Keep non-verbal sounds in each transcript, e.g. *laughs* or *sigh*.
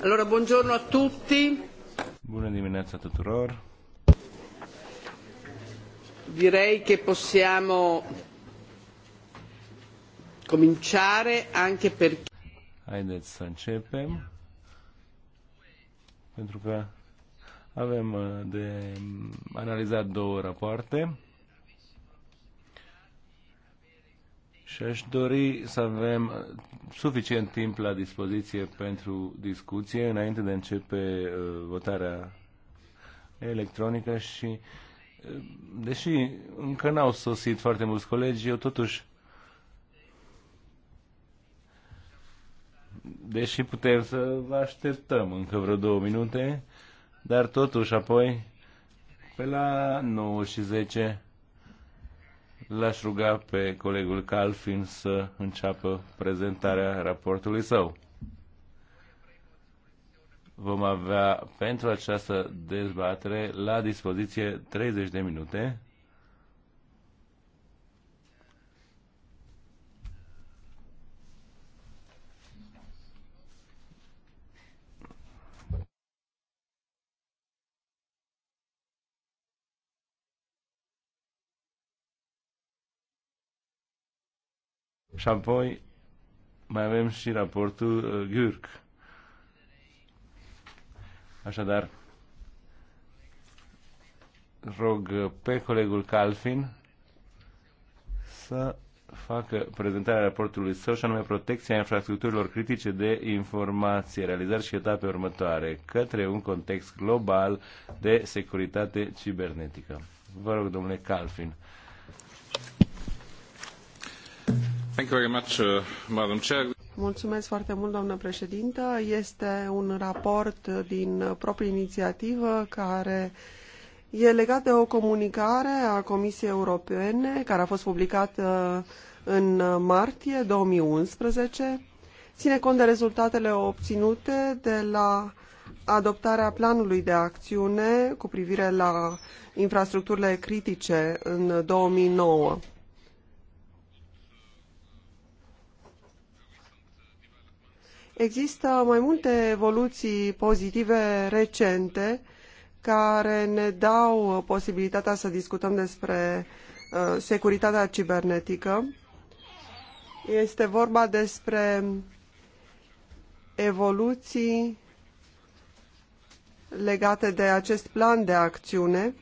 Allora, buongiorno a tutti. Bună dimineața tuturor. Direi che possiamo cominciare anche perché Haideți să începem pentru că avem uh, de analizat două rapoarte. și aș dori să avem suficient timp la dispoziție pentru discuție înainte de a începe uh, votarea electronică și uh, deși încă n-au sosit foarte mulți colegi, eu totuși deși putem să vă așteptăm încă vreo două minute, dar totuși apoi pe la 9 și 10 L-aș ruga pe colegul Calfin să înceapă prezentarea raportului său. Vom avea pentru această dezbatere la dispoziție 30 de minute Și apoi mai avem și raportul uh, Gürk. Așadar, rog uh, pe colegul Calfin să facă prezentarea raportului său și anume protecția infrastructurilor critice de informație, realizări și etape următoare către un context global de securitate cibernetică. Vă rog, domnule Calfin. Uh, Mulțumesc foarte mult, doamnă președintă. Este un raport din proprie inițiativă care e legat de o comunicare a Comisiei Europene care a fost publicată uh, în martie 2011. Ține cont de rezultatele obținute de la adoptarea planului de acțiune cu privire la infrastructurile critice în 2009. Există mai multe evoluții pozitive recente care ne dau posibilitatea să discutăm despre uh, securitatea cibernetică. Este vorba despre evoluții legate de acest plan de acțiune,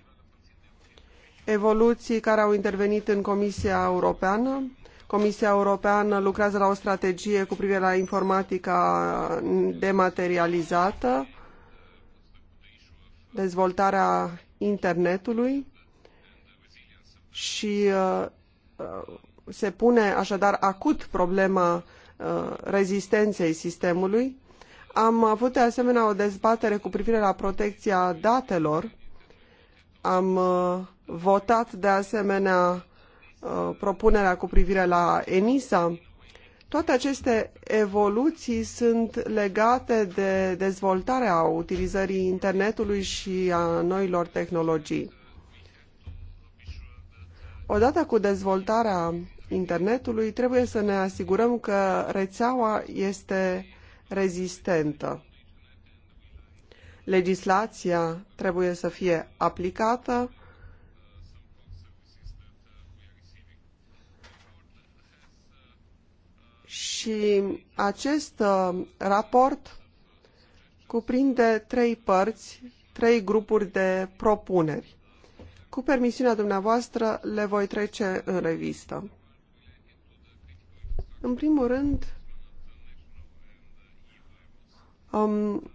evoluții care au intervenit în Comisia Europeană, Comisia Europeană lucrează la o strategie cu privire la informatica dematerializată, dezvoltarea internetului și uh, se pune așadar acut problema uh, rezistenței sistemului. Am avut de asemenea o dezbatere cu privire la protecția datelor. Am uh, votat de asemenea Uh, propunerea cu privire la ENISA. Toate aceste evoluții sunt legate de dezvoltarea utilizării internetului și a noilor tehnologii. Odată cu dezvoltarea internetului, trebuie să ne asigurăm că rețeaua este rezistentă. Legislația trebuie să fie aplicată Și acest uh, raport cuprinde trei părți, trei grupuri de propuneri. Cu permisiunea dumneavoastră, le voi trece în revistă. În primul rând, um,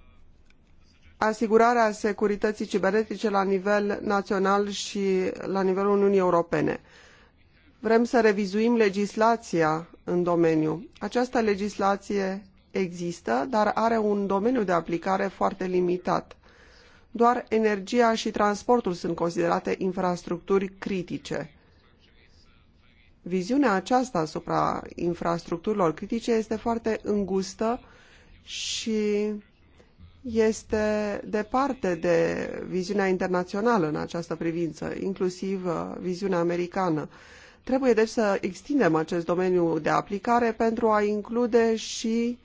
asigurarea securității cibernetice la nivel național și la nivelul Uniunii Europene. Vrem să revizuim legislația în domeniu. Această legislație există, dar are un domeniu de aplicare foarte limitat. Doar energia și transportul sunt considerate infrastructuri critice. Viziunea aceasta asupra infrastructurilor critice este foarte îngustă și este departe de viziunea internațională în această privință, inclusiv uh, viziunea americană. Trebuie deci să extindem acest domeniu de aplicare pentru a include și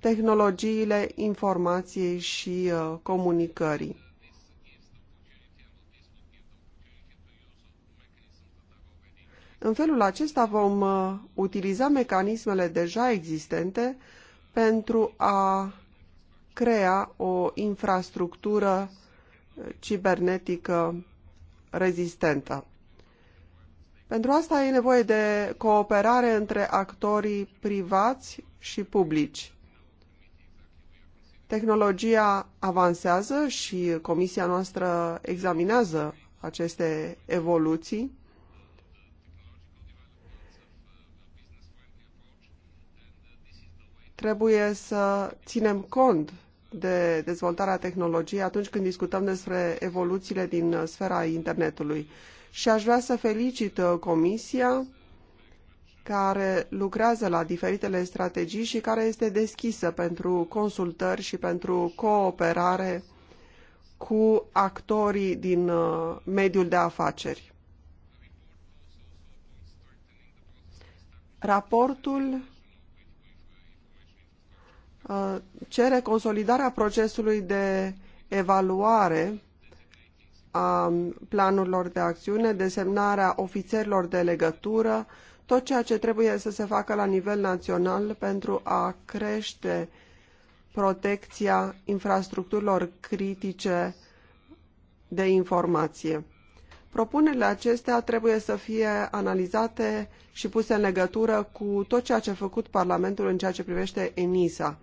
tehnologiile informației și uh, comunicării. În felul acesta vom uh, utiliza mecanismele deja existente pentru a crea o infrastructură uh, cibernetică rezistentă. Pentru asta e nevoie de cooperare între actorii privați și publici. Tehnologia avansează și comisia noastră examinează aceste evoluții. Trebuie să ținem cont de dezvoltarea tehnologiei atunci când discutăm despre evoluțiile din sfera internetului și aș vrea să felicit uh, Comisia care lucrează la diferitele strategii și care este deschisă pentru consultări și pentru cooperare cu actorii din uh, mediul de afaceri. Raportul uh, cere consolidarea procesului de evaluare a planurilor de acțiune, desemnarea ofițerilor de legătură, tot ceea ce trebuie să se facă la nivel național pentru a crește protecția infrastructurilor critice de informație. Propunerile acestea trebuie să fie analizate și puse în legătură cu tot ceea ce a făcut Parlamentul în ceea ce privește ENISA.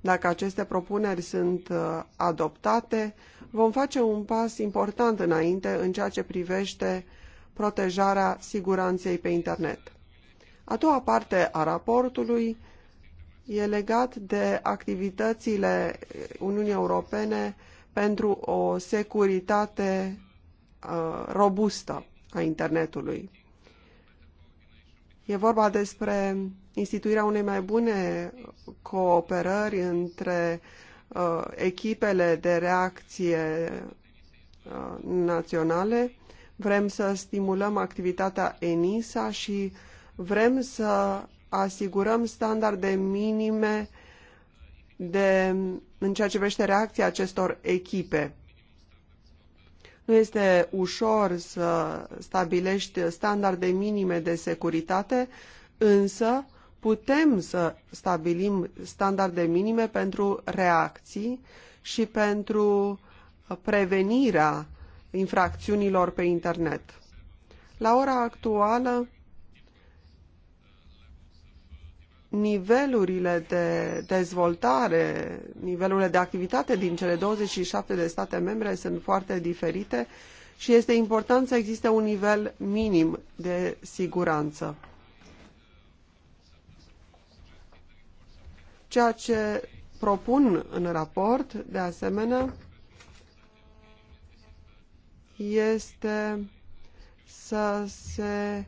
Dacă aceste propuneri sunt uh, adoptate, vom face un pas important înainte în ceea ce privește protejarea siguranței pe internet. A doua parte a raportului e legat de activitățile Uniunii Europene pentru o securitate uh, robustă a internetului. E vorba despre instituirea unei mai bune cooperări între uh, uh, echipele de reacție uh, naționale, vrem să stimulăm activitatea ENISA și vrem să asigurăm standarde minime de, în ceea ce privește reacția acestor echipe. Nu este ușor să stabilești standarde minime de securitate, însă putem să stabilim standarde minime pentru reacții și pentru uh, prevenirea infracțiunilor pe internet. La ora actuală, nivelurile de dezvoltare, nivelurile de activitate din cele 27 de state membre sunt foarte diferite și este important să existe un nivel minim de siguranță. Ceea ce propun în raport, de asemenea, este să se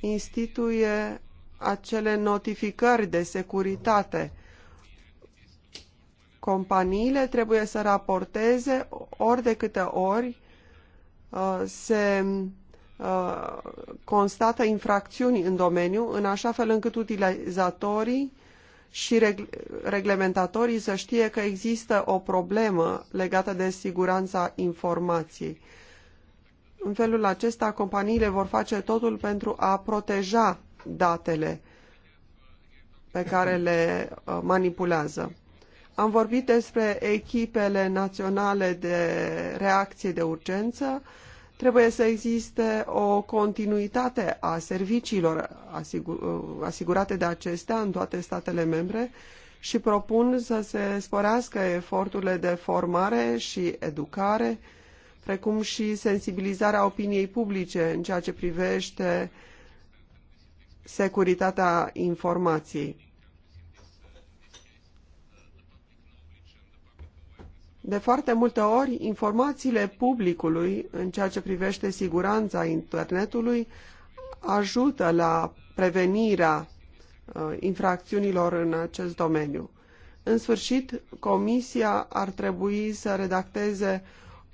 instituie acele notificări de securitate. Companiile trebuie să raporteze ori de câte ori uh, se uh, constată infracțiuni în domeniu, în așa fel încât utilizatorii și reglementatorii să știe că există o problemă legată de siguranța informației. În felul acesta, companiile vor face totul pentru a proteja datele pe care le uh, manipulează. Am vorbit despre echipele naționale de reacție de urgență, Trebuie să existe o continuitate a serviciilor asigur, uh, asigurate de acestea în toate statele membre și propun să se sporească eforturile de formare și educare, precum și sensibilizarea opiniei publice în ceea ce privește securitatea informației. De foarte multe ori, informațiile publicului în ceea ce privește siguranța internetului ajută la prevenirea uh, infracțiunilor în acest domeniu. În sfârșit, Comisia ar trebui să redacteze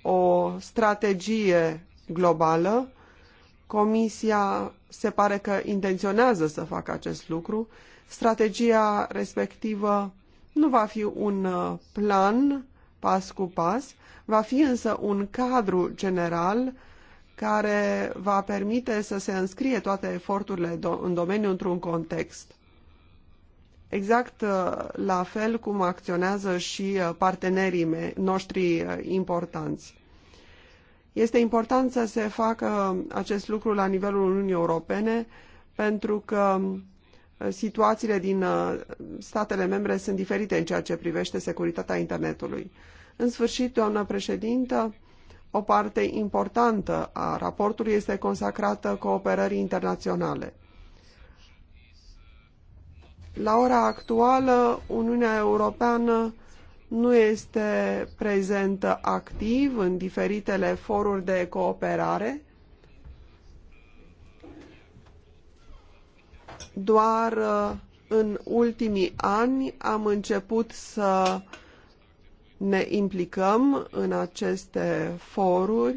o strategie globală. Comisia se pare că intenționează să facă acest lucru. Strategia respectivă nu va fi un uh, plan pas cu pas, va fi însă un cadru general care va permite să se înscrie toate eforturile do în domeniu într-un context. Exact uh, la fel cum acționează și uh, partenerii mei noștri uh, importanți. Este important să se facă acest lucru la nivelul Uniunii Europene pentru că situațiile din uh, statele membre sunt diferite în ceea ce privește securitatea internetului. În sfârșit, doamnă președintă, o parte importantă a raportului este consacrată cooperării internaționale. La ora actuală, Uniunea Europeană nu este prezentă activ în diferitele foruri de cooperare, Doar uh, în ultimii ani am început să ne implicăm în aceste foruri.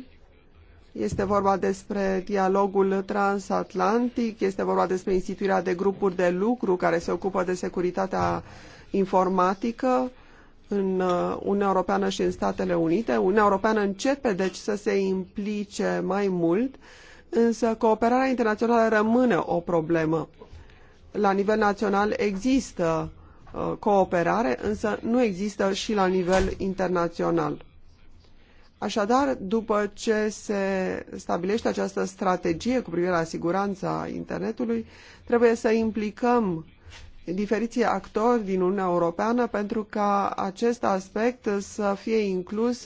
Este vorba despre dialogul transatlantic, este vorba despre instituirea de grupuri de lucru care se ocupă de securitatea informatică în uh, Uniunea Europeană și în Statele Unite. Uniunea Europeană începe, deci, să se implice mai mult, însă cooperarea internațională rămâne o problemă la nivel național există uh, cooperare, însă nu există și la nivel internațional. Așadar, după ce se stabilește această strategie cu privire la siguranța internetului, trebuie să implicăm diferiții actori din Uniunea Europeană pentru ca acest aspect să fie inclus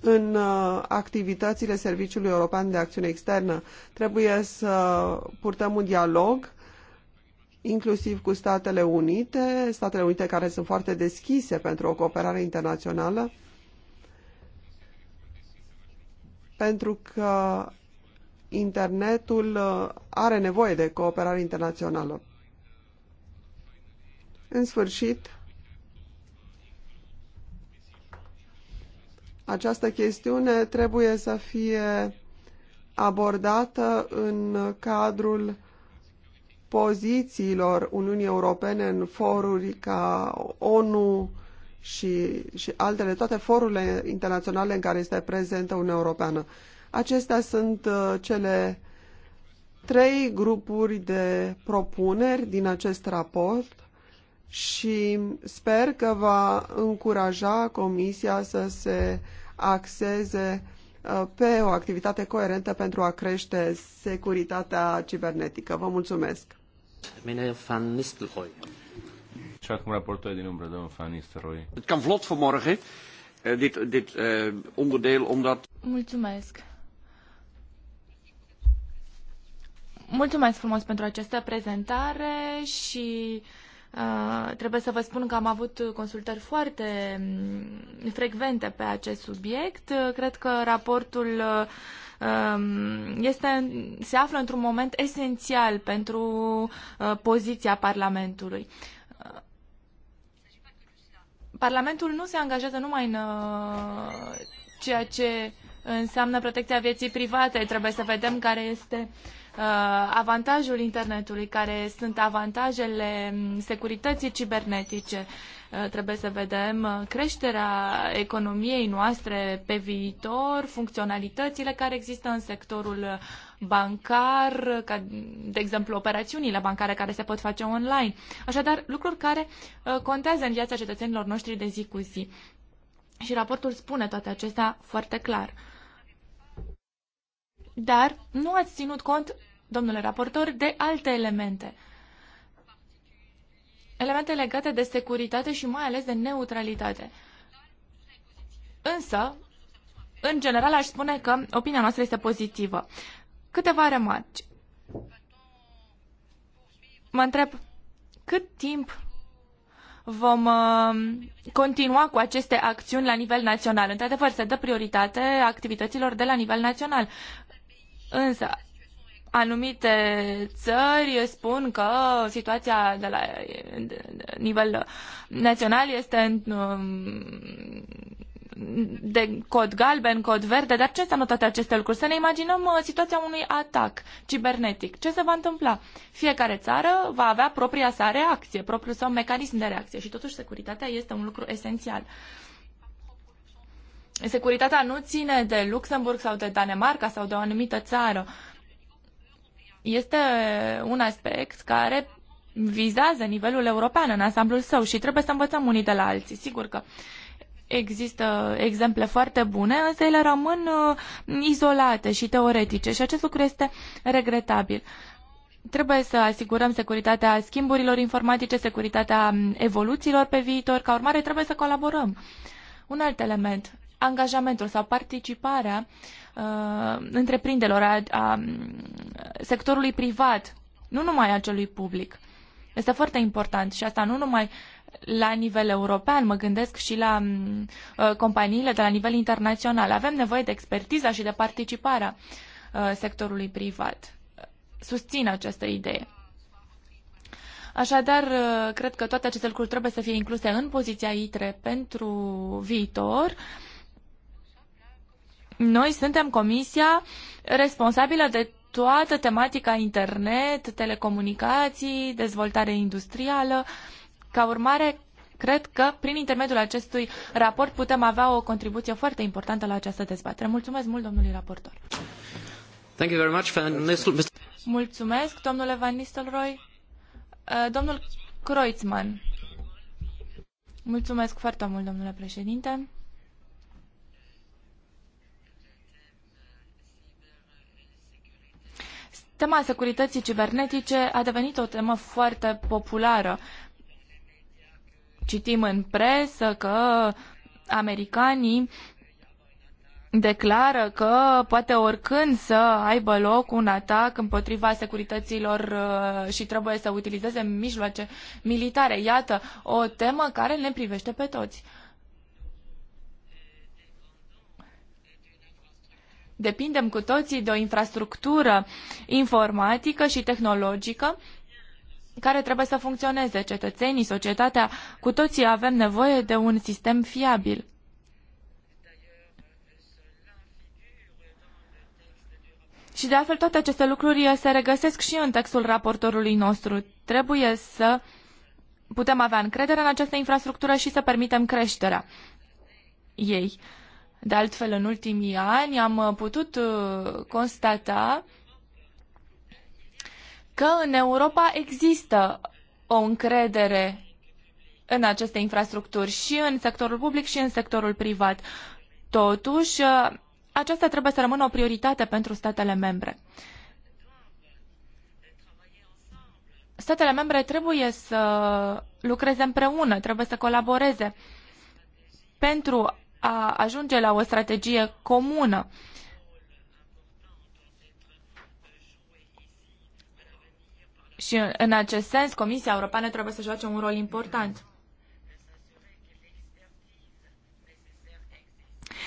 în uh, activitățile Serviciului European de Acțiune Externă. Trebuie să purtăm un dialog inclusiv cu Statele Unite, Statele Unite care sunt foarte deschise pentru o cooperare internațională, pentru că internetul uh, are nevoie de cooperare internațională. În sfârșit, această chestiune trebuie să fie abordată în cadrul pozițiilor Uniunii Europene în foruri ca ONU și, și altele, toate forurile internaționale în care este prezentă Uniunea Europeană. Acestea sunt uh, cele trei grupuri de propuneri din acest raport și sper că va încuraja Comisia să se axeze uh, pe o activitate coerentă pentru a crește securitatea cibernetică. Vă mulțumesc! Meneer Van Nistelrooy. Și acum raportul din umbră, domnul Van Nistelrooy. Het kan vlot vanmorgen, eh, dit, dit uh, onderdeel, omdat... Mulțumesc. Mulțumesc frumos pentru această prezentare și uh, trebuie să vă spun că am avut consultări foarte mm, frecvente pe acest subiect. Cred că raportul uh, Um, este, se află într-un moment esențial pentru uh, poziția Parlamentului. Parlamentul nu se angajează numai în uh, ceea ce înseamnă protecția vieții private. Trebuie să vedem care este uh, Uh, avantajul internetului, care sunt avantajele securității cibernetice. Uh, trebuie să vedem uh, creșterea economiei noastre pe viitor, funcționalitățile care există în sectorul bancar, ca, de exemplu operațiunile bancare care se pot face online. Așadar, lucruri care contează în viața cetățenilor noștri de zi cu zi. Și raportul spune toate acestea foarte clar. Dar nu ați ținut cont, domnule raportor, de alte elemente. Elemente legate de securitate și mai ales de neutralitate. Însă, în general, aș spune că opinia noastră este pozitivă. Câteva remarci. Mă întreb, cât timp vom uh, continua cu aceste acțiuni la nivel național. Într-adevăr, se dă prioritate activităților de la nivel național. Însă, anumite țări spun că situația de la nivel național este în, um, de cod galben, cod verde, dar ce înseamnă toate aceste lucruri? Să ne imaginăm uh, situația unui atac cibernetic. Ce se va întâmpla? Fiecare țară va avea propria sa reacție, propriul său mecanism de reacție și totuși securitatea este un lucru esențial. Uh, securitatea nu ține de Luxemburg sau de Danemarca sau de o anumită țară. Este un aspect care vizează nivelul european în ansamblul său și trebuie să învățăm unii de la alții. Sigur că există exemple foarte bune, însă ele rămân uh, izolate și teoretice și acest lucru este regretabil. Trebuie să asigurăm securitatea schimburilor informatice, securitatea mm, evoluțiilor pe viitor. Ca urmare, trebuie să colaborăm. Un alt element angajamentul sau participarea uh, întreprinderilor, a, a sectorului privat, nu numai a celui public. Este foarte important și asta nu numai la nivel european, mă gândesc și la mm, uh, companiile de la nivel internațional. Avem nevoie de expertiza și de participarea uh, sectorului privat. Susțin această idee. Așadar, uh, cred că toate aceste lucruri trebuie să fie incluse în poziția ITRE pentru viitor. Uh, noi suntem comisia responsabilă de toată tematica internet, telecomunicații, dezvoltare industrială. Ca urmare, cred că prin intermediul acestui raport putem avea o contribuție foarte importantă la această dezbatere. Mulțumesc mult, domnului raportor. Thank you very much, Mulțumesc, domnule Van Nistelrooy. Uh, domnul Kreutzmann. Mulțumesc foarte mult, domnule președinte. Tema securității cibernetice a devenit o temă foarte populară. Citim în presă că americanii declară că poate oricând să aibă loc un atac împotriva securităților uh, și trebuie să utilizeze mijloace militare. Iată, o temă care ne privește pe toți. Depindem cu toții de o infrastructură informatică și tehnologică care trebuie să funcționeze. Cetățenii, societatea, cu toții avem nevoie de un sistem fiabil. Și de altfel toate aceste lucruri se regăsesc și în textul raportorului nostru. Trebuie să putem avea încredere în această infrastructură și să permitem creșterea ei. De altfel, în ultimii ani am uh, putut uh, constata că în Europa există o încredere în aceste infrastructuri și în sectorul public și în sectorul privat. Totuși, uh, aceasta trebuie să rămână o prioritate pentru statele membre. Statele membre trebuie să lucreze împreună, trebuie să colaboreze pentru a ajunge la o strategie comună. Și în acest sens, Comisia Europeană trebuie să joace un rol important.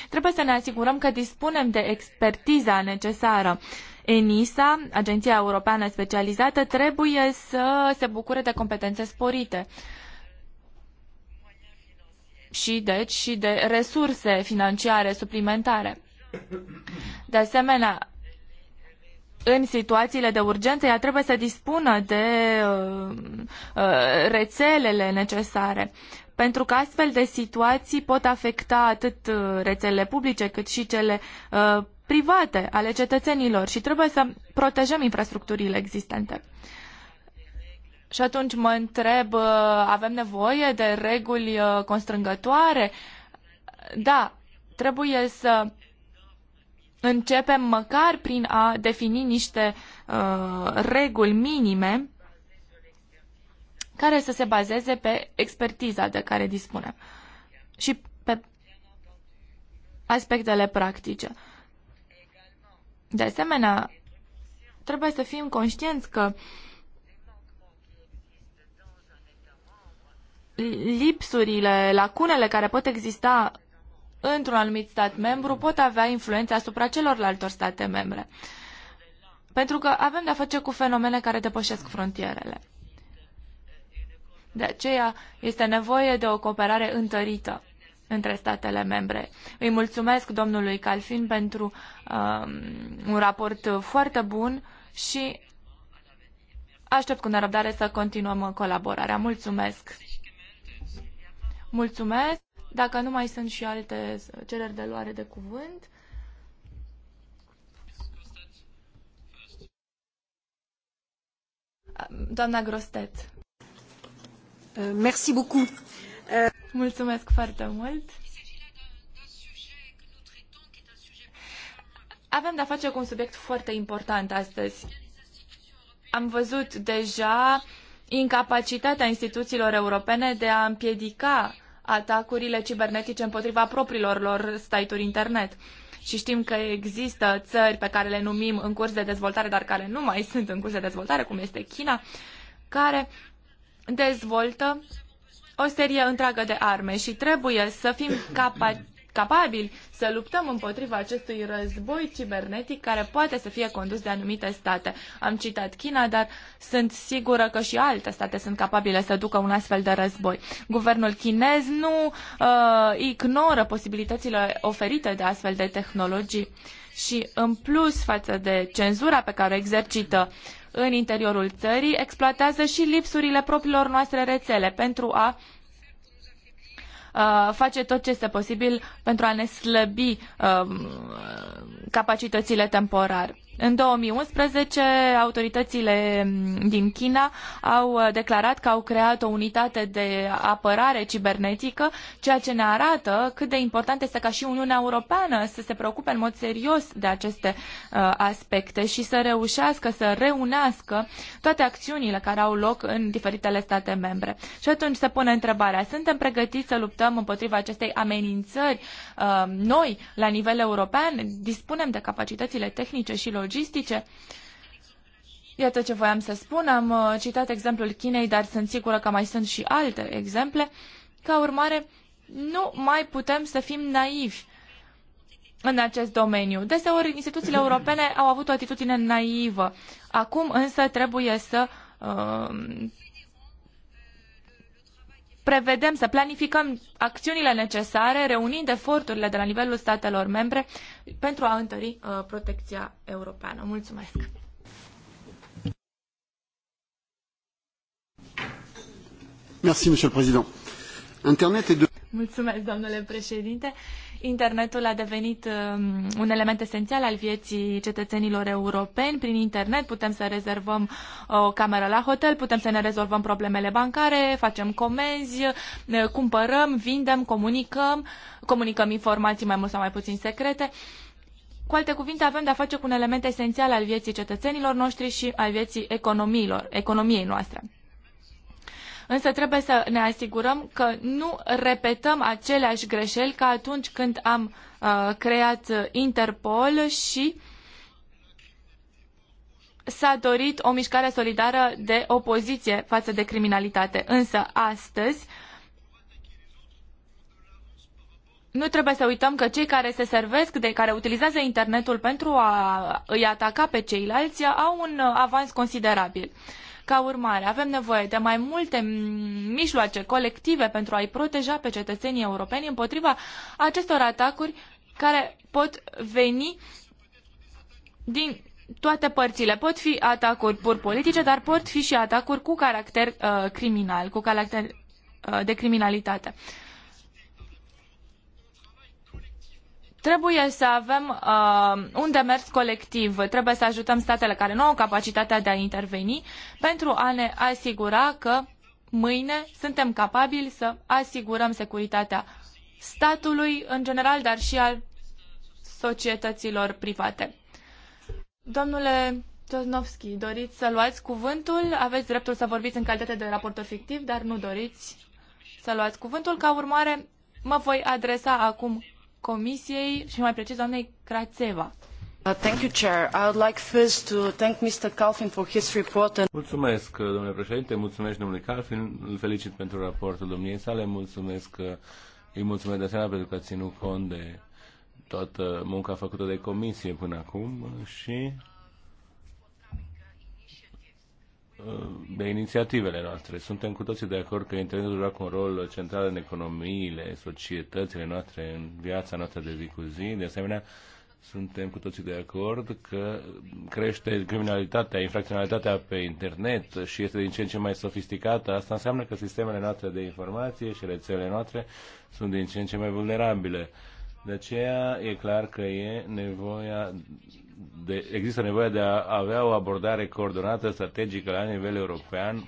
Trebuie să ne asigurăm că dispunem de expertiza necesară. ENISA, Agenția Europeană Specializată, trebuie să se bucure de competențe sporite. Uh, și deci și de resurse financiare suplimentare. De asemenea, în situațiile de urgență, ea trebuie să dispună de uh, uh, rețelele necesare, pentru că astfel de situații pot afecta atât uh, rețelele publice cât și cele uh, private ale cetățenilor și trebuie să protejăm infrastructurile existente. Uh, și atunci mă întreb, uh, avem nevoie de reguli uh, constrângătoare? Da, trebuie să începem măcar prin a defini niște uh, reguli minime care să se bazeze pe expertiza de care dispunem și pe aspectele practice. De asemenea, trebuie să fim conștienți că uh, lipsurile, lacunele care pot exista într-un anumit stat membru pot avea influență asupra celorlaltor state membre. Pentru că avem de-a face cu fenomene care depășesc frontierele. De aceea este nevoie de o cooperare întărită între statele membre. Îi mulțumesc domnului Calfin pentru um, un raport foarte bun și aștept cu nerăbdare să continuăm colaborarea. Mulțumesc! Mulțumesc. Dacă nu mai sunt și alte cereri de luare de cuvânt. Doamna Grostet. Merci beaucoup. Mulțumesc foarte mult. Avem de-a face cu un subiect foarte important astăzi. Am văzut deja incapacitatea instituțiilor europene de a împiedica atacurile cibernetice împotriva propriilor lor site-uri internet. Și știm că există țări pe care le numim în curs de dezvoltare, dar care nu mai sunt în curs de dezvoltare, cum este China, care dezvoltă o serie întreagă de arme și trebuie să fim capabili capabili să luptăm împotriva acestui război cibernetic care poate să fie condus de anumite state. Am citat China, dar sunt sigură că și alte state sunt capabile să ducă un astfel de război. Guvernul chinez nu uh, ignoră posibilitățile oferite de astfel de tehnologii și în plus față de cenzura pe care o exercită în interiorul țării, exploatează și lipsurile propriilor noastre rețele pentru a Uh, face tot ce este posibil pentru a ne slăbi uh, capacitățile temporar. În 2011, autoritățile din China au uh, declarat că au creat o unitate de apărare cibernetică, ceea ce ne arată cât de important este ca și Uniunea Europeană să se preocupe în mod serios de aceste uh, aspecte și să reușească să reunească toate acțiunile care au loc în diferitele state membre. Și atunci se pune întrebarea, suntem pregătiți să luptăm împotriva acestei amenințări uh, noi la nivel european? Dispunem de capacitățile tehnice și logistice logistice. Iată ce voiam să spun, am uh, citat exemplul Chinei, dar sunt sigură că mai sunt și alte exemple. Ca urmare, nu mai putem să fim naivi în acest domeniu. Deseori, instituțiile europene au avut o atitudine naivă. Acum însă trebuie să uh, prevedem, să planificăm acțiunile necesare, reunind eforturile de la nivelul statelor membre pentru a întări uh, protecția europeană. Mulțumesc! Mulțumesc, domnule președinte internetul a devenit um, un element esențial al vieții cetățenilor europeni. Prin internet putem să rezervăm uh, o cameră la hotel, putem să ne rezolvăm problemele bancare, facem comenzi, uh, cumpărăm, vindem, comunicăm, comunicăm informații mai mult sau mai puțin secrete. Cu alte cuvinte, avem de-a face cu un element esențial al vieții cetățenilor noștri și al vieții economiilor, economiei noastre. Însă trebuie să ne asigurăm că nu repetăm aceleași greșeli ca atunci când am uh, creat uh, Interpol și s-a dorit o mișcare solidară de opoziție față de criminalitate. Însă astăzi nu trebuie să uităm că cei care se servesc, de care utilizează internetul pentru a îi ataca pe ceilalți, au un uh, avans considerabil. Ca urmare, avem nevoie de mai multe mijloace colective pentru a-i proteja pe cetățenii europeni împotriva acestor atacuri care pot veni din toate părțile. Pot fi atacuri pur politice, dar pot fi și atacuri cu caracter uh, criminal, cu caracter uh, de criminalitate. Uh, Trebuie să avem uh, un demers colectiv, trebuie să ajutăm statele care nu au capacitatea de a interveni pentru a ne asigura că mâine suntem capabili să asigurăm securitatea statului în general, dar și al societăților private. Domnule Toznovski, doriți să luați cuvântul? Aveți dreptul să vorbiți în calitate de raportor fictiv, dar nu doriți să luați cuvântul. Ca urmare, mă voi adresa acum Comisiei și mai precis doamnei Crațeva. Uh, thank you, Chair. I would like first to thank Mr. Calvin for his report. And... Mulțumesc, uh, domnule președinte, mulțumesc domnului Calvin, îl felicit pentru raportul domniei sale, mulțumesc, uh, îi mulțumesc de asemenea pentru că a ținut cont de toată munca făcută de comisie până acum și Uh, de inițiativele noastre. Suntem cu toții de acord că internetul joacă un rol central în economiile, societățile noastre, în viața noastră de zi cu zi. De asemenea, suntem cu toții de acord că crește criminalitatea, infracționalitatea pe internet și este din ce în ce mai sofisticată. Asta înseamnă că sistemele noastre de informație și rețelele noastre sunt din ce în ce mai vulnerabile. De aceea e clar că e nevoia de, există nevoie de a avea o abordare coordonată strategică la nivel european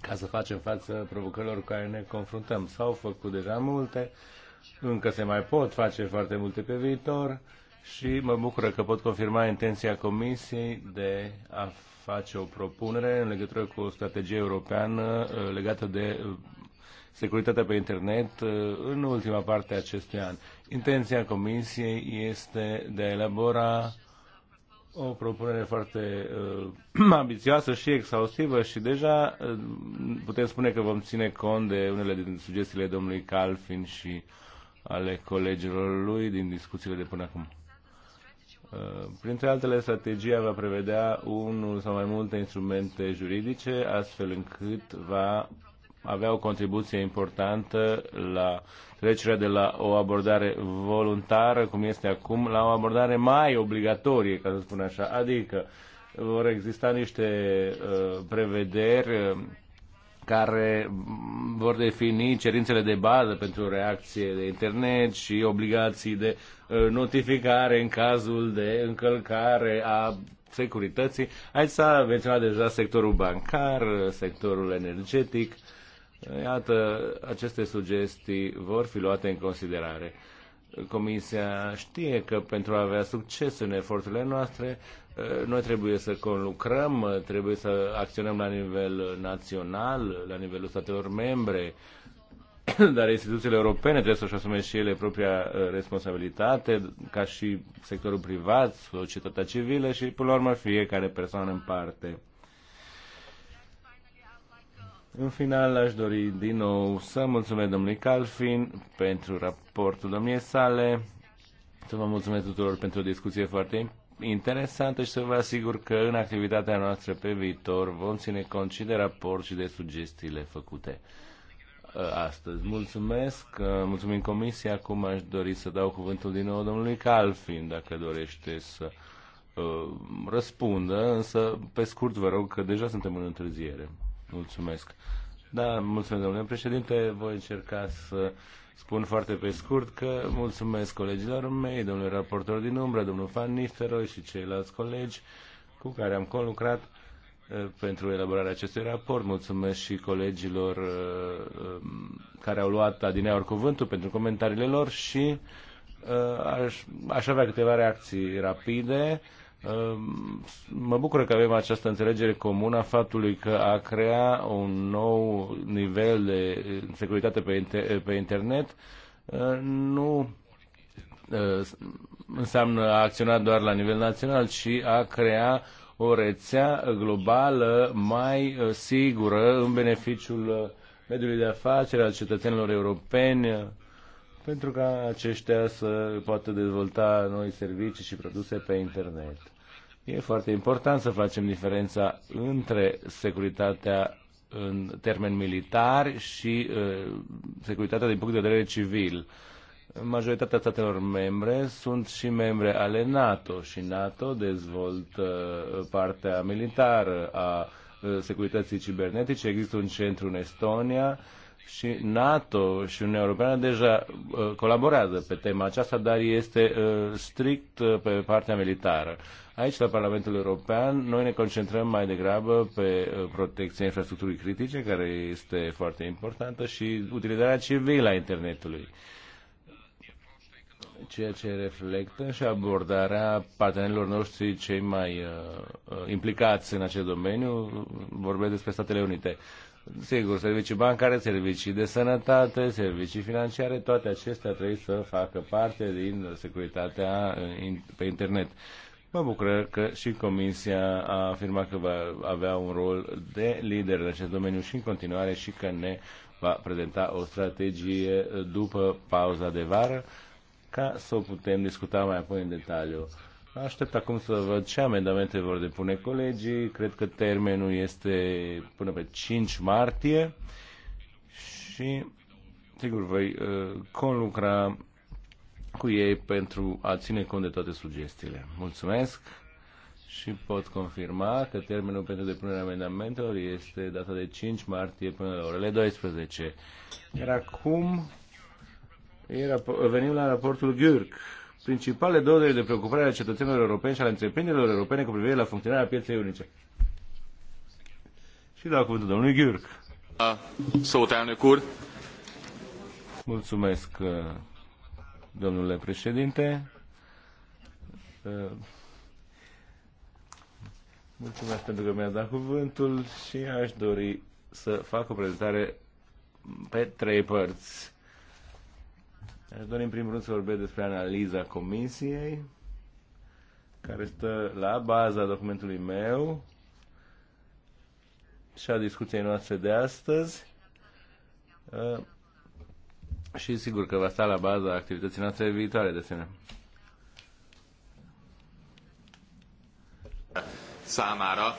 ca să facem față provocărilor cu care ne confruntăm. S-au făcut deja multe, încă se mai pot face foarte multe pe viitor și mă bucură că pot confirma intenția Comisiei de a face o propunere în legătură cu o strategie europeană uh, legată de uh, securitatea pe internet uh, în ultima parte a acestui an. Intenția Comisiei este de a elabora o propunere foarte uh, *clears throat* ambițioasă și exhaustivă și deja uh, putem spune că vom ține cont de unele din sugestiile domnului Calfin și ale colegilor lui din discuțiile de până acum. Uh, printre altele, strategia va prevedea unul sau mai multe instrumente juridice, astfel încât va avea o contribuție importantă la trecerea de la o abordare voluntară, cum este acum, la o abordare mai obligatorie, ca să spun așa. Adică vor exista niște uh, prevederi uh, care vor defini cerințele de bază pentru reacție de internet și obligații de uh, notificare în cazul de încălcare a securității. Aici s-a menționat deja sectorul bancar, sectorul energetic, Iată, aceste sugestii vor fi luate în considerare. Comisia știe că pentru a avea succes în eforturile noastre, noi trebuie să conlucrăm, trebuie să acționăm la nivel național, la nivelul statelor membre, *clears throat* dar instituțiile europene trebuie să-și asume și ele propria uh, responsabilitate, ca și sectorul privat, societatea civilă și, până la urmă, fiecare persoană în parte. În final, aș dori din nou să mulțumesc domnului Calfin pentru raportul domniei sale, să vă mulțumesc tuturor pentru o discuție foarte interesantă și să vă asigur că în activitatea noastră pe viitor vom ține cont și de raport și de sugestiile făcute uh, astăzi. Mulțumesc, uh, mulțumim comisia. Acum aș dori să dau cuvântul din nou domnului Calfin, dacă dorește să uh, răspundă, însă pe scurt vă rog că deja suntem în întârziere. Mulțumesc. Da, mulțumesc, domnule președinte. Voi încerca să spun foarte pe scurt că mulțumesc colegilor mei, domnule raportor din umbră, domnul Fan Nisteroi și ceilalți colegi cu care am conlucrat eh, pentru elaborarea acestui raport. Mulțumesc și colegilor eh, eh, care au luat adineaori cuvântul pentru comentariile lor și aș, aș avea câteva reacții rapide. Ehm, mă bucur că avem această înțelegere comună a faptului că a crea un nou nivel de eh, securitate pe, inter- eh, pe internet eh, nu înseamnă a acționa doar la nivel național, ci a crea o rețea globală mai sigură în beneficiul mediului de afaceri, al cetățenilor europeni, pentru ca aceștia să poată dezvolta noi servicii și produse pe internet. E foarte important să facem diferența între securitatea în termeni militari și uh, securitatea din punct de vedere civil. Majoritatea statelor membre sunt și membre ale NATO și NATO dezvoltă uh, partea militară a uh, securității cibernetice. Există un centru în Estonia și NATO și Uniunea Europeană deja uh, colaborează pe tema aceasta, dar este strict pe partea militară. Aici, la Parlamentul European, noi ne concentrăm mai degrabă pe uh, protecția infrastructurii critice, care este foarte importantă, și utilizarea civilă a internetului ceea ce reflectă și abordarea partenerilor noștri cei mai uh, uh, implicați în acest domeniu, vorbesc despre Statele Unite. Sigur, servicii bancare, servicii de sănătate, servicii financiare, toate acestea trebuie să facă parte din securitatea uh, pe internet. Mă bucură că și Comisia a afirmat că va avea un rol de lider în acest domeniu și în continuare și că ne va prezenta o strategie după pauza de vară ca să o putem discuta mai apoi în detaliu. Aștept acum să văd ce amendamente vor depune colegii. Cred că termenul este până pe 5 martie și sigur voi uh, conlucra cu ei pentru a ține cont de toate sugestiile. Mulțumesc și pot confirma că termenul pentru depunerea amendamentelor este data de 5 martie până la orele 12. Iar acum era, venim la raportul Gürk. Principale dozele de preocupare ale cetățenilor europeni și ale întreprinderilor europene cu privire la funcționarea pieței unice. Și dau cuvântul domnului Gürk. Szót, elnök úr! Mulțumesc, domnule președinte. Mulțumesc pentru că mi-a dat cuvântul și aș dori să fac o prezentare pe trei părți. Aș dori în primul rând să vorbesc despre analiza comisiei, care stă la baza documentului meu și a discuției noastre de astăzi și sigur că va sta la baza activității noastre viitoare de asemenea. számára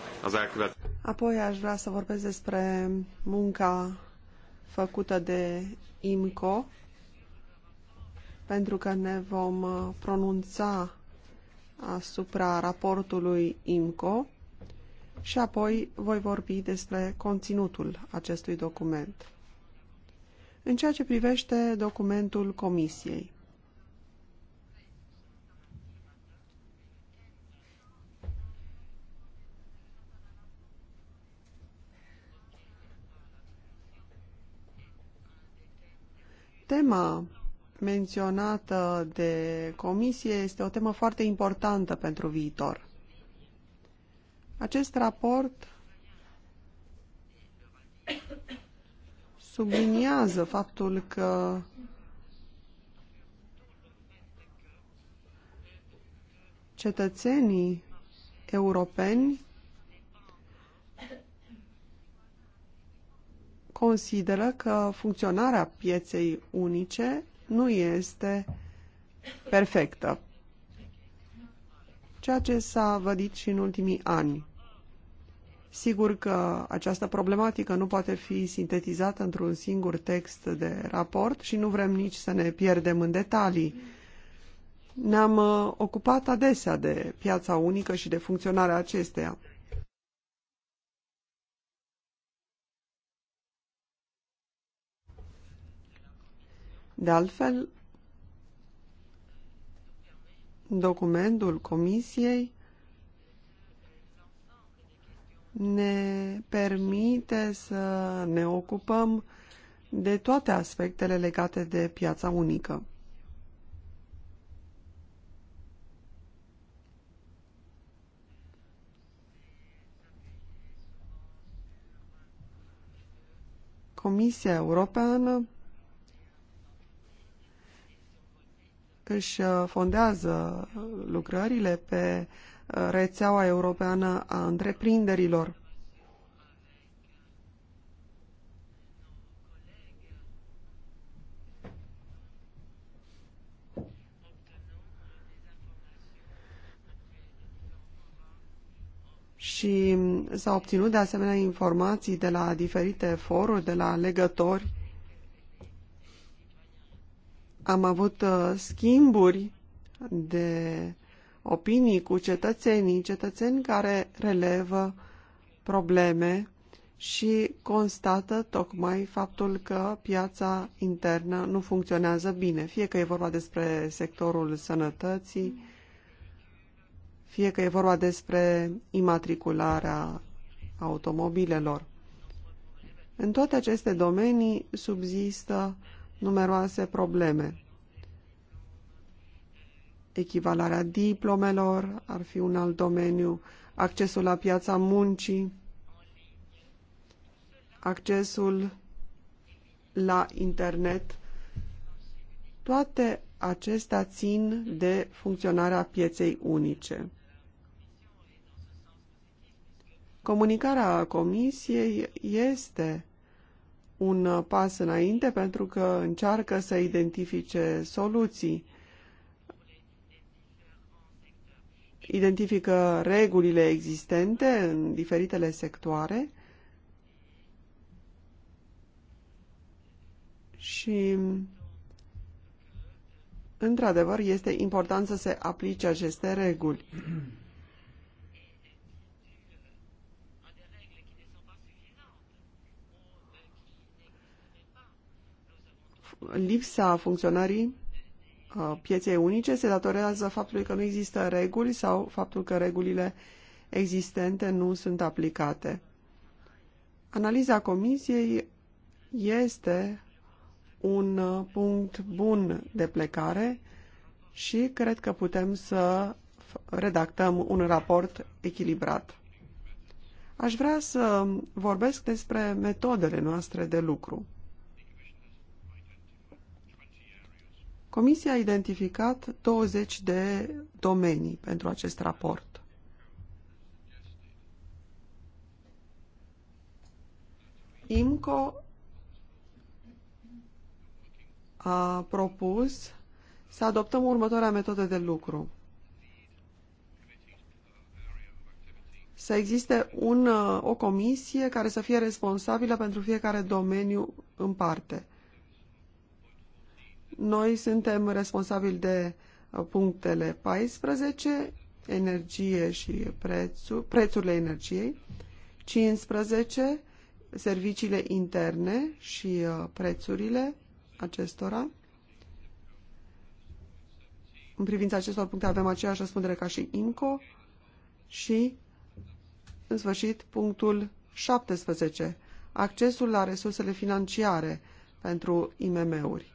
Apoi aș vrea să vorbesc despre munca făcută de IMCO, pentru că ne vom uh, pronunța asupra raportului IMCO și apoi voi vorbi despre conținutul acestui document. În ceea ce privește documentul Comisiei, Tema menționată de comisie este o temă foarte importantă pentru viitor. Acest raport subliniază faptul că cetățenii europeni consideră că funcționarea pieței unice nu este perfectă, ceea ce s-a vădit și în ultimii ani. Sigur că această problematică nu poate fi sintetizată într-un singur text de raport și nu vrem nici să ne pierdem în detalii. Ne-am uh, ocupat adesea de piața unică și de funcționarea acesteia. De altfel, documentul Comisiei ne permite să ne ocupăm de toate aspectele legate de piața unică. Comisia Europeană își uh, fondează lucrările pe rețeaua europeană a întreprinderilor. și s au obținut de asemenea informații de la diferite foruri, de la legători. Am avut uh, schimburi de opinii cu cetățenii, cetățeni care relevă probleme și constată tocmai faptul că piața internă nu funcționează bine, fie că e vorba despre sectorul sănătății, fie că e vorba despre imatricularea automobilelor. În toate aceste domenii subzistă numeroase probleme echivalarea diplomelor ar fi un alt domeniu, accesul la piața muncii, accesul la internet. Toate acestea țin de funcționarea pieței unice. Comunicarea Comisiei este un pas înainte pentru că încearcă să identifice soluții identifică regulile existente în diferitele sectoare și într-adevăr este important să se aplice aceste reguli. Lipsa funcționării Uh, pieței unice se datorează faptului că nu există reguli sau faptul că regulile existente nu sunt aplicate. Analiza comisiei este un uh, punct bun de plecare și cred că putem să redactăm un raport echilibrat. Aș vrea să vorbesc despre metodele noastre de lucru. Comisia a identificat 20 de domenii pentru acest raport. IMCO a propus să adoptăm următoarea metodă de lucru. Să existe un, o comisie care să fie responsabilă pentru fiecare domeniu în parte. Noi suntem responsabili de uh, punctele 14, energie și prețul, prețurile energiei, 15, serviciile interne și uh, prețurile acestora. În privința acestor puncte avem aceeași răspundere ca și INCO și, în sfârșit, punctul 17, accesul la resursele financiare pentru IMM-uri.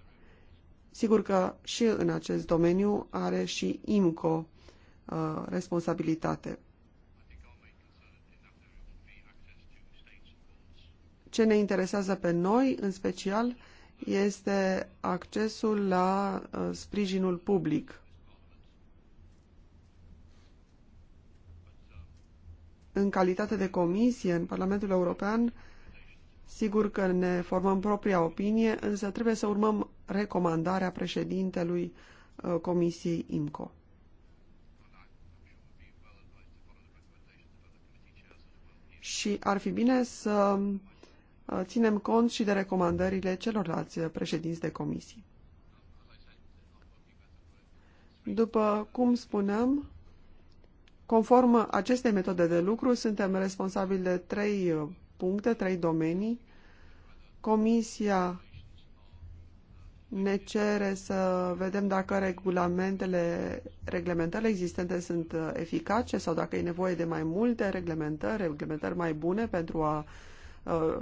Sigur că și în acest domeniu are și IMCO uh, responsabilitate. Ce ne interesează pe noi, în special, este accesul la uh, sprijinul public. În calitate de comisie în Parlamentul European, Sigur că ne formăm propria opinie, însă trebuie să urmăm recomandarea președintelui uh, Comisiei IMCO. Și ar fi bine să uh, ținem cont și de recomandările celorlalți președinți de comisii. După cum spuneam, conform acestei metode de lucru, suntem responsabili de trei uh, puncte, trei domenii. Comisia ne cere să vedem dacă regulamentele, reglementările existente sunt uh, eficace sau dacă e nevoie de mai multe reglementări, reglementări mai bune pentru a uh,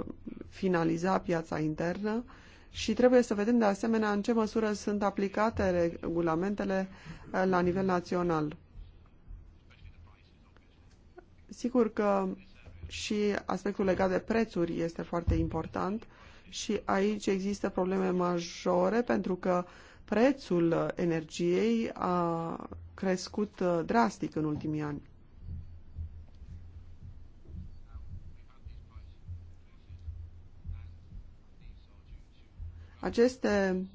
finaliza piața internă și trebuie să vedem de asemenea în ce măsură sunt aplicate regulamentele uh, la nivel național. Sigur că și aspectul legat de prețuri este foarte important și aici există probleme majore pentru că prețul energiei a crescut uh, drastic în ultimii ani. Aceste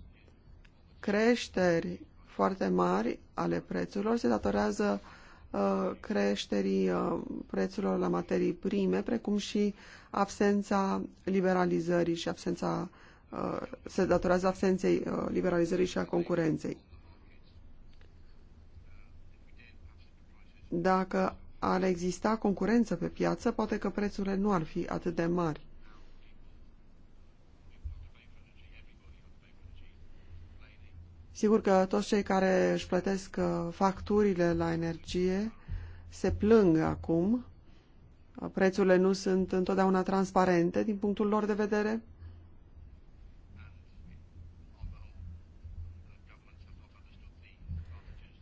creșteri foarte mari ale prețurilor se datorează uh, Uh, creșterii uh, prețurilor la materii prime, precum și absența liberalizării și absența uh, se datorează absenței liberalizării și a concurenței. Dacă ar exista concurență pe piață, poate că prețurile nu ar fi atât de mari. Sigur că toți cei care își plătesc uh, facturile la energie se plâng acum. Uh, prețurile nu sunt întotdeauna transparente din punctul lor de vedere.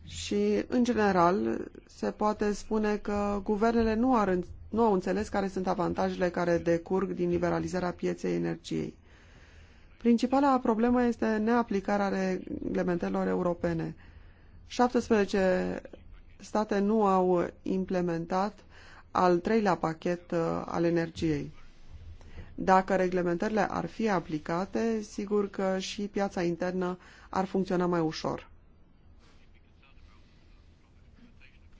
Și, în general, se poate spune că guvernele nu, ar, nu au înțeles care sunt avantajele care decurg din liberalizarea pieței energiei. Principala problemă este neaplicarea reglementelor europene. 17 state nu au implementat al treilea pachet uh, al energiei. Dacă reglementările ar fi aplicate, sigur că și piața internă ar funcționa mai ușor.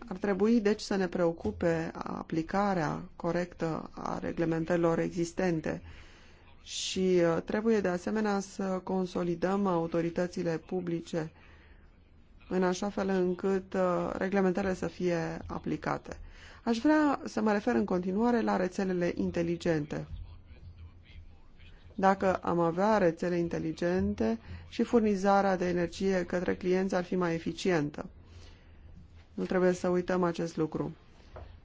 Ar trebui, deci, să ne preocupe aplicarea corectă a reglementărilor existente și uh, trebuie de asemenea să consolidăm autoritățile publice în așa fel încât uh, reglementările să fie aplicate. Aș vrea să mă refer în continuare la rețelele inteligente. Dacă am avea rețele inteligente și furnizarea de energie către clienți ar fi mai eficientă. Nu trebuie să uităm acest lucru.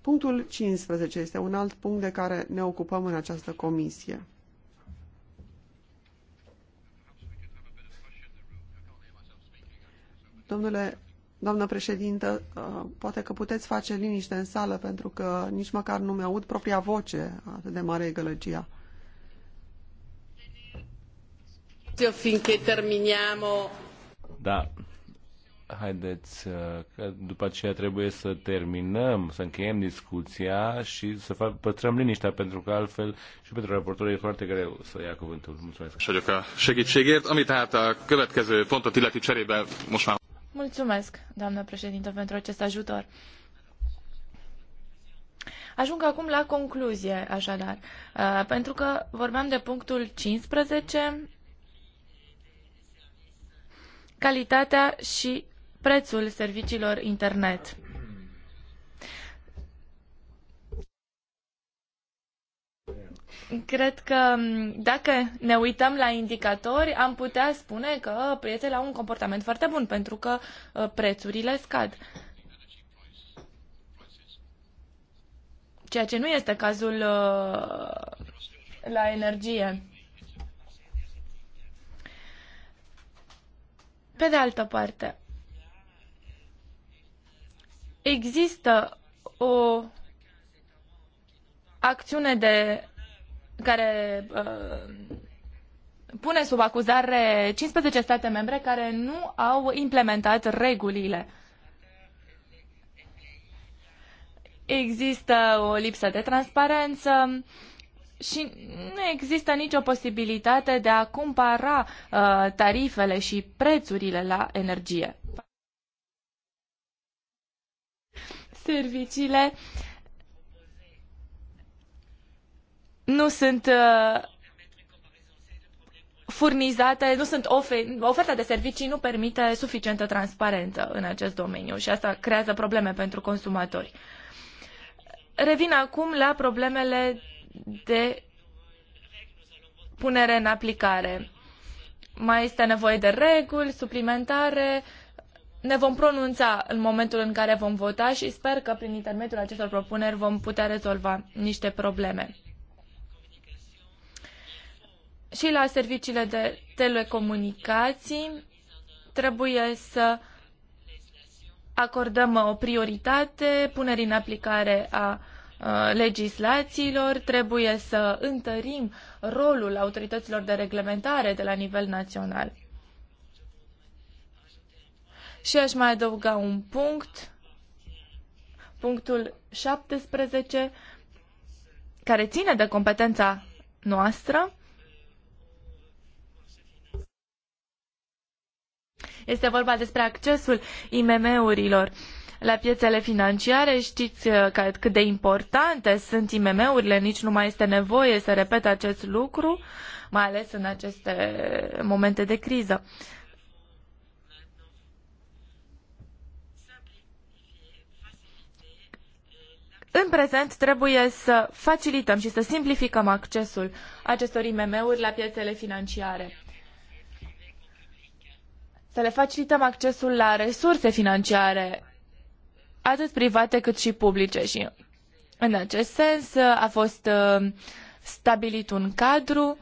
Punctul 15 este un alt punct de care ne ocupăm în această comisie. Domnule, doamnă președintă, uh, poate că puteți face liniște în sală, pentru că nici măcar nu mi-aud propria voce, atât de mare e gălăgia. Finché terminăm. Da, haideți, uh, că după aceea trebuie să terminăm, să încheiem discuția și să păstrăm liniștea, pentru că altfel și pentru raportor e foarte greu să ia cuvântul. Mulțumesc. Vagyok a segítségért, a következő pontot illeti cserébe most már... Mulțumesc, doamnă președintă, pentru acest ajutor. Ajung acum la concluzie, așadar, uh, pentru că vorbeam de punctul 15, calitatea și prețul serviciilor internet. Cred că dacă ne uităm la indicatori, am putea spune că prietele au un comportament foarte bun pentru că uh, prețurile scad. Ceea ce nu este cazul uh, la energie. Pe de altă parte, există o acțiune de care uh, pune sub acuzare 15 state membre care nu au implementat regulile. Există o lipsă de transparență și nu există nicio posibilitate de a compara uh, tarifele și prețurile la energie. Serviciile uh, nu sunt uh, furnizate, nu sunt ofer- oferta de servicii nu permite suficientă transparență în acest domeniu și asta creează probleme pentru consumatori. Revin acum la problemele de punere în aplicare. Mai este nevoie de reguli suplimentare. Ne vom pronunța în momentul în care vom vota și sper că prin intermediul acestor propuneri vom putea rezolva niște probleme și la serviciile de telecomunicații trebuie să acordăm o prioritate punerii în aplicare a legislațiilor, trebuie să întărim rolul autorităților de reglementare de la nivel național. Și aș mai adăuga un punct, punctul 17, care ține de competența noastră Este vorba despre accesul IMM-urilor la piețele financiare. Știți uh, că, cât de importante sunt IMM-urile, nici nu mai este nevoie să repet acest lucru, mai ales în aceste momente de criză. În prezent trebuie să facilităm și să simplificăm accesul acestor IMM-uri la piețele financiare să le facilităm accesul la resurse financiare, atât private cât și publice. Și în acest sens a fost uh, stabilit un cadru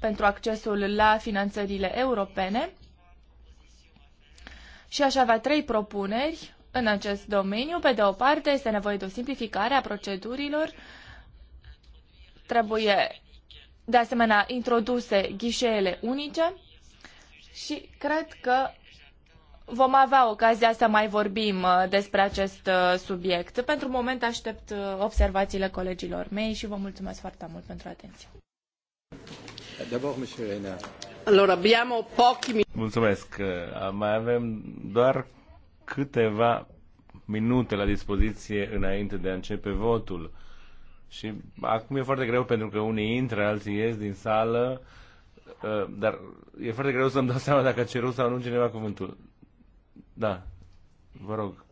pentru accesul la finanțările europene și aș avea trei propuneri în acest domeniu. Pe de o parte, este nevoie de o simplificare a procedurilor. Trebuie de asemenea introduse ghișeele unice și cred că vom avea ocazia să mai vorbim uh, despre acest uh, subiect. Pentru moment aștept uh, observațiile colegilor mei și vă mulțumesc foarte mult pentru atenție. Mulțumesc. Mai avem doar câteva minute la dispoziție înainte de a începe votul. Și acum e foarte greu pentru că unii intră, alții ies din sală, uh, dar e foarte greu să-mi dau seama dacă a cerut sau nu cineva cuvântul. Da, vă rog.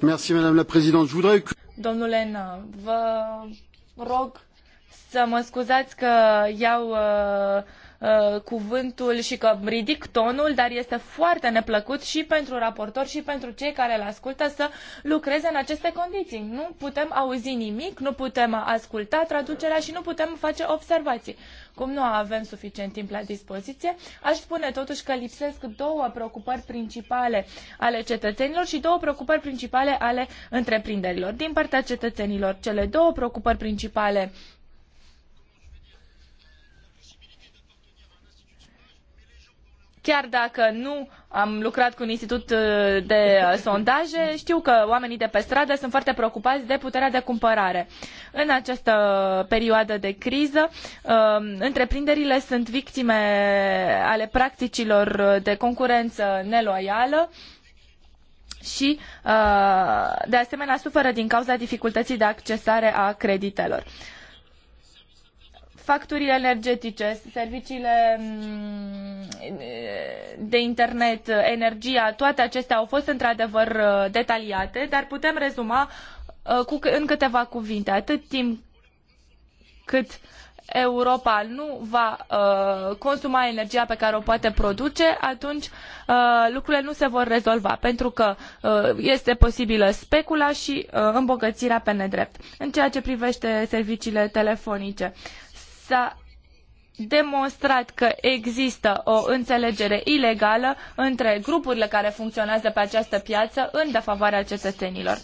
Merci, Madame la Présidente. voudrais... Domnule Na, vă rog să mă scuzați că iau uh, Uh, cuvântul și că ridic tonul, dar este foarte neplăcut și pentru raportor și pentru cei care îl ascultă să lucreze în aceste condiții. Nu putem auzi nimic, nu putem asculta traducerea și nu putem face observații. Cum nu avem suficient timp la dispoziție, aș spune totuși că lipsesc două preocupări principale ale cetățenilor și două preocupări principale ale întreprinderilor. Din partea cetățenilor, cele două preocupări principale chiar dacă nu am lucrat cu un institut uh, de uh, sondaje, știu că oamenii de pe stradă sunt foarte preocupați de puterea de cumpărare. În această perioadă de criză, um, întreprinderile sunt victime ale practicilor de concurență neloială și, uh, de asemenea, suferă din cauza dificultății de accesare a creditelor facturile energetice, serviciile mm, de internet, energia, toate acestea au fost într-adevăr uh, detaliate, dar putem rezuma uh, cu, în câteva cuvinte. Atât timp cât Europa nu va uh, consuma energia pe care o poate produce, atunci uh, lucrurile nu se vor rezolva, pentru că uh, este posibilă specula și uh, îmbogățirea pe nedrept. În ceea ce privește serviciile telefonice, s-a demonstrat că există o înțelegere ilegală între grupurile care funcționează pe această piață în defavoarea cetățenilor.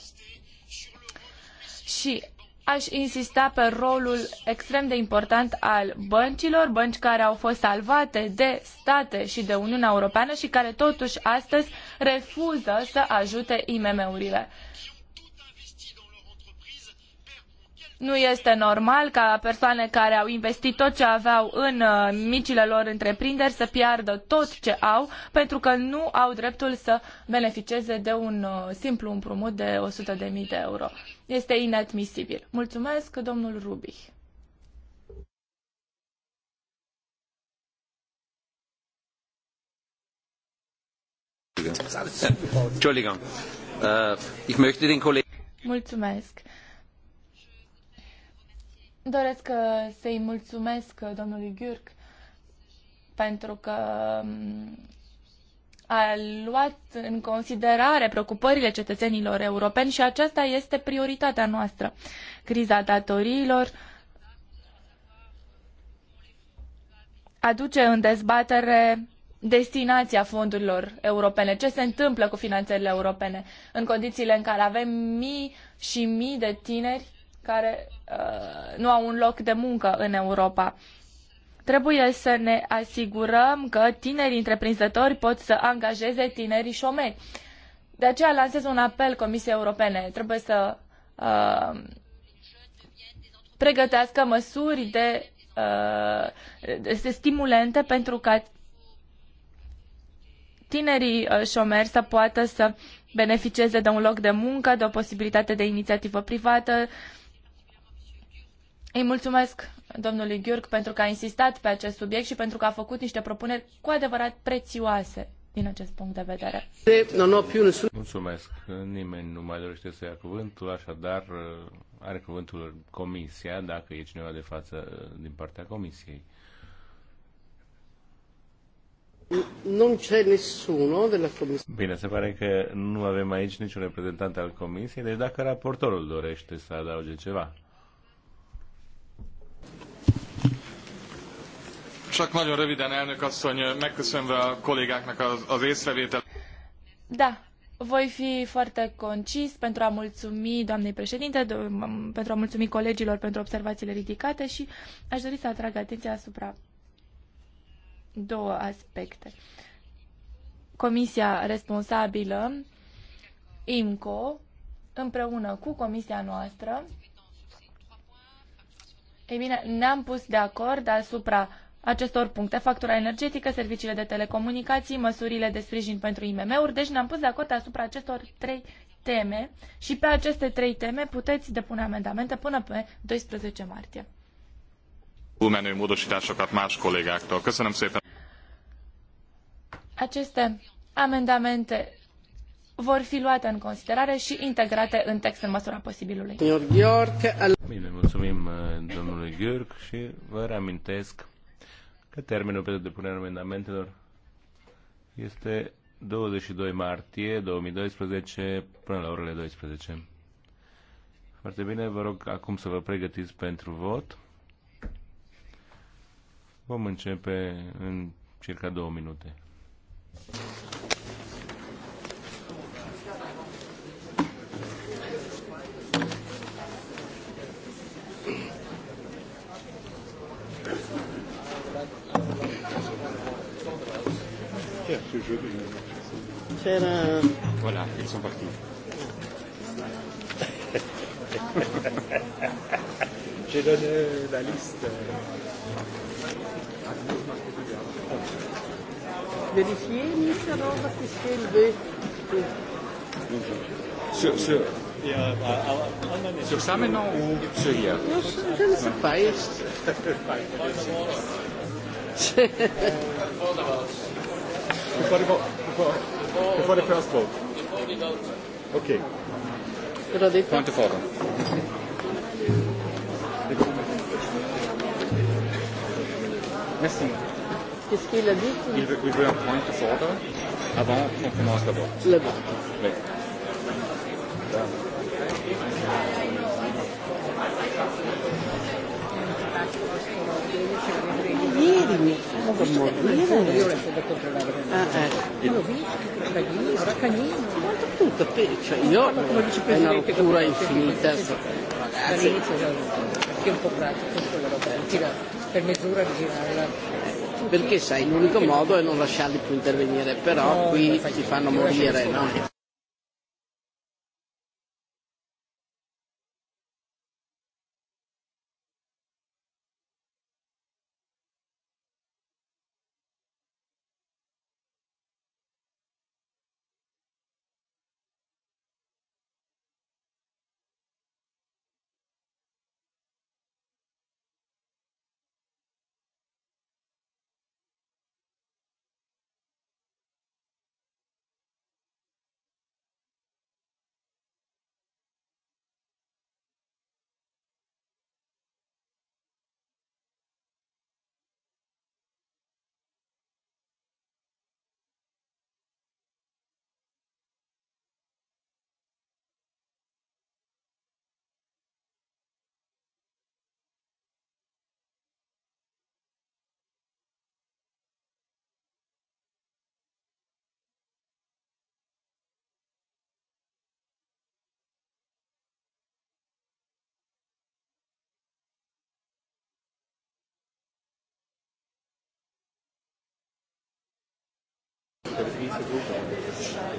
Și aș insista pe rolul extrem de important al băncilor, bănci care au fost salvate de state și de Uniunea Europeană și care totuși astăzi refuză să ajute IMM-urile. Nu este normal ca persoane care au investit tot ce aveau în uh, micile lor întreprinderi să piardă tot ce au pentru că nu au dreptul să beneficieze de un uh, simplu împrumut de 100.000 de euro. Este inadmisibil. Mulțumesc, domnul Rubich. Äh, Mulțumesc. Doresc uh, să-i mulțumesc uh, domnului Ghiurc pentru că um, a luat în considerare preocupările cetățenilor europeni și aceasta este prioritatea noastră. Criza datoriilor aduce în dezbatere destinația fondurilor europene, ce se întâmplă cu finanțările europene în condițiile în care avem mii și mii de tineri care uh, nu au un loc de muncă în Europa. Trebuie să ne asigurăm că tinerii întreprinzători pot să angajeze tinerii șomeri. De aceea lansez un apel Comisiei Europene. Trebuie să uh, pregătească măsuri de, uh, de stimulente pentru ca tinerii uh, șomeri să poată să beneficieze de un loc de muncă, de o posibilitate de inițiativă privată, uh, îi mulțumesc domnului Ghiurc pentru că a insistat pe acest subiect și pentru că a făcut niște propuneri cu adevărat prețioase din acest punct de vedere. Mulțumesc. Nimeni nu mai dorește să ia cuvântul, așadar uh, are cuvântul comisia, dacă e cineva de față uh, din partea comisiei. Nu c'è nessuno della Comisie. Bine, se pare că nu avem aici niciun reprezentant al comisiei, deci dacă raportorul dorește să adauge ceva. Csak nagyon röviden, elnök asszony, megköszönve a kollégáknak az, az Da, voi fi foarte concis pentru a mulțumi doamnei președinte, pentru a mulțumi colegilor pentru observațiile ridicate și aș dori să atrag atenția asupra două aspecte. Comisia responsabilă, IMCO, împreună cu comisia noastră, ei bine, ne-am pus de acord asupra acestor puncte, factura energetică, serviciile de telecomunicații, măsurile de sprijin pentru IMM-uri. Deci ne-am pus de acord asupra acestor trei teme și pe aceste trei teme puteți depune amendamente până pe 12 martie. Túlmenő módosításokat más kollégáktól. Köszönöm szépen. Aceste amendamente vor fi luate în considerare și integrate în text în măsura posibilului. Bine, mulțumim eh, domnului Gheorghe și vă reamintesc că termenul pentru depunerea amendamentelor este 22 martie 2012 până la orele 12. Foarte bine, vă rog acum să vă pregătiți pentru vot. Vom începe în circa două minute. ce jeu de Tadam Voilà, ils sont partis. *laughs* J'ai donné la liste. Vérifier, Nick, alors, parce que c'est élevé. Sur, sur, sur ça maintenant ou sur hier Je ne sais pas. *laughs* *laughs* before the before, before the first vote. Okay. Oder die Point of order. Merci. Qu'est-ce qu'il a dit il veut, il veut un point of order avant qu'on commence le vote. Le vote. Oui. Là. Ieri mi sono dormito, ieri io l'ho stato controllare. Ah, ecco. Io l'ho visto, Raganino, Raganino. Ma tutto, cioè io è una rottura infinita. Dall'inizio perché è un po' pratico questo la roba, per mezz'ora girarla perché sai l'unico modo è non lasciarli più intervenire però qui ti fanno morire no?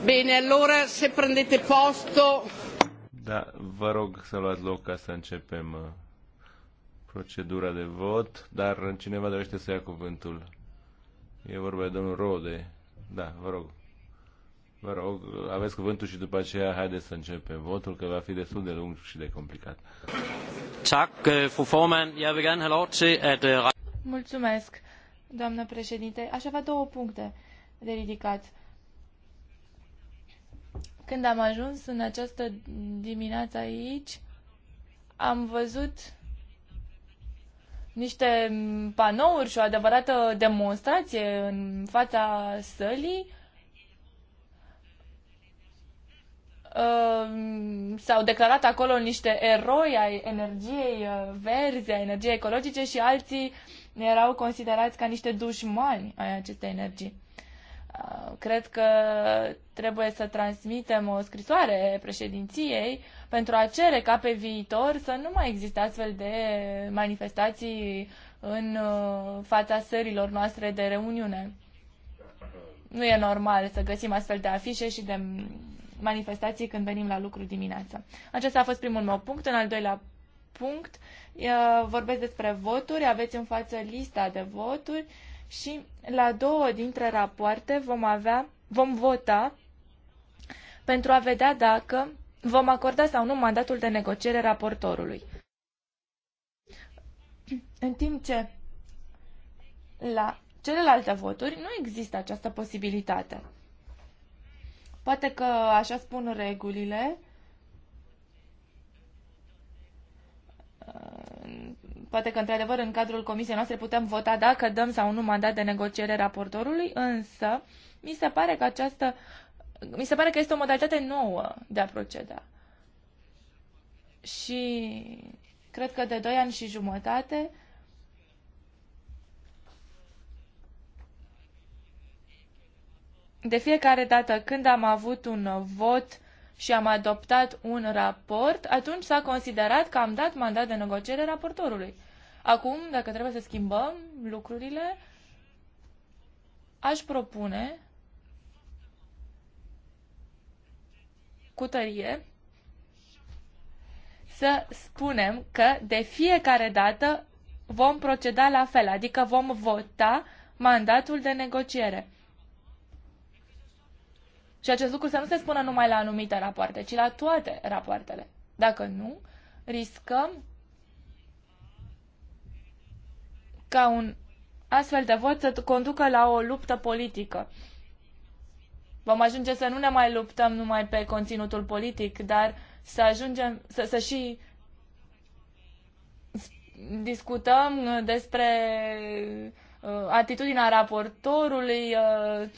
Bine, allora se prendete posto. Da, vă rog să luați loc ca să începem uh, procedura de vot, dar cineva dorește să ia cuvântul. E vorba de domnul Rode. Da, vă rog. Vă rog, aveți cuvântul și după aceea haideți să începem votul, că va fi destul de lung și de complicat. Uh, uh, Mulțumesc, doamnă președinte. Aș avea două puncte de ridicat. Când am ajuns în această dimineață aici, am văzut niște panouri și o adevărată demonstrație în fața sălii. Ehm, s-au declarat acolo niște eroi ai energiei eh, verzi, a energiei ecologice și alții erau considerați ca niște dușmani ai acestei energii cred că trebuie să transmitem o scrisoare președinției pentru a cere ca pe viitor să nu mai existe astfel de manifestații în uh, fața sărilor noastre de reuniune. Nu e normal să găsim astfel de afișe și de manifestații când venim la lucru dimineața. Acesta a fost primul meu punct. În al doilea punct uh, vorbesc despre voturi. Aveți în față lista de voturi și la două dintre rapoarte vom avea, vom vota pentru a vedea dacă vom acorda sau nu mandatul de negociere raportorului. În timp ce la celelalte voturi nu există această posibilitate. Poate că așa spun regulile, Uh, poate că, într-adevăr, în cadrul comisiei noastre putem vota dacă dăm sau nu mandat de negociere raportorului, însă mi se pare că această mi se pare că este o modalitate nouă de a proceda. Și cred că de 2 ani și jumătate de fiecare dată când am avut un vot și am adoptat un raport, atunci s-a considerat că am dat mandat de negociere raportorului. Acum, dacă trebuie să schimbăm lucrurile, aș propune cu tărie să spunem că de fiecare dată vom proceda la fel, adică vom vota mandatul de negociere. Și acest lucru să nu se spună numai la anumite rapoarte, ci la toate rapoartele. Dacă nu, riscăm ca un astfel de vot să conducă la o luptă politică. Vom ajunge să nu ne mai luptăm numai pe conținutul politic, dar să ajungem să, să și discutăm despre uh, atitudinea raportorului, uh,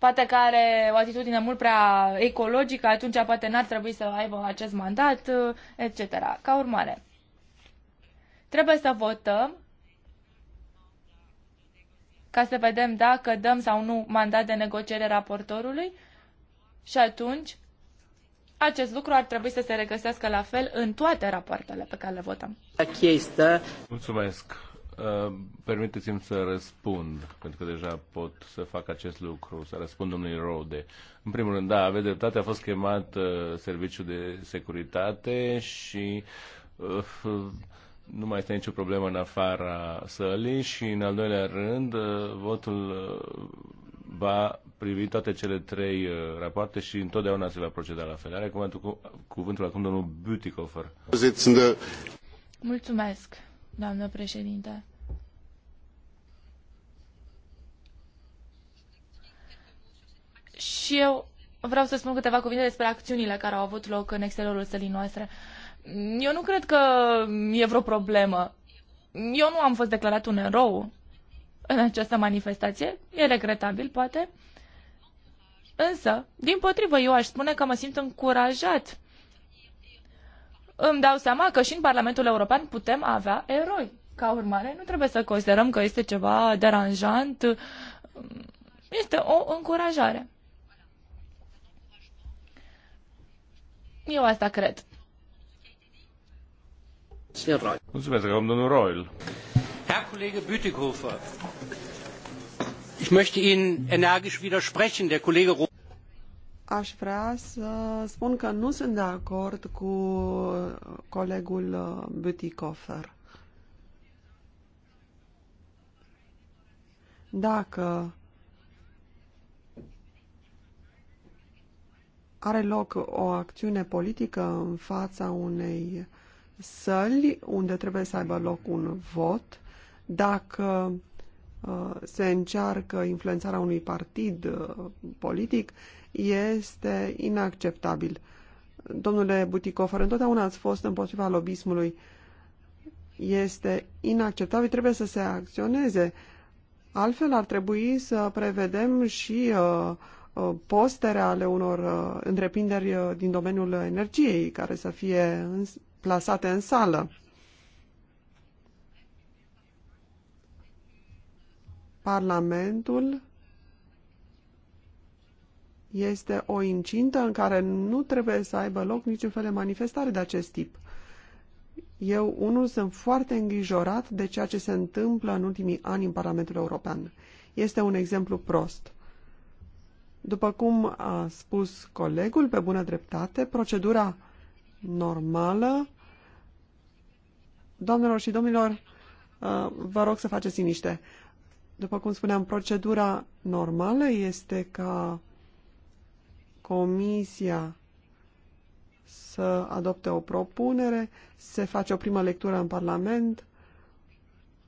poate că are o atitudine mult prea ecologică, atunci poate n-ar trebui să aibă acest mandat, eh, etc. Ca urmare, trebuie să votăm ca să vedem dacă dăm sau nu mandat de negociere raportorului și atunci acest lucru ar trebui să se regăsească la fel în toate rapoartele pe care le votăm. Mulțumesc! Uh, permiteți-mi să răspund, pentru că deja pot să fac acest lucru, să răspund domnului Rode. În primul rând, da, aveți dreptate, a fost chemat uh, serviciul de securitate și uh, nu mai este nicio problemă în afara sălii și, în al doilea rând, votul va privi toate cele trei rapoarte și întotdeauna se va proceda la fel. Are cuvântul, cuvântul acum domnul Butikofer. Mulțumesc, doamnă președinte. Și eu vreau să spun câteva cuvinte despre acțiunile care au avut loc în exteriorul sălii noastre. Eu nu cred că e vreo problemă. Eu nu am fost declarat un erou în această manifestație. E regretabil, poate. Însă, din potrivă, eu aș spune că mă simt încurajat. Îmi dau seama că și în Parlamentul European putem avea eroi. Ca urmare, nu trebuie să considerăm că este ceva deranjant. Este o încurajare. Eu asta cred. Mulțumesc, domnul Royal. Herr Kollege Bütikofer, ich möchte Ihnen energisch widersprechen. Der Kollege Aș vrea să spun că nu sunt de acord cu colegul uh, Bütikofer. Dacă are loc o acțiune politică în fața unei săli unde trebuie să aibă loc un vot, dacă uh, se încearcă influențarea unui partid uh, politic, este inacceptabil. Domnule Buticofer, întotdeauna ați fost împotriva lobismului. Este inacceptabil, trebuie să se acționeze. Altfel ar trebui să prevedem și uh, Uh, postere ale unor uh, întreprinderi uh, din domeniul energiei care să fie plasate în sală. Parlamentul este o incintă în care nu trebuie să aibă loc niciun fel de manifestare de acest tip. Eu, unul, sunt foarte îngrijorat de ceea ce se întâmplă în ultimii ani în Parlamentul European. Este un exemplu prost. După cum a spus colegul, pe bună dreptate, procedura normală, doamnelor și domnilor, uh, vă rog să faceți liniște. După cum spuneam, procedura normală este ca comisia să adopte o propunere, se face o primă lectură în Parlament,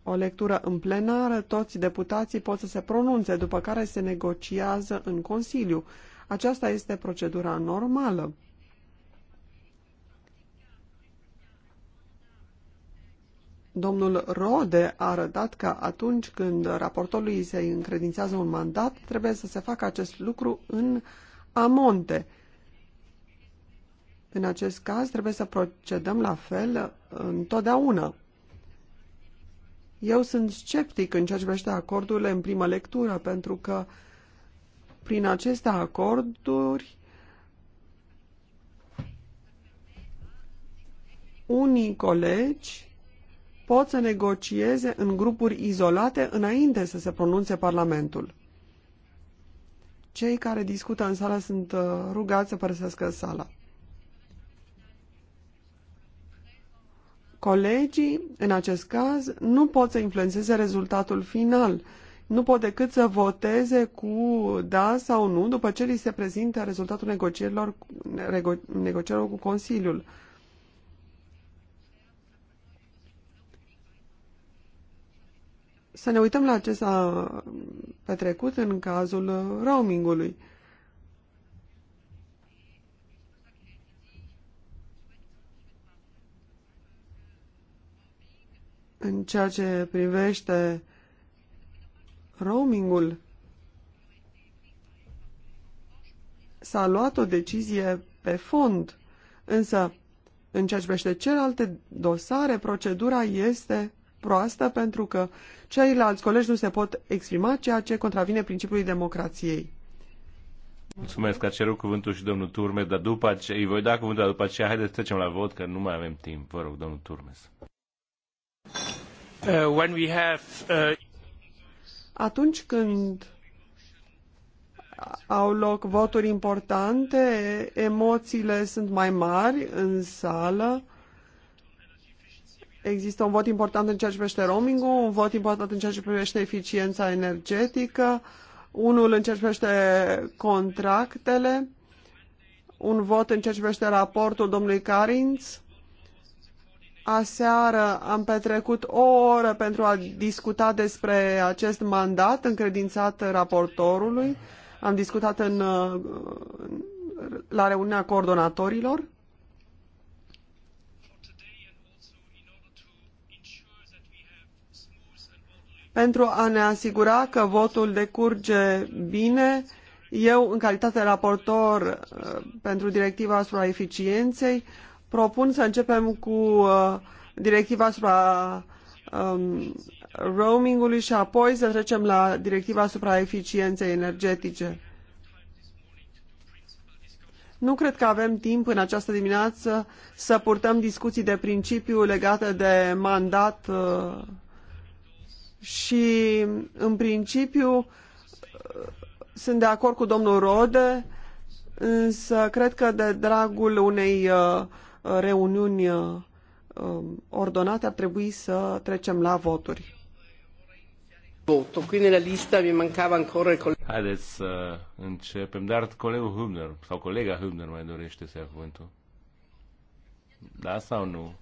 o lectură în plenară, toți deputații pot să se pronunțe, după care se negociază în Consiliu. Aceasta este procedura normală. Domnul Rode a arătat că atunci când raportorului se încredințează un mandat, trebuie să se facă acest lucru în amonte. În acest caz trebuie să procedăm la fel întotdeauna. Eu sunt sceptic în ceea ce privește acordurile în primă lectură, pentru că prin aceste acorduri unii colegi pot să negocieze în grupuri izolate înainte să se pronunțe Parlamentul. Cei care discută în sală sunt uh, rugați să părăsească sala. Colegii, în acest caz, nu pot să influențeze rezultatul final. Nu pot decât să voteze cu da sau nu după ce li se prezintă rezultatul negocierilor, negocierilor cu Consiliul. Să ne uităm la ce s-a petrecut în cazul roamingului. ului în ceea ce privește roamingul, s-a luat o decizie pe fond, însă în ceea ce privește celelalte dosare, procedura este proastă pentru că ceilalți colegi nu se pot exprima, ceea ce contravine principiului democrației. Mulțumesc, a cerut cuvântul și domnul Turmes, dar după aceea, îi voi da cuvântul, dar după aceea haideți să trecem la vot, că nu mai avem timp. Vă rog, domnul Turmes. Uh, uh, Atunci când au loc voturi importante, emoțiile sunt mai mari în sală. Există un vot important în ceea ce privește roaming un vot important în ceea ce privește eficiența energetică, unul în ceea ce privește contractele, un vot în ceea ce privește raportul domnului Carinț. Aseară am petrecut o oră pentru a discuta despre acest mandat încredințat raportorului. Am discutat în, la reuniunea coordonatorilor. Pentru a ne asigura că votul decurge bine, eu, în calitate de raportor uh, pentru directiva asupra eficienței, propun să începem cu uh, directiva asupra um, roamingului și apoi să trecem la directiva asupra eficienței energetice. Nu cred că avem timp în această dimineață să purtăm discuții de principiu legate de mandat uh, și, în principiu, uh, sunt de acord cu domnul Rode, însă cred că de dragul unei uh, reuniuni uh, um, ordonate, ar trebui să trecem la voturi. lista mi Haideți să începem, dar colegul Hübner sau colega Hübner mai dorește să ia cuvântul. Da sau nu?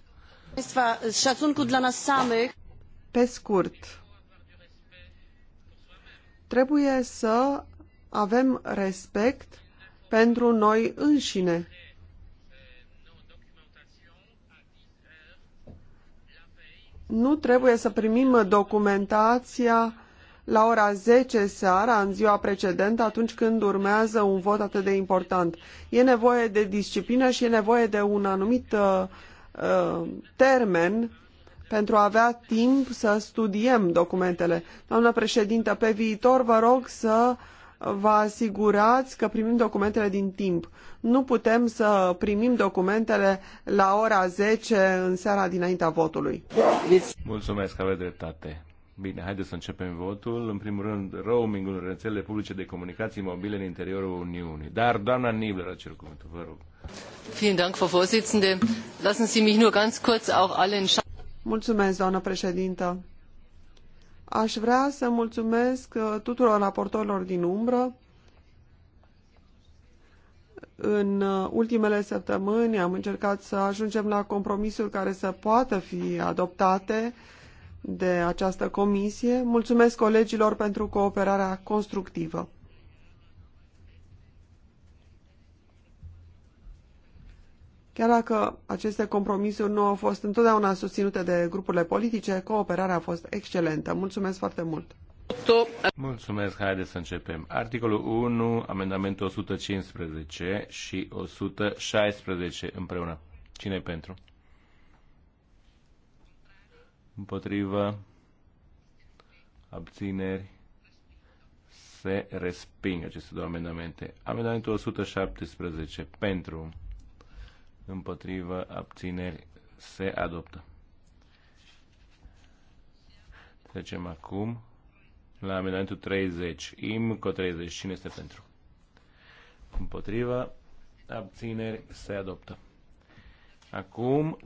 Pe scurt, trebuie să avem respect pentru noi înșine. nu trebuie să primim documentația la ora 10 seara, în ziua precedentă, atunci când urmează un vot atât de important. E nevoie de disciplină și e nevoie de un anumit uh, uh termen pentru a avea timp să studiem documentele. Doamnă președintă, pe viitor vă rog să uh, vă asigurați că primim documentele din timp. Nu putem să primim documentele la ora 10 în seara dinaintea votului. Mulțumesc, aveți dreptate. Bine, haideți să începem votul. În primul rând, roamingul în rețelele publice de comunicații mobile în interiorul Uniunii. Dar doamna Nibler a cer cuvântul, vă rog. Vielen Dank, Frau Vorsitzende. Lassen Sie mich nur ganz kurz auch alle Mulțumesc, doamnă președintă. Aș vrea să mulțumesc uh, tuturor raportorilor din umbră. În uh, ultimele săptămâni am încercat să ajungem la compromisuri care să poată fi adoptate de această comisie. Mulțumesc colegilor pentru cooperarea constructivă. Chiar dacă aceste compromisuri nu au fost întotdeauna susținute de grupurile politice, cooperarea a fost excelentă. Mulțumesc foarte mult! Mulțumesc, haideți să începem. Articolul 1, amendamentul 115 și 116 împreună. Cine e pentru? Împotrivă? Abțineri? Se resping aceste două amendamente. Amendamentul 117 pentru împotrivă, abțineri, se adoptă. Trecem acum la amendamentul 30. IMCO 30. Cine este pentru? Împotrivă Abțineri. Se adoptă. Acum,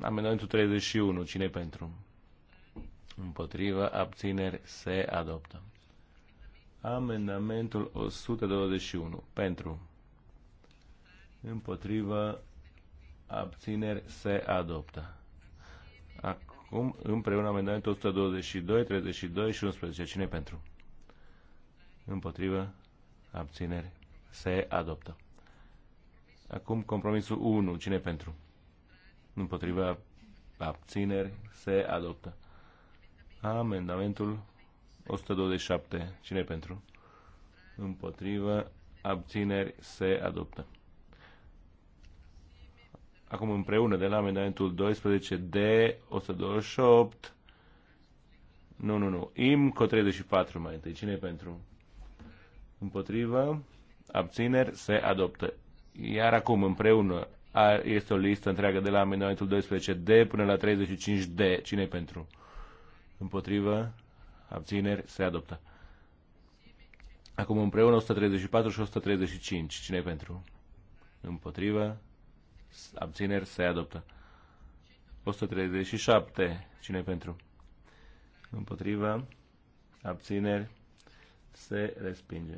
amendamentul 31. Cine pentru? Împotrivă Abțineri. Se adoptă. Amendamentul 121. Pentru împotriva, abțineri, se adoptă. Acum, împreună amendamentul 122, 32 și 11. Cine pentru? Împotrivă, abțineri, se adoptă. Acum, compromisul 1. Cine pentru? Împotriva, abțineri, se adoptă. Amendamentul 127. Cine pentru? Împotrivă, abțineri, se adoptă acum împreună de la amendamentul 12 de 128. Nu, nu, nu. im cu 34 mai întâi. Cine pentru? Împotrivă. Abțineri. Se adoptă. Iar acum împreună este o listă întreagă de la amendamentul 12 de până la 35 de. Cine pentru? Împotrivă. Abțineri. Se adoptă. Acum împreună 134 și 135. Cine pentru? Împotrivă abțineri, se adoptă. 137. Cine pentru? Împotriva, abțineri, se respinge.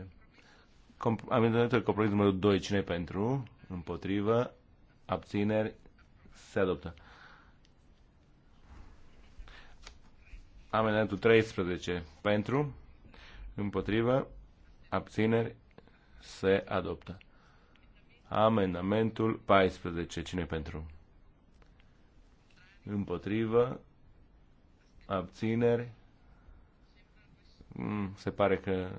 Com- amendamentul compromis numărul 2. Cine pentru? Împotrivă. abțineri, se adoptă. Amendamentul 13. Pentru, Împotrivă. abțineri, se adoptă. Amendamentul 14. Cine pentru? Împotrivă. Abțineri. Mm, se pare că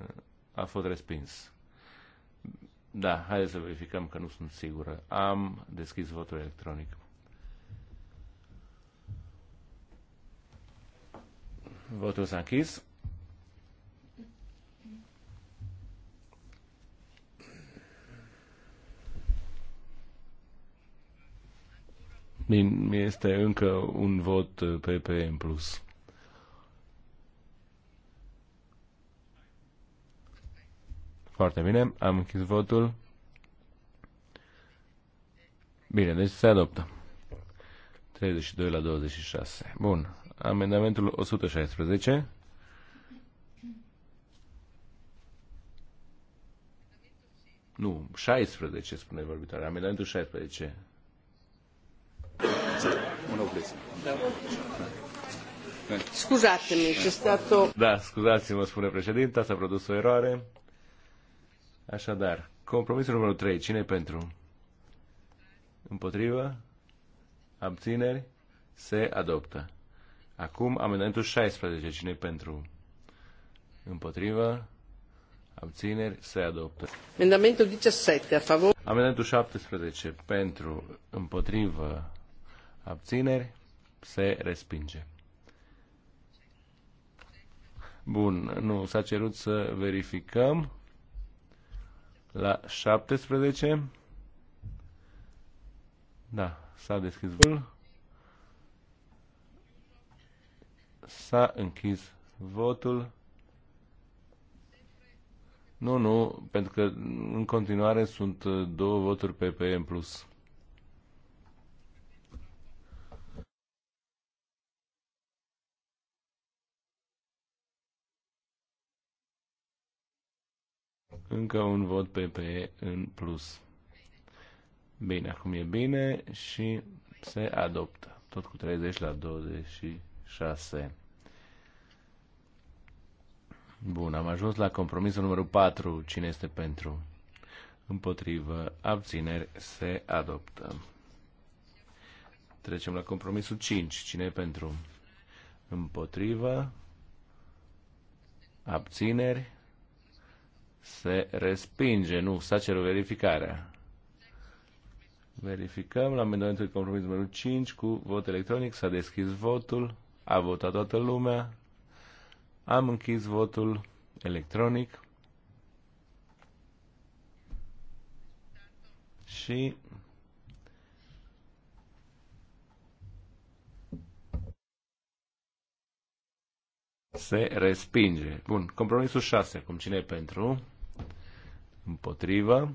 a fost respins. Da, haideți să verificăm că nu sunt sigură. Am deschis votul electronic. Votul s-a închis. Din, este încă un vot PP uh, în plus. Foarte bine, am închis votul. Bine, deci se adoptă. 32 la 26. Bun. Amendamentul 116. Nu, 16 spune vorbitoarea. Amendamentul 16. Scuzatemi, c'è stato... Da, scuzați-mă, spune președinta, s-a produs o eroare. Așadar, compromisul numărul 3, cine pentru? Împotrivă? Abțineri? Se adoptă. Acum amendamentul 16, cine pentru? Împotrivă? Abțineri? Se adoptă. Amendamentul 17, a favor? Amendamentul 17, pentru, împotrivă, abțineri, se respinge. Bun, nu, s-a cerut să verificăm la 17. Da, s-a deschis votul. S-a închis votul. Nu, nu, pentru că în continuare sunt două voturi PP în plus. încă un vot PPE în plus. Bine, acum e bine și se adoptă. Tot cu 30 la 26. Bun, am ajuns la compromisul numărul 4. Cine este pentru? Împotrivă. Abțineri se adoptă. Trecem la compromisul 5. Cine e pentru? Împotrivă. Abțineri se respinge, nu, s-a cerut verificarea. Verificăm la amendamentul de compromis numărul 5 cu vot electronic, s-a deschis votul, a votat toată lumea, am închis votul electronic și se respinge. Bun, compromisul 6, cum cine e pentru? Împotrivă.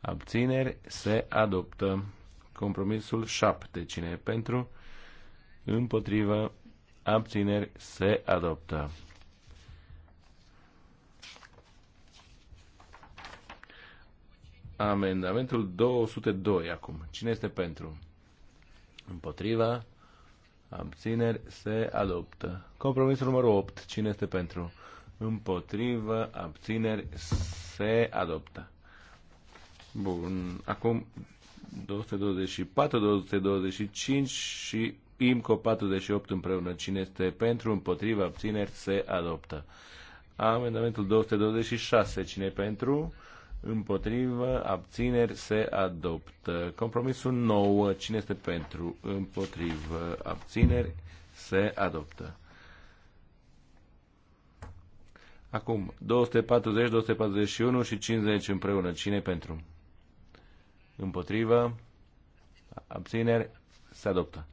Abțineri. Se adoptă. Compromisul 7. Cine e pentru? Împotrivă. Abțineri. Se adoptă. Amendamentul 202 acum. Cine este pentru? Împotriva. Abțineri se adoptă. Compromisul numărul 8. Cine este pentru? împotrivă, abțineri, se adoptă. Bun, acum 224, 225 și IMCO 48 împreună. Cine este pentru, împotrivă, abțineri, se adoptă. Amendamentul 226. Cine pentru? Împotrivă, abțineri, se adoptă. Compromisul 9. Cine este pentru? Împotrivă, abțineri, se adoptă. Acum, 240, 241 și 50 împreună. cine pentru? Împotrivă. Abțineri. Se adoptă.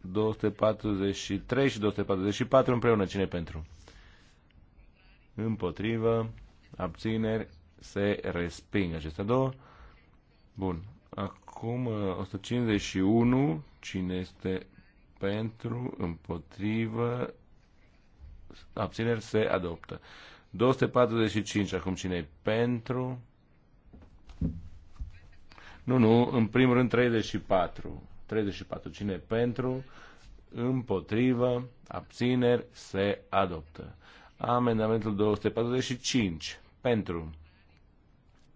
243 și 244 împreună. cine pentru? Împotrivă. Abțineri. Se resping acestea două. Bun. Acum 151. Cine este pentru? Împotrivă abțineri se adoptă. 245, acum cine e pentru? Nu, nu, în primul rând 34. 34, cine e pentru? Împotrivă, abțineri se adoptă. Amendamentul 245, pentru.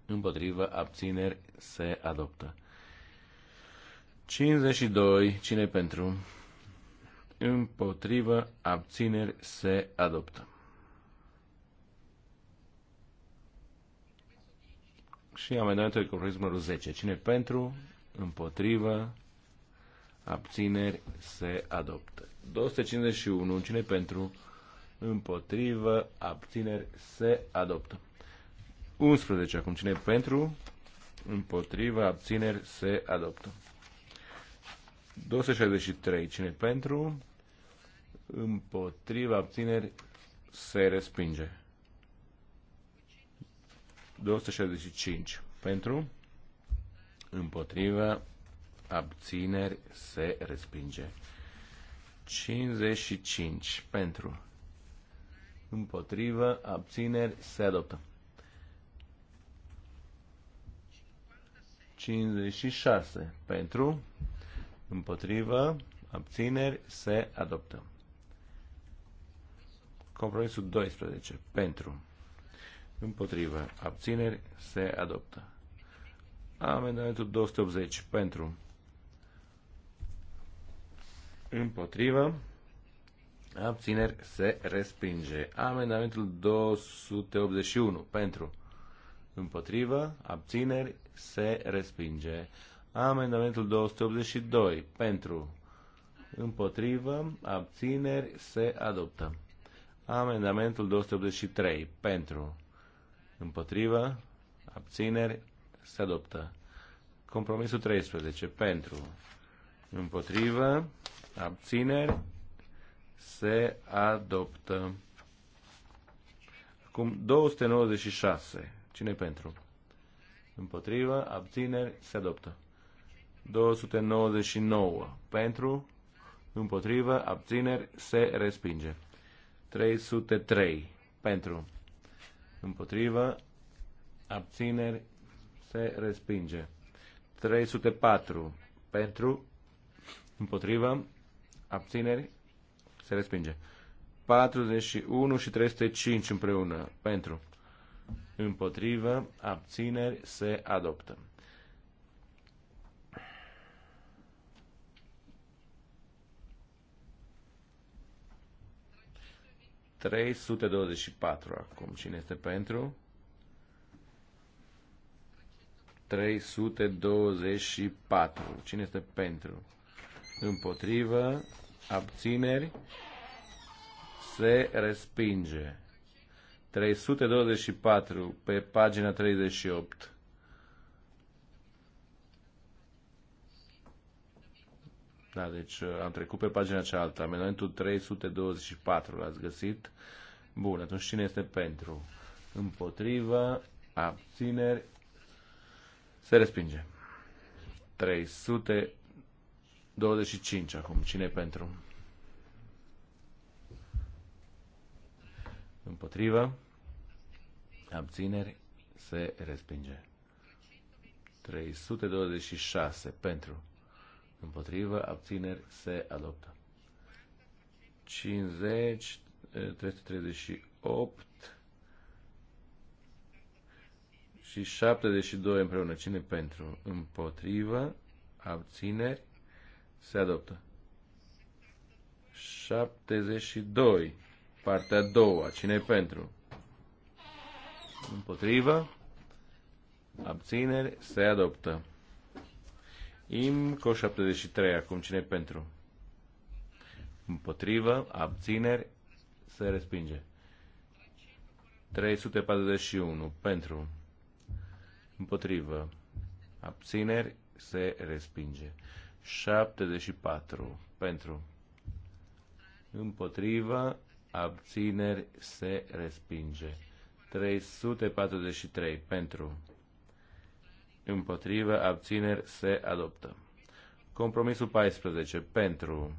Împotrivă, abțineri se adoptă. 52, cine pentru? împotrivă, abțineri, se adoptă. Și amendamentul de compromis numărul 10. Cine pentru, împotrivă, abțineri, se adoptă. 251. Cine pentru, împotrivă, abțineri, se adoptă. 11. Acum cine pentru, împotrivă, abțineri, se adoptă. 263. Cine pentru, împotriva abțineri se respinge. 265 pentru, împotriva abțineri se respinge. 55 pentru, împotriva abțineri se adoptă. 56 pentru, împotriva abțineri se adoptă. Compromisul 12. Pentru. Împotrivă. Abțineri. Se adoptă. Amendamentul 280. Pentru. Împotrivă. Abțineri. Se respinge. Amendamentul 281. Pentru. Împotrivă. Abțineri. Se respinge. Amendamentul 282. Pentru. Împotrivă. Abțineri. Se adoptă. Amendamentul 283 pentru, împotrivă, abțineri, se adoptă. Compromisul 13 pentru, împotrivă, abțineri, se adoptă. Acum 296. Cine pentru? Împotrivă, abțineri, se adoptă. 299. Pentru, împotrivă, abțineri, se respinge. 303 pentru, împotrivă, abțineri, se respinge. 304 pentru, împotrivă, abțineri, se respinge. 41 și 305 împreună, pentru, împotrivă, abțineri, se adoptă. 324 acum. Cine este pentru? 324. Cine este pentru? Împotrivă. Abțineri. Se respinge. 324 pe pagina 38. Da, deci uh, am trecut pe pagina cealaltă. Amendamentul 324 l-ați găsit. Bun, atunci cine este pentru? Împotrivă, abțineri, se respinge. 325 acum. Cine pentru? Împotrivă, abțineri, se respinge. 326 pentru Împotrivă, abțineri, se adoptă. 50, 338 eh, și 72 împreună. Cine pentru? Împotrivă, abțineri, se adoptă. 72, partea a doua. Cine pentru? Împotrivă, abțineri, se adoptă. IMCO 73, acum cine pentru? Împotrivă, abțineri, se respinge. 341, pentru, împotrivă, abțineri, se respinge. 74, pentru, împotrivă, abțineri, se respinge. 343, pentru, împotrivă, abțineri, se adoptă. Compromisul 14, pentru,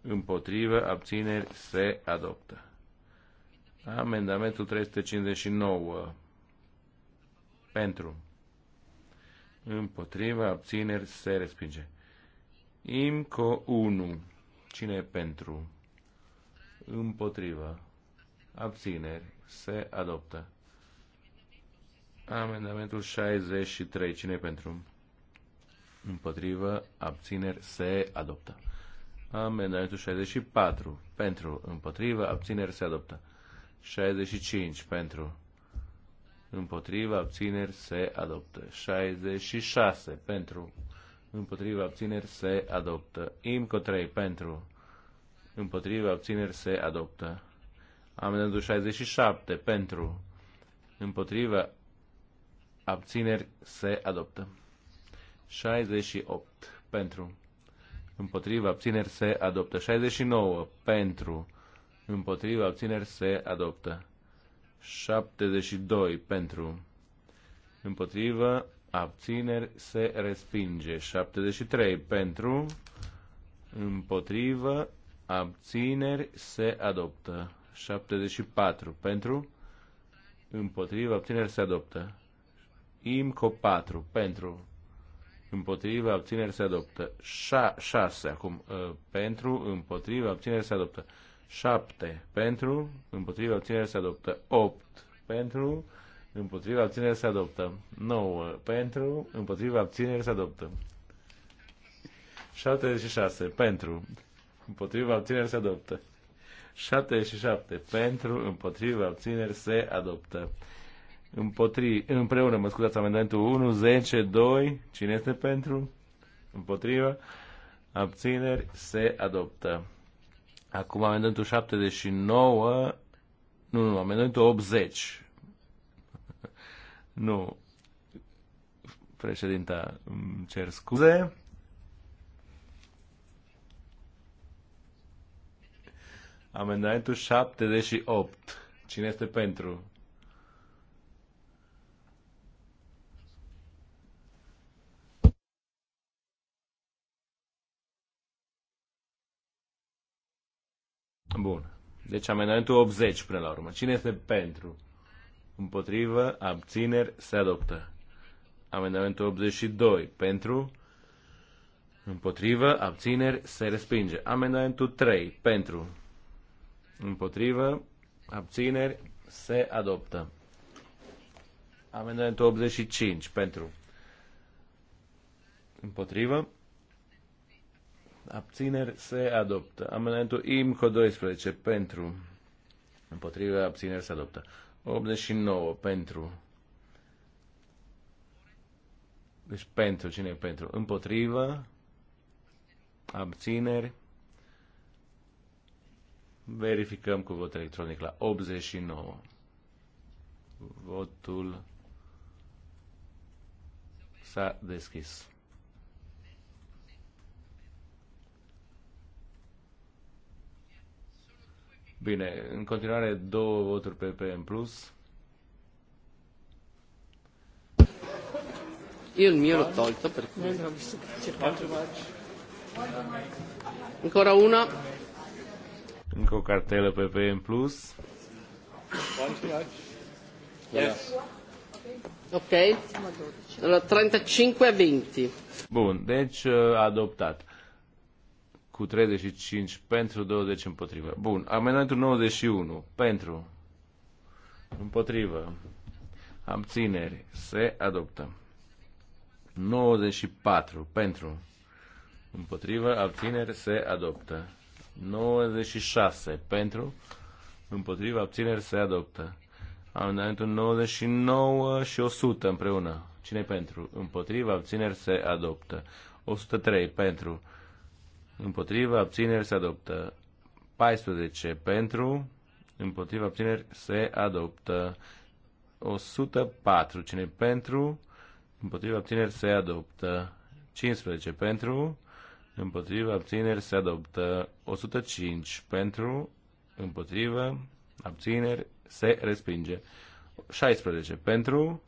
împotrivă, abțineri, se adoptă. Amendamentul 359, pentru, împotrivă, abțineri, se respinge. IMCO 1, cine e pentru, împotrivă, abțineri, se adoptă. Amendamentul 63. Cine pentru? Împotrivă. Abțineri. Se adoptă. Amendamentul 64. Pentru. Împotrivă. Abțineri. Se adoptă. 65. Pentru. Împotrivă. Abțineri. Se adoptă. 66. Pentru. Împotrivă. Abțineri. Se adoptă. IMCO 3. Pentru. Împotrivă. Abțineri. Se adoptă. Amendamentul 67. Pentru. Împotrivă abțineri, se adoptă. 68 pentru, împotriva, abțineri, se adoptă. 69 pentru, împotriva, abțineri, se adoptă. 72 pentru, împotriva, abțineri, se respinge. 73 pentru, Împotriva abțineri, se adoptă. 74 pentru, Împotriva abțineri, se adoptă. IMCO 4 pentru împotriva abțineri se adoptă. 6 acum uh, pentru împotriva abțineri se adoptă. 7 pentru împotriva abțineri se adoptă. 8 pentru împotriva abțineri se adoptă. 9 pentru împotriva abțineri se adoptă. 76 pentru împotriva abțineri se adoptă. 77 pentru împotriva abțineri se adoptă împotri, împreună, mă scuzați, amendamentul 1, 10, 2, cine este pentru, împotrivă, abțineri, se adoptă. Acum amendamentul 79, nu, nu, amendamentul 80. Nu, președinta, îmi cer scuze. Amendamentul 78. Cine este pentru? Bun. Deci amendamentul 80 până la urmă. Cine este pentru? Împotrivă, abțineri, se adoptă. Amendamentul 82. Pentru, împotrivă, abțineri, se respinge. Amendamentul 3. Pentru, împotrivă, abțineri, se adoptă. Amendamentul 85. Pentru, împotrivă, abțineri, se adoptă. Amendamentul IMCO 12, pentru, împotriva, abțineri, se adoptă. 89, pentru. Deci pentru, cine e pentru? Împotriva, abțineri, verificăm cu vot electronic la 89. Votul s-a deschis. Bine, în continuare două voturi PP în plus. Eu il mio l'ho tolto per cui... Ancora una. Încă o cartelă PP în plus. Ok. La 35 a 20. Bun, deci uh, adoptat cu 35 pentru, 20 împotrivă. Bun, amendamentul 91 pentru, împotrivă, abțineri, se adoptă. 94 pentru, împotrivă, abțineri, se adoptă. 96 pentru, împotrivă, abțineri, se adoptă. Amendamentul 99 și 100 împreună. Cine pentru? Împotrivă, abțineri, se adoptă. 103 pentru, împotriva abțineri se adoptă. 14 pentru, împotriva abțineri se adoptă. 104 cine pentru, împotriva abțineri se adoptă. 15 pentru, împotriva abțineri se adoptă. 105 pentru, împotriva abțineri se respinge. 16 pentru,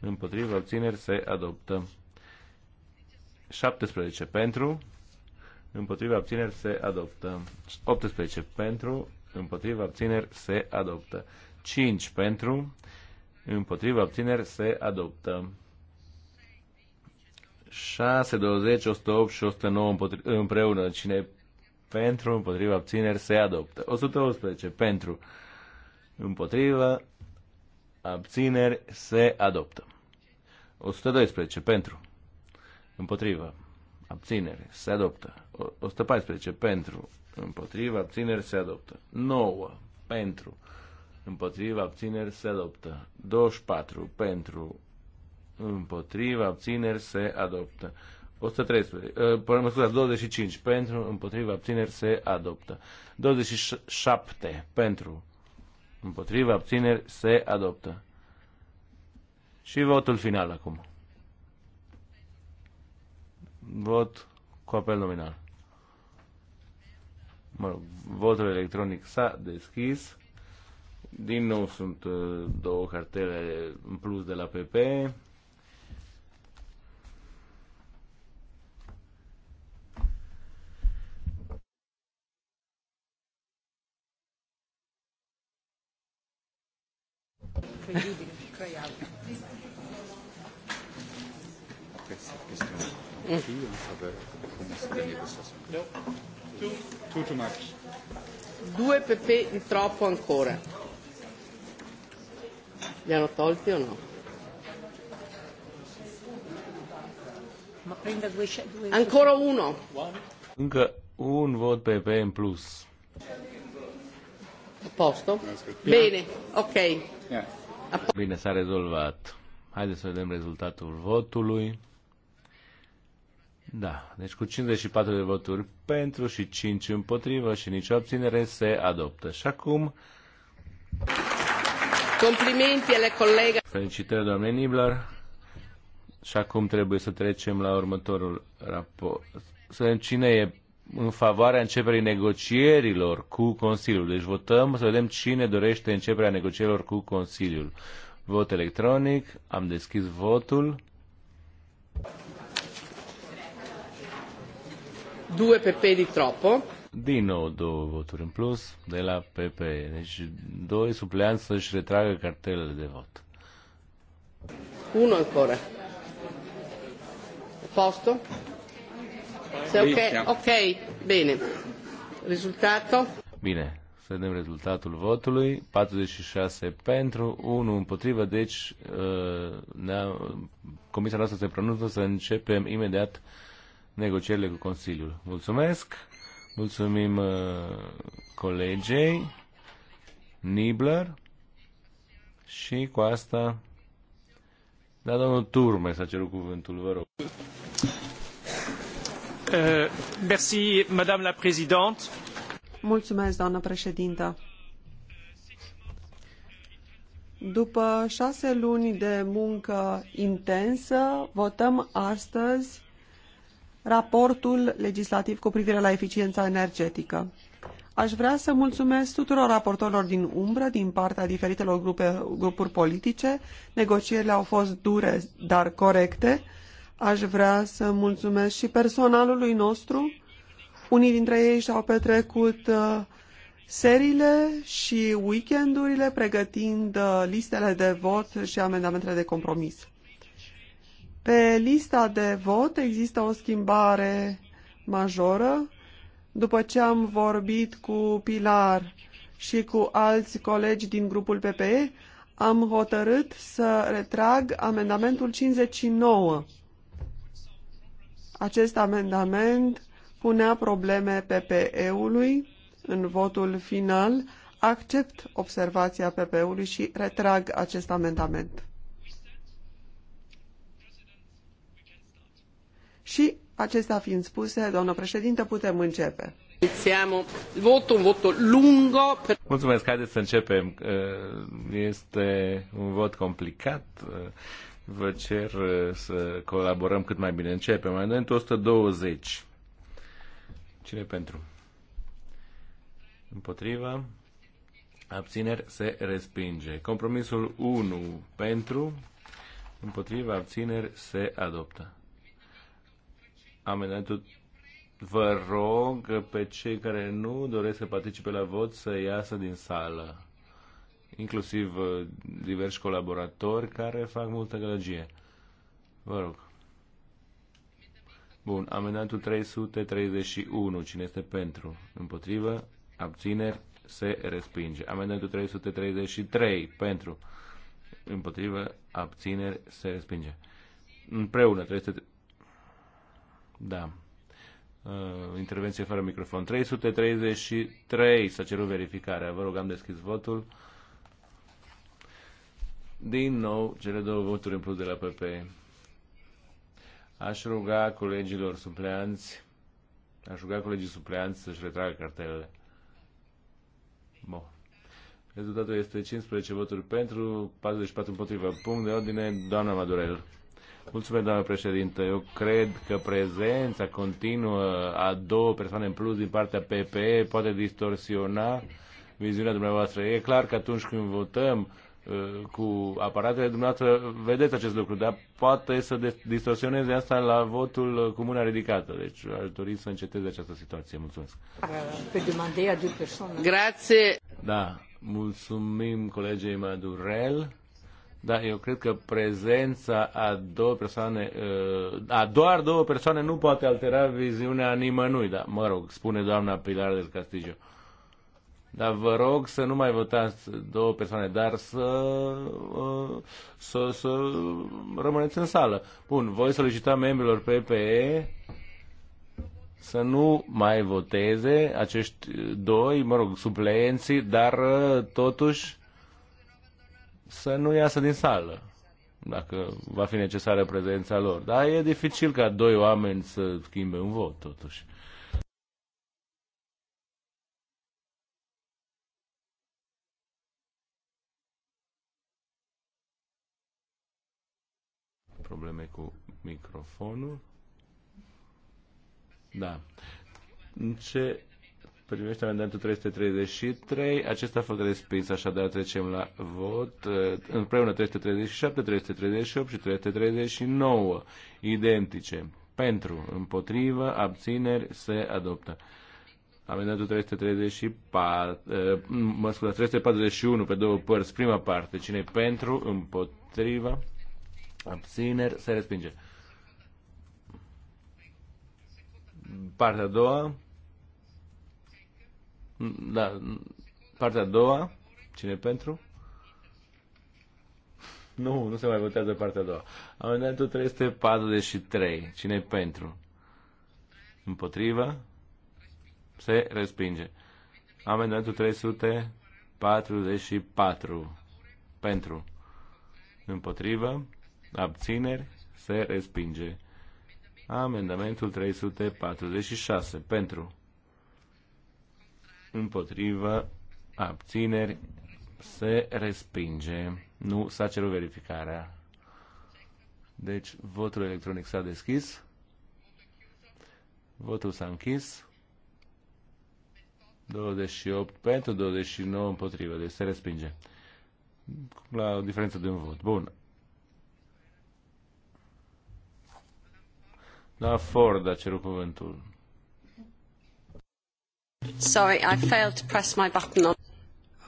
împotriva abțineri se adoptă. 17 pentru, împotriva abțineri se adoptă. 18 pentru, împotriva abțineri se adoptă. 5 pentru, împotriva abțineri se adoptă. 6, 20, 108 și 109 împreună. Cine pentru, împotriva abțineri se adoptă. 111 pentru, împotriva abțineri se adoptă. 112 pentru, împotriva abținere, se adoptă. 114 pentru, împotriva, abțineri, se adoptă. 9 pentru, împotriva, abțineri, se adoptă. 24 pentru, împotriva, abțineri, se adoptă. 113, ă, păi, mă scuzați, 25 pentru, împotriva, abțineri, se adoptă. 27 pentru, împotriva, abțineri, se adoptă. Și votul final acum. Vot cu apel nominal. Mă rog, votul electronic s-a deschis. Din nou sunt uh, două cartele în plus de la PP. Mm. Due PP in troppo ancora. Li hanno tolti o no? Ma prenda due, due Ancora uno. Încă un vot PP in plus. A posto? Bine, ok. Bine, s-a rezolvat. Haideți să vedem rezultatul votului. Da, deci cu 54 de voturi pentru și 5 împotrivă și nicio abținere se adoptă. Și acum... Complimenti ale colega. Felicitări, doamne Niblar. Și acum trebuie să trecem la următorul raport. Să vedem cine e în favoarea începerii negocierilor cu Consiliul. Deci votăm să vedem cine dorește începerea negocierilor cu Consiliul. Vot electronic, am deschis votul due PP di troppo. Din nou două voturi în plus de la PP. Deci doi supleanți să-și retragă cartelele de vot. Uno ancora. Posto? Se ok, ok, bine. Rezultatul? Bine, să vedem rezultatul votului. 46 pentru, 1 împotrivă, deci uh, comisia noastră se pronunță să începem imediat negocierile cu Consiliul. Mulțumesc! Mulțumim uh, colegei Nibler și cu asta da, domnul Turme s-a cerut cuvântul, vă rog. Uh, merci, madame la présidente. Mulțumesc, doamnă președintă. După șase luni de muncă intensă, votăm astăzi raportul legislativ cu privire la eficiența energetică. Aș vrea să mulțumesc tuturor raportorilor din umbră, din partea diferitelor grupe, grupuri politice. Negocierile au fost dure, dar corecte. Aș vrea să mulțumesc și personalului nostru. Unii dintre ei și-au petrecut uh, serile și weekendurile pregătind uh, listele de vot și amendamentele de compromis. Pe lista de vot există o schimbare majoră. După ce am vorbit cu Pilar și cu alți colegi din grupul PPE, am hotărât să retrag amendamentul 59. Acest amendament punea probleme PPE-ului în votul final. Accept observația ppe ului și retrag acest amendament. Și acestea fiind spuse, doamnă președinte, putem începe. Iniziamo voto, un lungo. Mulțumesc, haideți să începem. Uh, este un vot complicat. Uh, vă cer uh, să colaborăm cât mai bine. Începem. Mai înainte 120. Cine pentru? Împotriva. Abțineri se respinge. Compromisul 1 pentru. Împotriva abțineri se adoptă amendamentul. Vă rog pe cei care nu doresc să participe la vot să iasă din sală, inclusiv uh, diversi colaboratori care fac multă gălăgie. Vă rog. Bun, amendamentul 331. Cine este pentru? Împotrivă? Abțineri? Se respinge. Amendamentul 333. Pentru? Împotrivă? Abțineri? Se respinge. Împreună 333. Da. Uh, intervenție fără microfon. 333 s-a cerut verificarea. Vă rog, am deschis votul. Din nou, cele două voturi în plus de la PP. Aș ruga colegilor supleanți, aș ruga colegii supleanți să-și retragă cartelele. Bun. Rezultatul este 15 voturi pentru, 44 împotriva. Punct de ordine, doamna Madurel. Mulțumesc, doamnă președinte. Eu cred că prezența continuă a două persoane în plus din partea PPE poate distorsiona viziunea dumneavoastră. E clar că atunci când votăm uh, cu aparatele dumneavoastră, vedeți acest lucru, dar poate să distorsioneze asta la votul cu mâna ridicată. Deci aș dori să înceteze această situație. Mulțumesc. Pe Grație. Da, mulțumim colegei Madurel. Da, eu cred că prezența a două persoane, uh, a doar două persoane nu poate altera viziunea nimănui, da, mă rog, spune doamna Pilar del Castillo. Dar vă rog să nu mai votați două persoane, dar să, uh, să, să rămâneți în sală. Bun, voi solicita membrilor PPE să nu mai voteze acești doi, mă rog, supleenții, dar uh, totuși să nu iasă din sală dacă va fi necesară prezența lor. Dar e dificil ca doi oameni să schimbe un vot, totuși. Probleme cu microfonul. Da. În ce Primește amendamentul 333. Acesta a fost respins, așadar trecem la vot. Eh, împreună 337, 338 și 339. Identice. Pentru, împotrivă, abțineri, se adoptă. Amendamentul 334, eh, mă scuzați, 341 pe două părți, prima parte, cine pentru, împotrivă, abțineri, se respinge. Partea a doua, da, partea a doua, cine pentru? Nu, nu se mai votează partea a doua. Amendamentul 343, cine pentru? Împotrivă? Se respinge. Amendamentul 344, pentru? Împotrivă? Abțineri? Se respinge. Amendamentul 346, pentru? împotriva, abțineri, se respinge. Nu s-a cerut verificarea. Deci, votul electronic s-a deschis. Votul s-a închis. 28 pentru, 29 împotrivă. Deci se respinge. La o diferență de un vot. Bun. La da, Ford a cerut cuvântul. Sorry, I failed to press my button on.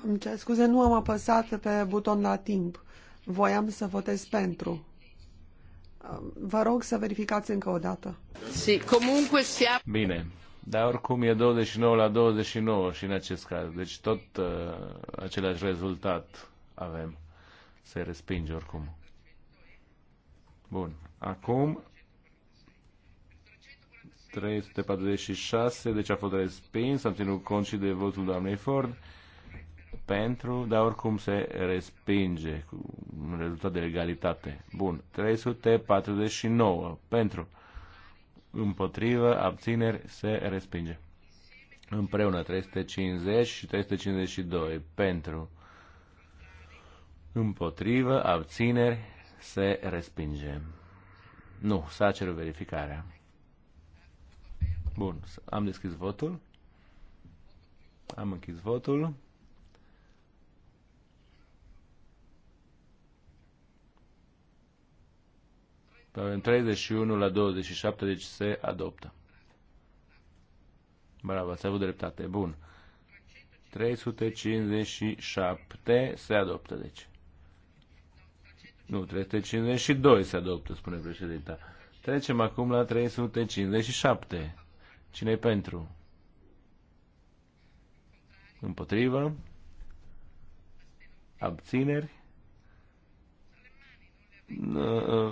Îmi cer scuze, nu am apăsat pe buton la timp. Voiam să votez pentru. Vă rog să verificați încă o dată. Si, comunque sia... Bine, dar oricum e 29 la 29 și în acest caz. Deci tot uh, același rezultat avem. Se respinge oricum. Bun. Acum 346, deci a fost respins, am ținut cont și de votul doamnei Ford pentru, dar oricum se respinge cu un rezultat de egalitate. Bun, 349 pentru, împotrivă, abțineri, se respinge. Împreună 350 și 352 pentru, împotrivă, abțineri, se respinge. Nu, s-a cerut verificarea. Bun, am deschis votul. Am închis votul. Avem 31 la 27, deci se adoptă. Bravo, ați avut dreptate. Bun. 357 se adoptă, deci. Nu, 352 se adoptă, spune președinta. Trecem acum la 357 cine e pentru? Împotrivă? Abțineri?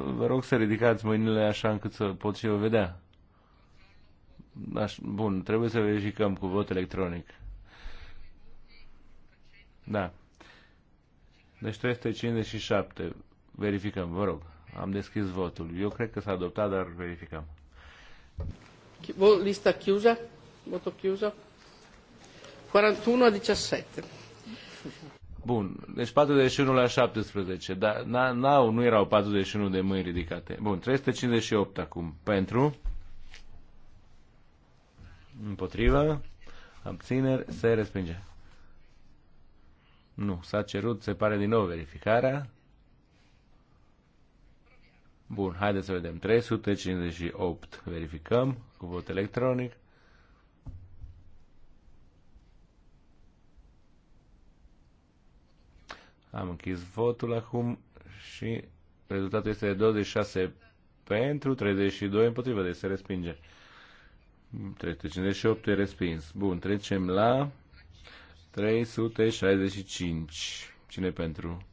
Vă rog să ridicați mâinile așa încât să pot și eu vedea. Aș, bun, trebuie să verificăm cu vot electronic. Da. Deci 357. Verificăm, vă rog. Am deschis votul. Eu cred că s-a adoptat, dar verificăm. Lista chiusa? Voto chiuso? 41 a 17. Bun, deci 41 la 17, dar n-au, nu erau 41 de mâini ridicate. Bun, 358 acum. Pentru? Împotrivă? Abțineri? Se respinge. Nu, s-a cerut, se pare din nou verificarea. Bun, haideți să vedem. 358. Verificăm cu vot electronic. Am închis votul acum și rezultatul este de 26 pentru, 32 împotrivă, deci se respinge. 358 e respins. Bun, trecem la 365. Cine pentru?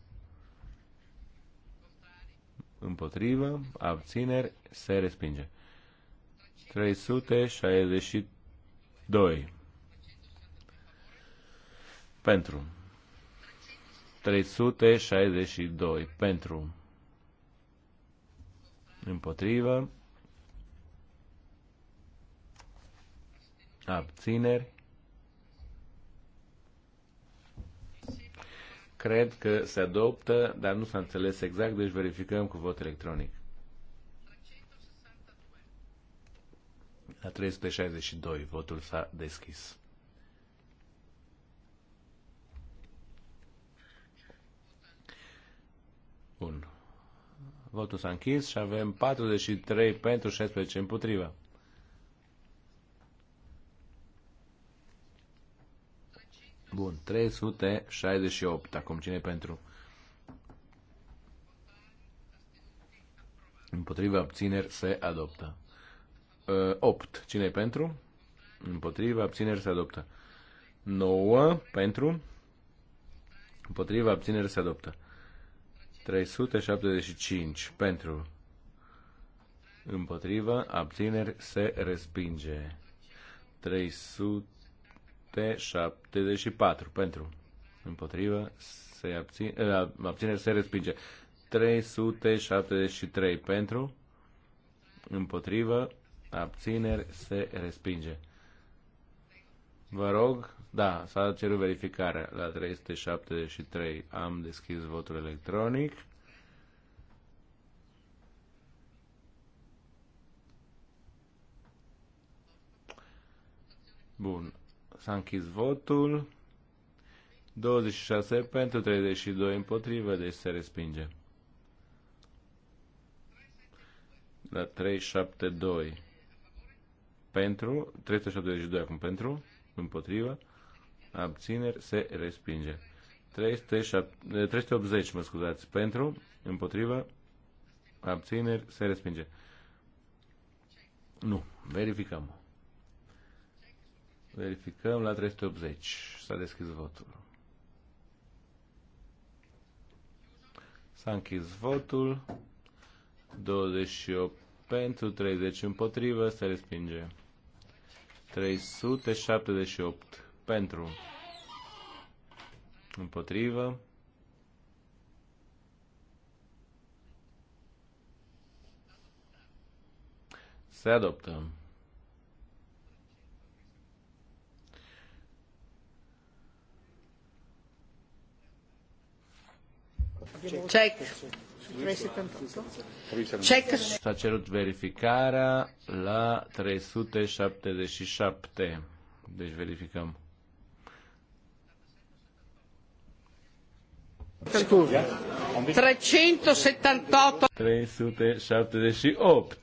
împotrivă, abțineri, se respinge. 362 pentru 362 pentru împotrivă abțineri Cred că se adoptă, dar nu s-a înțeles exact, deci verificăm cu vot electronic. La 362, votul s-a deschis. Bun. Votul s-a închis și avem 43 pentru 16 împotriva. Bun, 368. Acum cine pentru? Împotriva abțineri se adoptă. 8. Ă, cine pentru? Împotriva abțineri se adoptă. 9. Pentru? Împotriva abțineri se adoptă. 375. Pentru? Împotriva abțineri se respinge. 300 74 pentru. Împotrivă se abține, eh, abține se respinge. 373 pentru. Împotrivă abțineri se respinge. Vă rog, da, s-a cerut verificarea la 373. Am deschis votul electronic. Bun. S-a închis votul. 26 pentru 32 împotrivă, deci se respinge. La 372. Pentru, 372 acum pentru, împotrivă, abțineri, se respinge. 307, 380, mă scuzați, pentru, împotrivă, abțineri, se respinge. Nu, verificăm. Verificăm la 380. S-a deschis votul. S-a închis votul. 28 pentru, 30 împotrivă, se respinge. 378 pentru, împotrivă. Se adoptă. Check. Check. S-a cerut verificarea la 377. Deci verificăm. Scuze. 378. 378.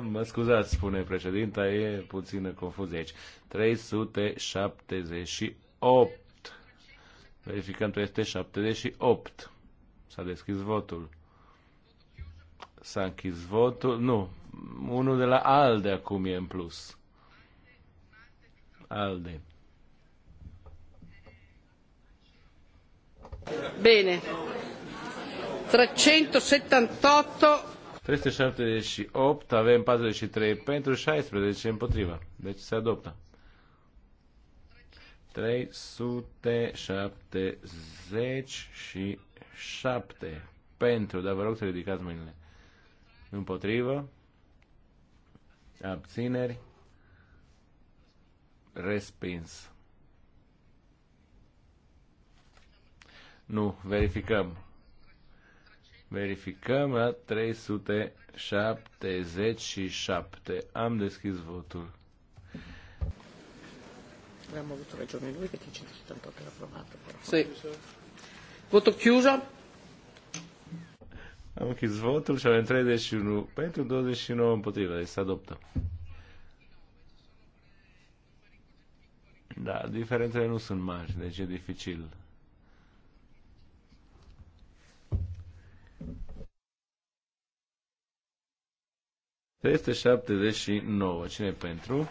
Mă scuzați, spune președinta, e puțină confuzie aici. 378. Verificăm 378. S-a deschis votul. S-a închis votul. Nu. Unul de la ALDE acum e în plus. ALDE. Bine. 378. 378, avem 43 pentru 16 împotriva. Deci se adoptă. 377 pentru, dar vă rog să ridicați mâinile. Împotrivă. Abțineri. Respins. Nu, verificăm. Verificăm la 377. Am deschis votul. Avevamo avuto ragione lui che dice 178 era che l'ha provato. Sì. Voto chiuso. Am închis votul și avem 31 pentru 29 împotriva, deci se adoptă. Da, diferențele nu sunt mari, deci e dificil. Este 79. Cine pentru?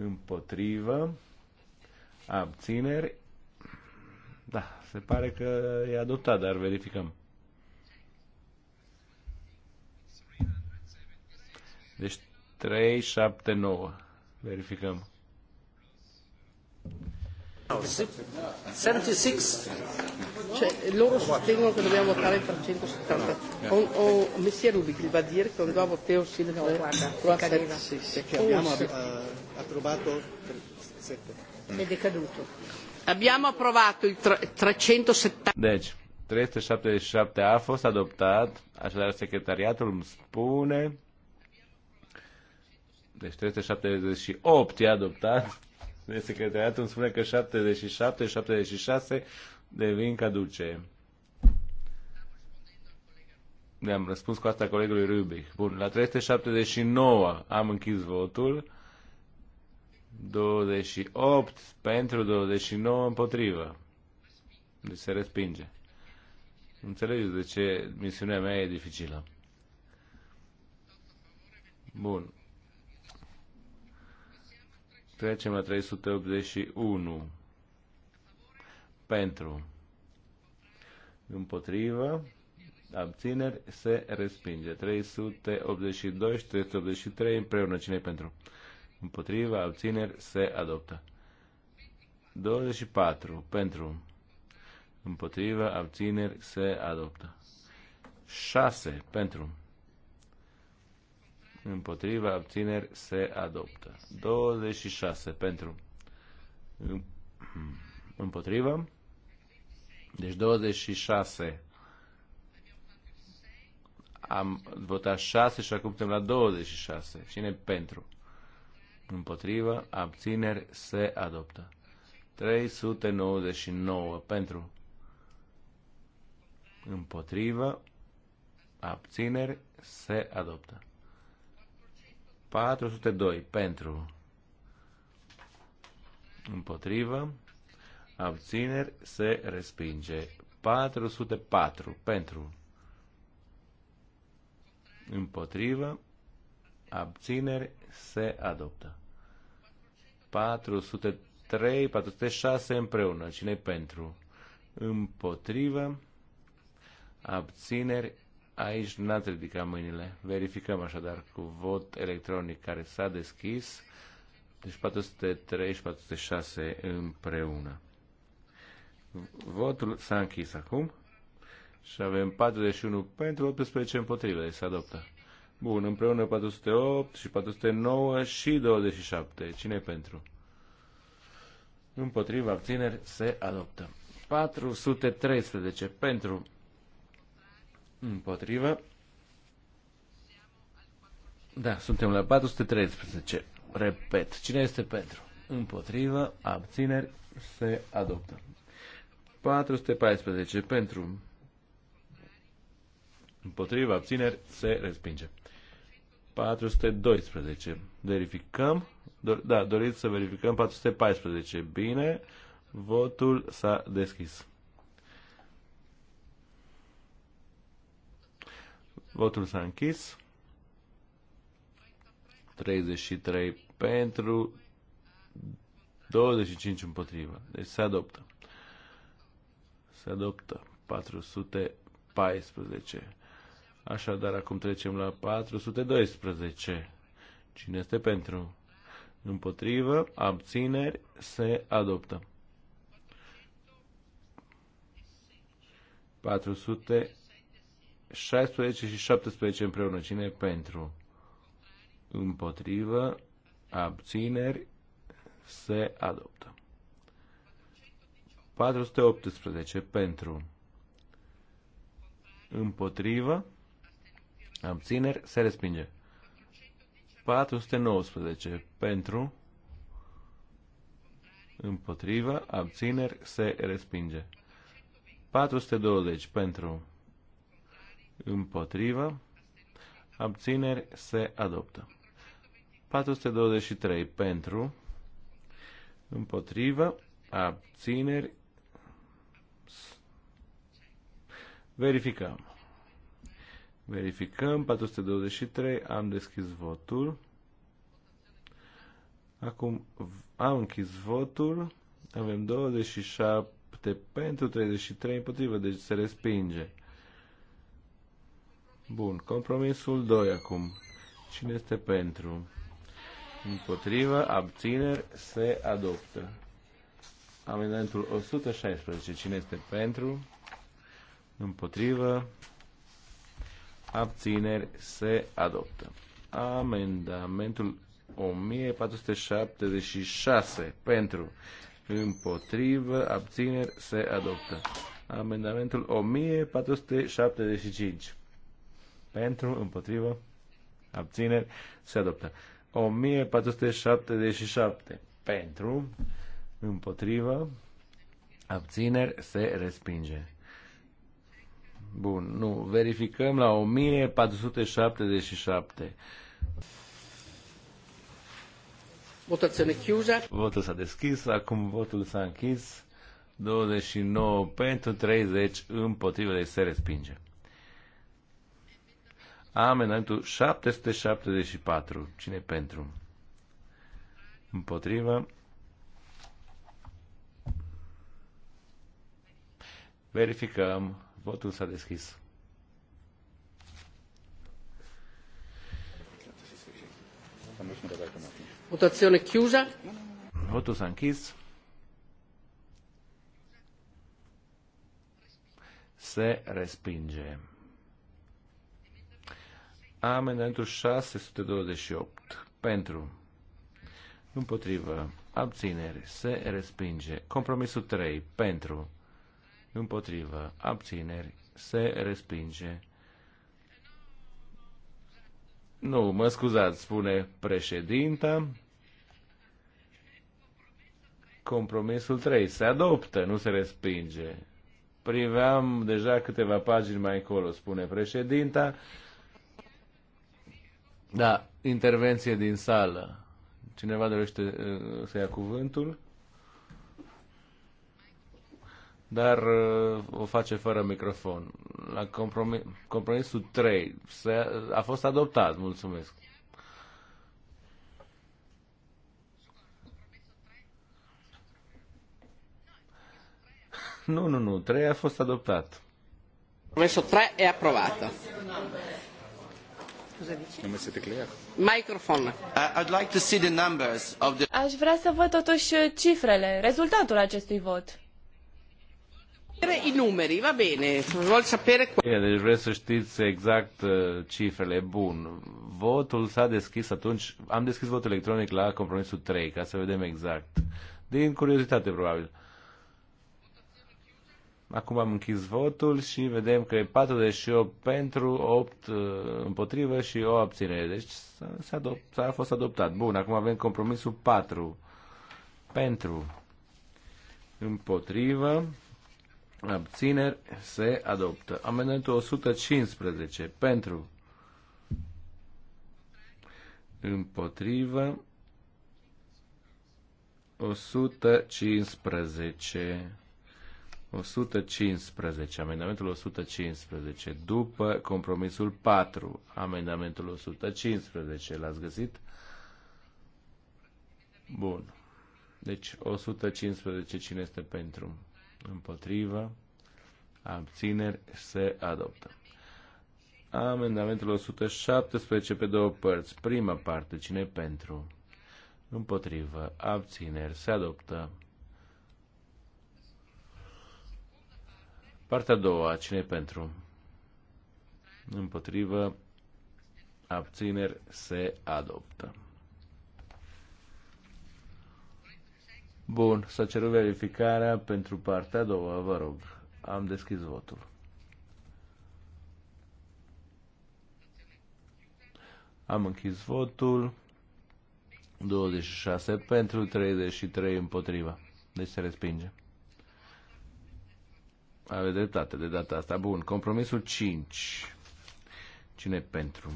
împotrivă, abțineri, da, se pare că e adoptat, dar verificăm. Deci 3, 7, 9. Verificăm. 76 cioè, loro sostengono che dobbiamo votare per 370. Eh. o, o Messia Rubic gli va a dire che non doveva votare sì, no, guarda, cadeva sì, sì. perché abbiamo ab- uh, eh, approvato è decaduto abbiamo approvato il 370 deci 377 a fost adoptat așadar secretariatul îmi spune deci 378 e adoptat secretariatul îmi spune că 77, 76 devin caduce. Le-am răspuns cu asta colegului Rubic. Bun, la 379 am închis votul. 28 pentru 29 împotrivă. Deci se respinge. Înțelegeți de ce misiunea mea e dificilă. Bun. Trecem la 381. Pentru. Împotrivă. Abțineri se respinge. 382 și 383 împreună. Cine pentru? Împotrivă. abțineri se adoptă. 24. Pentru. Împotrivă. abțineri se adoptă. 6. Pentru împotriva, abțineri, se adoptă. 26 pentru, *clears throat* împotriva, deci 26 am votat 6 și acum suntem la 26. Cine pentru? Împotriva. abțineri, se adoptă. 399 pentru. Împotriva. abțineri, se adoptă. 402 pentru împotrivă, abțineri se respinge. 404 pentru împotrivă, abțineri se adoptă. 403, 406 împreună. cine pentru? Împotrivă, abțineri Aici n-ați ridicat mâinile. Verificăm așadar cu vot electronic care s-a deschis. Deci 403 și 406 împreună. Votul s-a închis acum și avem 41 pentru 18 împotrivă. Deci se adoptă. Bun, împreună 408 și 409 și 27. Cine pentru? Împotriva abțineri se adoptă. 413 pentru Împotrivă. Da, suntem la 413. Repet, cine este pentru? Împotrivă, abțineri, se adoptă. 414 pentru. Împotrivă, abțineri, se respinge. 412. Verificăm. da, doriți să verificăm 414. Bine, votul s-a deschis. Votul s-a închis. 33 pentru, 25 împotrivă. Deci se adoptă. Se adoptă 414. Așadar, acum trecem la 412. Cine este pentru? Împotrivă, abțineri, se adoptă. 400 16 și 17 împreună. Cine pentru? Împotrivă. Abțineri. Se adoptă. 418 pentru. Împotrivă. Abțineri. Se respinge. 419 pentru. Împotrivă. Abțineri. Se respinge. 420 pentru împotrivă, abțineri se adoptă. 423 pentru, împotrivă, abțineri, verificăm. Verificăm, 423, am deschis votul. Acum am închis votul, avem 27 pentru, 33 împotrivă, deci se respinge. Bun, compromisul 2 acum. Cine este pentru? Împotrivă, abțineri, se adoptă. Amendamentul 116. Cine este pentru? Împotrivă, abțineri, se adoptă. Amendamentul 1476. Pentru, împotrivă, abțineri, se adoptă. Amendamentul 1475 pentru, împotrivă, abțineri, se adoptă. 1477 pentru, împotrivă, abțineri, se respinge. Bun, nu, verificăm la 1477. Votazione chiusa. Votul s-a deschis, acum votul s-a închis. 29 pentru 30 împotrivă, de deci se respinge. Amenantul 774. Cine pentru? Împotrivă. Verificăm. Votul s-a deschis. Votazione chiusa. Votul s-a închis. Se respinge. Amendamentul 628. Pentru. Împotrivă. Abțineri. Se respinge. Compromisul 3. Pentru. Împotrivă. Abțineri. Se respinge. Nu, mă scuzați, spune președinta. Compromisul 3. Se adoptă, nu se respinge. Priveam deja câteva pagini mai încolo, spune președinta. Da, intervenție din sală. Cineva dorește uh, să ia cuvântul? Dar uh, o face fără microfon. La compromis, compromisul 3 a fost adoptat, mulțumesc. Nu, nu, nu. 3 a fost adoptat. Compromisul 3 e aprobat. Microfon. Uh, Aș vrea să văd totuși uh, cifrele, rezultatul acestui vot. I numeri, va bene, vol sapere... Deci vreți să știți exact uh, cifrele. Bun. Votul s-a deschis atunci, am deschis votul electronic la compromisul 3, ca să vedem exact. Din curiozitate, probabil. Acum am închis votul și vedem că e 48 pentru, 8 uh, împotrivă și o abținere. Deci s-a, s-a fost adoptat. Bun, acum avem compromisul 4. Pentru, împotrivă, abțineri, se adoptă. Amendamentul 115. Pentru, împotrivă, 115. 115, amendamentul 115, după compromisul 4, amendamentul 115, l-ați găsit? Bun. Deci 115 cine este pentru? Împotrivă. Abțineri se adoptă. Amendamentul 117 pe două părți. Prima parte, cine pentru? Împotrivă. Abțineri se adoptă. Partea a doua, cine pentru? Împotrivă, abțineri, se adoptă. Bun, să cerut verificarea pentru partea a doua, vă rog. Am deschis votul. Am închis votul. 26 pentru 33 împotriva. Deci se respinge. Aveți dreptate de data asta. Bun, compromisul 5. Cine pentru?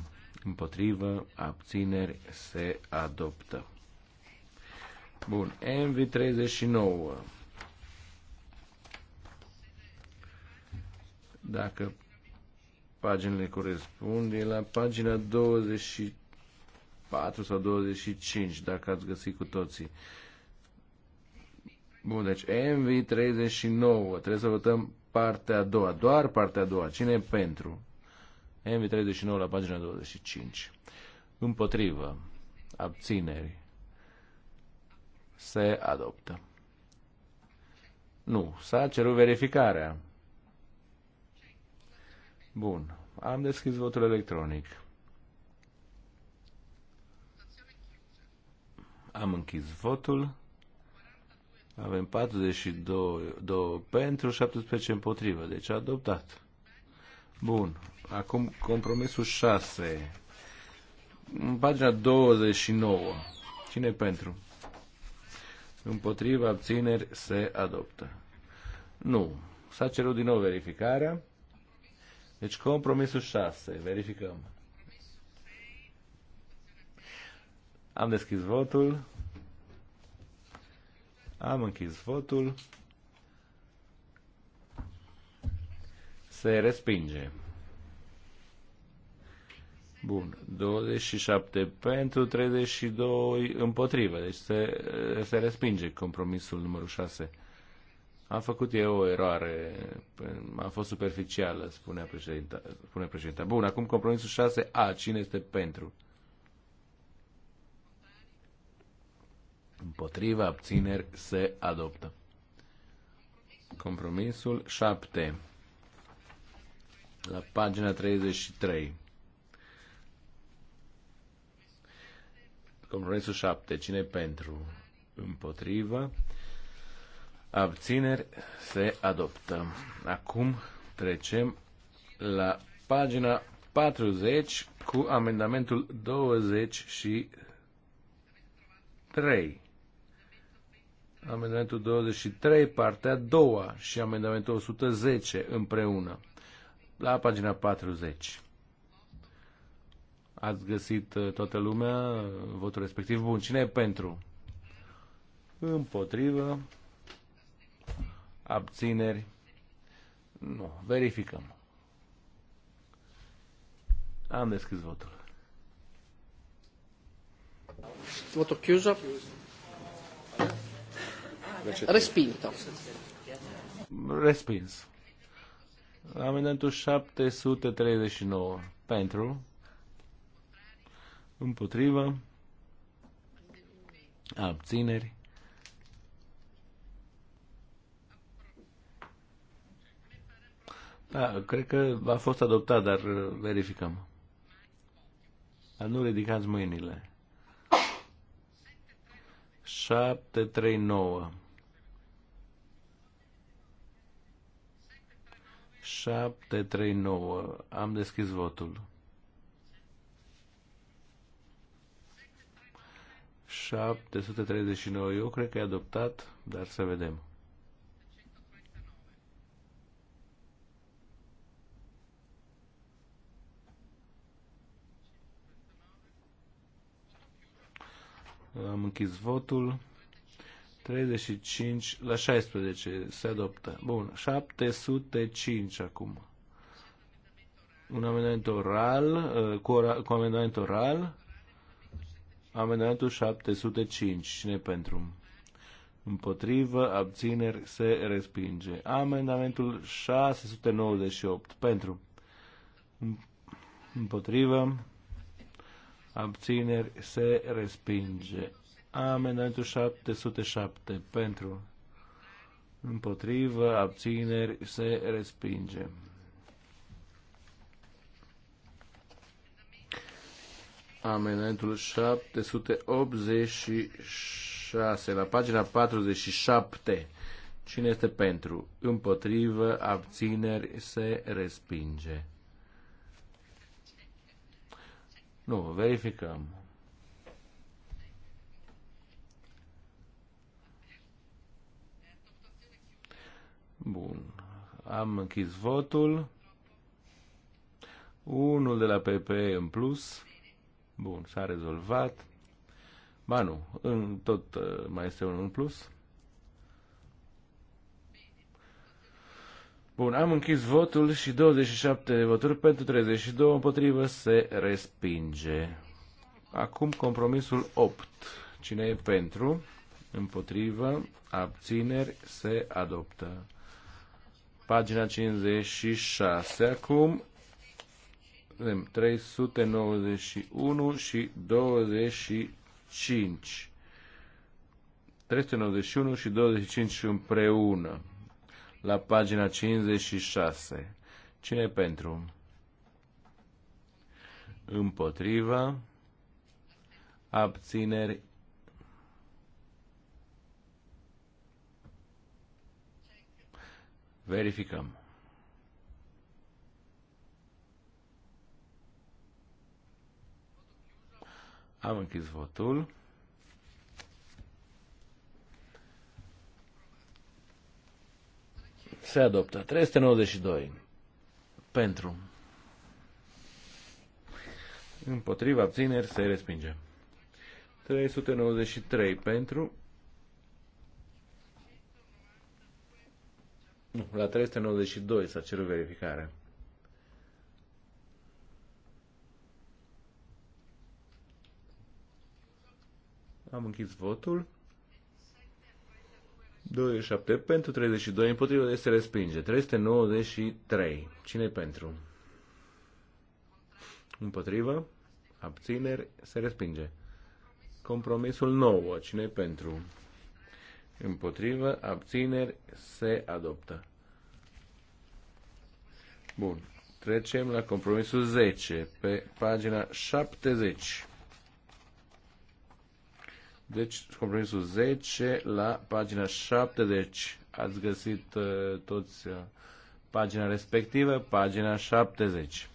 Împotrivă, abțineri, se adoptă. Bun, MV39. Dacă paginile corespund, e la pagina 24 sau 25, dacă ați găsit cu toții. Bun, deci MV39, trebuie să votăm partea a doua, doar partea a doua. Cine e pentru? MV39 la pagina 25. Împotrivă. Abțineri. Se adoptă. Nu, s-a cerut verificarea. Bun, am deschis votul electronic. Am închis votul. Avem 42 2 pentru, 17 împotrivă. Deci adoptat. Bun. Acum compromisul 6. În pagina 29. Cine pentru? Împotriva abțineri se adoptă. Nu. S-a cerut din nou verificarea. Deci compromisul 6. Verificăm. Am deschis votul. Am închis votul. Se respinge. Bun. 27 pentru, 32 împotrivă. Deci se, se respinge compromisul numărul 6. Am făcut eu o eroare. Am fost superficială, Spune președinta. Spune președinta. Bun, acum compromisul 6A. Cine este pentru? împotriva, abțineri, se adoptă. Compromisul 7. La pagina 33. Compromisul 7. Cine pentru? Împotriva. Abțineri se adoptă. Acum trecem la pagina 40 cu amendamentul 23 amendamentul 23, partea a doua și amendamentul 110 împreună, la pagina 40. Ați găsit uh, toată lumea uh, votul respectiv? Bun, cine e pentru? Împotrivă. Abțineri. Nu, verificăm. Am deschis votul. Votul chiuză? Respinto. Respins. Amendamentul 739. Pentru. Împotrivă. Abțineri. Da, cred că a fost adoptat, dar uh, verificăm. Dar nu ridicați mâinile. 739. 739. Am deschis votul. 739. Eu cred că e adoptat, dar să vedem. Am închis votul. 35 la 16 se adoptă. Bun, 705 acum. Un amendament oral, uh, cu, ora, cu amendament oral, amendamentul 705. Cine pentru? Împotrivă, abțineri, se respinge. Amendamentul 698. Pentru. Împotrivă, abțineri, se respinge. Amendamentul 707 pentru împotrivă, abțineri, se respinge. Amendamentul 786 la pagina 47. Cine este pentru? Împotrivă, abțineri, se respinge. Nu, verificăm. Bun. Am închis votul. Unul de la PP în plus. Bun, s-a rezolvat. Ba nu, în, tot uh, mai este unul în plus. Bun, am închis votul și 27 de voturi pentru 32 împotrivă se respinge. Acum compromisul 8. Cine e pentru? Împotrivă? Abțineri? Se adoptă. Pagina 56 acum. 391 și 25. 391 și 25 împreună. La pagina 56. Cine pentru? Împotriva. Abțineri Verificăm. Am închis votul. Se adoptă. 392. Pentru. Împotriva abțineri se respinge. 393 pentru. Nu, la 392 s-a cerut verificare. Am închis votul. 27 pentru 32, împotriva de se respinge. 393. cine pentru? Împotriva. Abțineri se respinge. Compromisul nou. cine pentru? împotrivă, abțineri, se adoptă. Bun. Trecem la compromisul 10, pe pagina 70. Deci, compromisul 10 la pagina 70. Ați găsit uh, toți uh, pagina respectivă, pagina 70.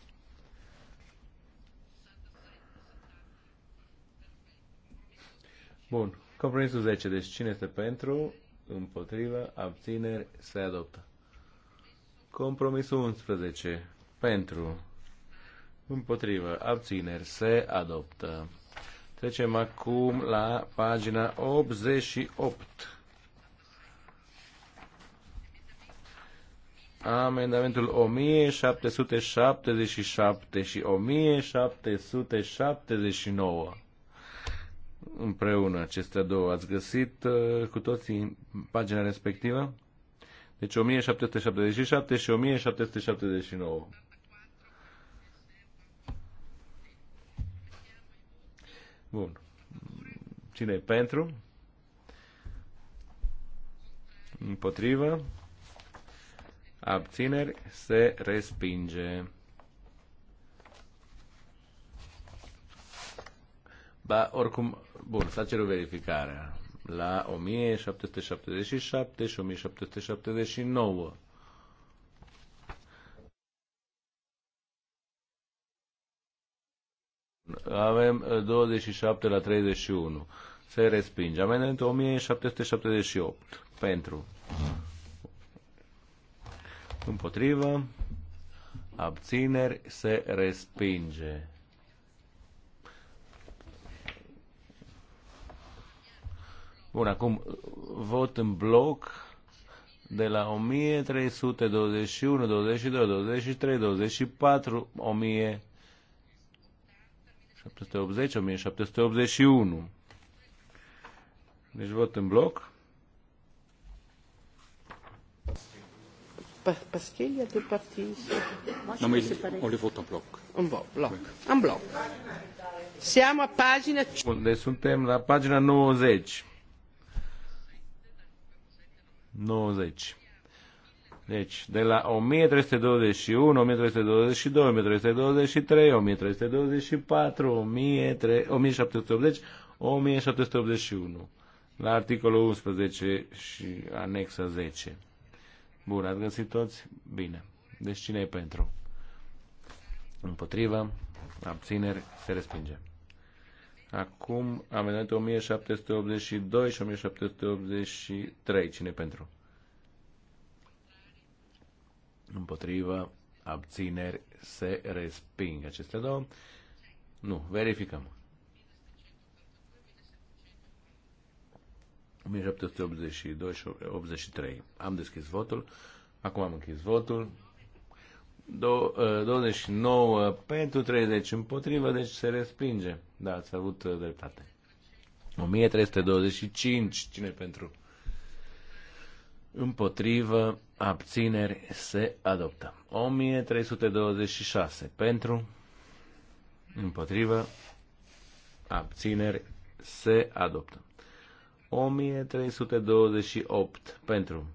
Bun. Compromisul 10. Deci cine este pentru, împotrivă, abțineri, se adoptă. Compromisul 11. Pentru, împotrivă, abțineri, se adoptă. Trecem acum la pagina 88. Amendamentul 1777 și 1779 împreună aceste două. Ați găsit uh, cu toții pagina respectivă? Deci 1777 și 1779. Bun. Cine e pentru? Împotrivă? Abțineri? Se respinge. Ba, oricum, Bun, s-a cerut verificarea la 1777 și 1779. Avem 27 uh, la 31. Se respinge. Amendamentul 1778. Pentru. Împotrivă. Abțineri se respinge. Bun, acum vot în bloc de la 1321, 22, 23, 24, 1780, 1781. Deci vot în bloc. Parce qu'il y a deux parties. Non, mais on les vote en bloc. En bloc. En bloc. Siamo a pagina... Unde deci suntem la pagina 90. 90. Deci, de la 1321, 1322, 1323, 1324, 1780, 1781. La articolul 11 și anexa 10. Bun, ați găsit toți? Bine. Deci cine e pentru? Împotriva, abțineri, se respinge. Acum amendamente 1782 și 1783. Cine pentru? Împotrivă. Abțineri. Se resping aceste două. Nu. Verificăm. 1782 și 83. Am deschis votul. Acum am închis votul. 29 uh, pentru 30 împotrivă, deci se respinge. Da, ați avut uh, dreptate. 1325, cine pentru? Împotrivă, abțineri, se adoptă. 1326, pentru, împotrivă, abțineri, se adoptă. 1328, pentru,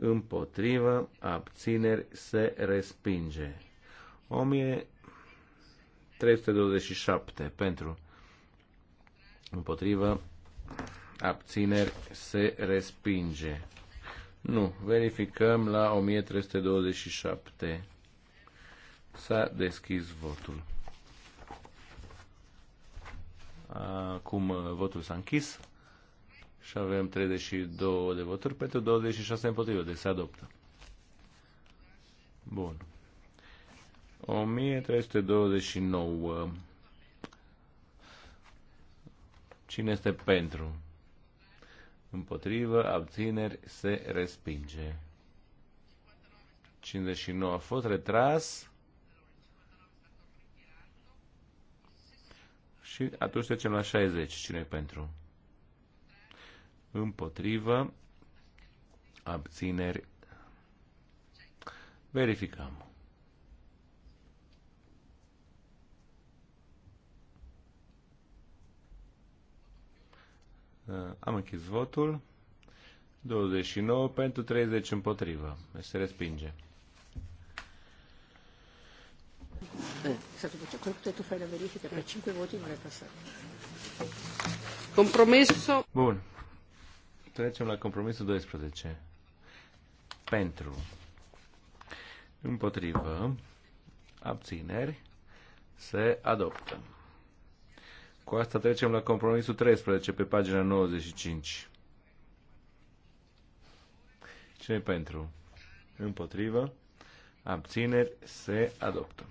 împotrivă, abțineri, se respinge. 1327 pentru, împotrivă, abțineri, se respinge. Nu, verificăm la 1327. S-a deschis votul. Acum votul s-a închis și avem 32 de voturi pentru 26 împotrivă, deci se adoptă. Bun. 1329. Cine este pentru? Împotrivă, abțineri, se respinge. 59 a fost retras. Și atunci trecem la 60. Cine e pentru? împotrivă, abțineri, verificăm. Am închis votul. 29 pentru 30 împotrivă. Deci se respinge. Compromisul. Bun. Trecem la compromisul 12. Pentru. Împotrivă. Abțineri. Se adoptă. Cu asta trecem la compromisul 13 pe pagina 95. Cine pentru? Împotrivă. Abțineri. Se adoptă.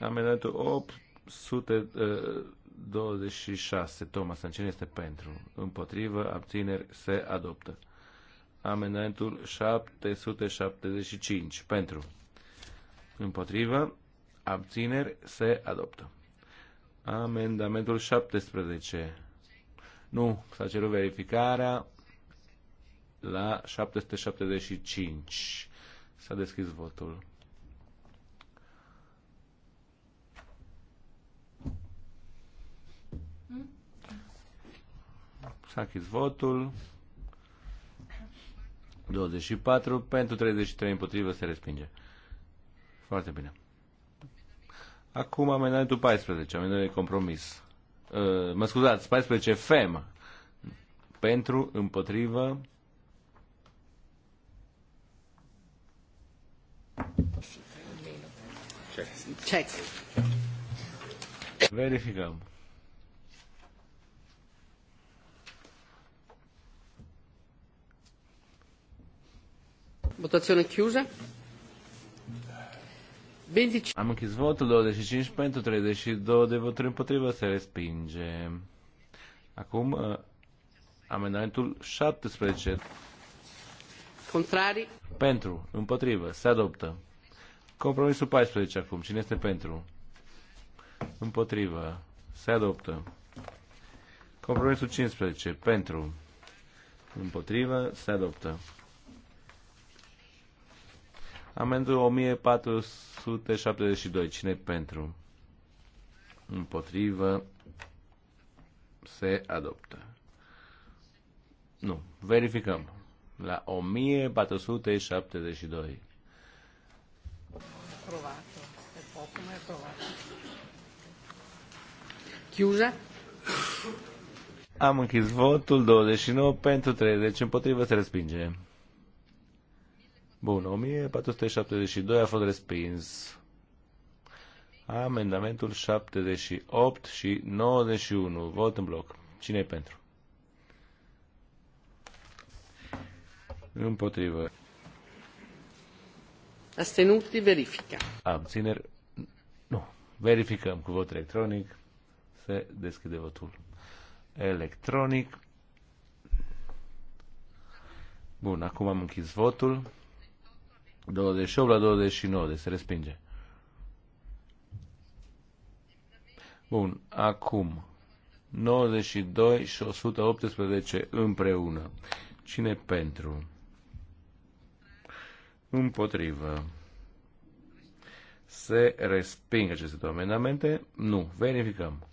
Amendamentul 800. Uh, 26. Thomas Ancine este pentru. Împotrivă, abțineri, se adoptă. Amendamentul 775. Pentru. Împotrivă, abțineri, se adoptă. Amendamentul 17. Nu, s-a cerut verificarea la 775. S-a deschis votul. S-a închis votul. 24 pentru 33 împotrivă se respinge. Foarte bine. Acum amendamentul 14, amendamentul de compromis. Uh, mă scuzați, 14 FEM. Pentru, împotrivă. Check. Check. Verificăm. Votazione chiusa. 25. Am închis votul, 25 pentru, 32 de voturi împotrivă, se respinge. Acum, uh, amendamentul 17. Contrari. Pentru, împotrivă, se adoptă. Compromisul 14 acum. Cine este pentru? Împotrivă. Se adoptă. Compromisul 15. Pentru. Împotrivă. Se adoptă. Amendul 1472. Cine pentru? Împotrivă. Se adoptă. Nu. Verificăm. La 1472. Aprovato. E poco, ma è approvato. Chiusa. Am închis votul 29 pentru 30 împotrivă se respinge. Bun, 1472 a fost respins. Amendamentul 78 și 91. Vot în bloc. cine e pentru? Împotrivă. Astenuti verifică. Abțineri. Nu. Verificăm cu vot electronic. Se deschide votul electronic. Bun, acum am închis votul. 28 la 29, de deci se respinge. Bun, acum 92 și 118 împreună. Cine pentru? Împotrivă. Se resping aceste două amendamente? Nu. Verificăm.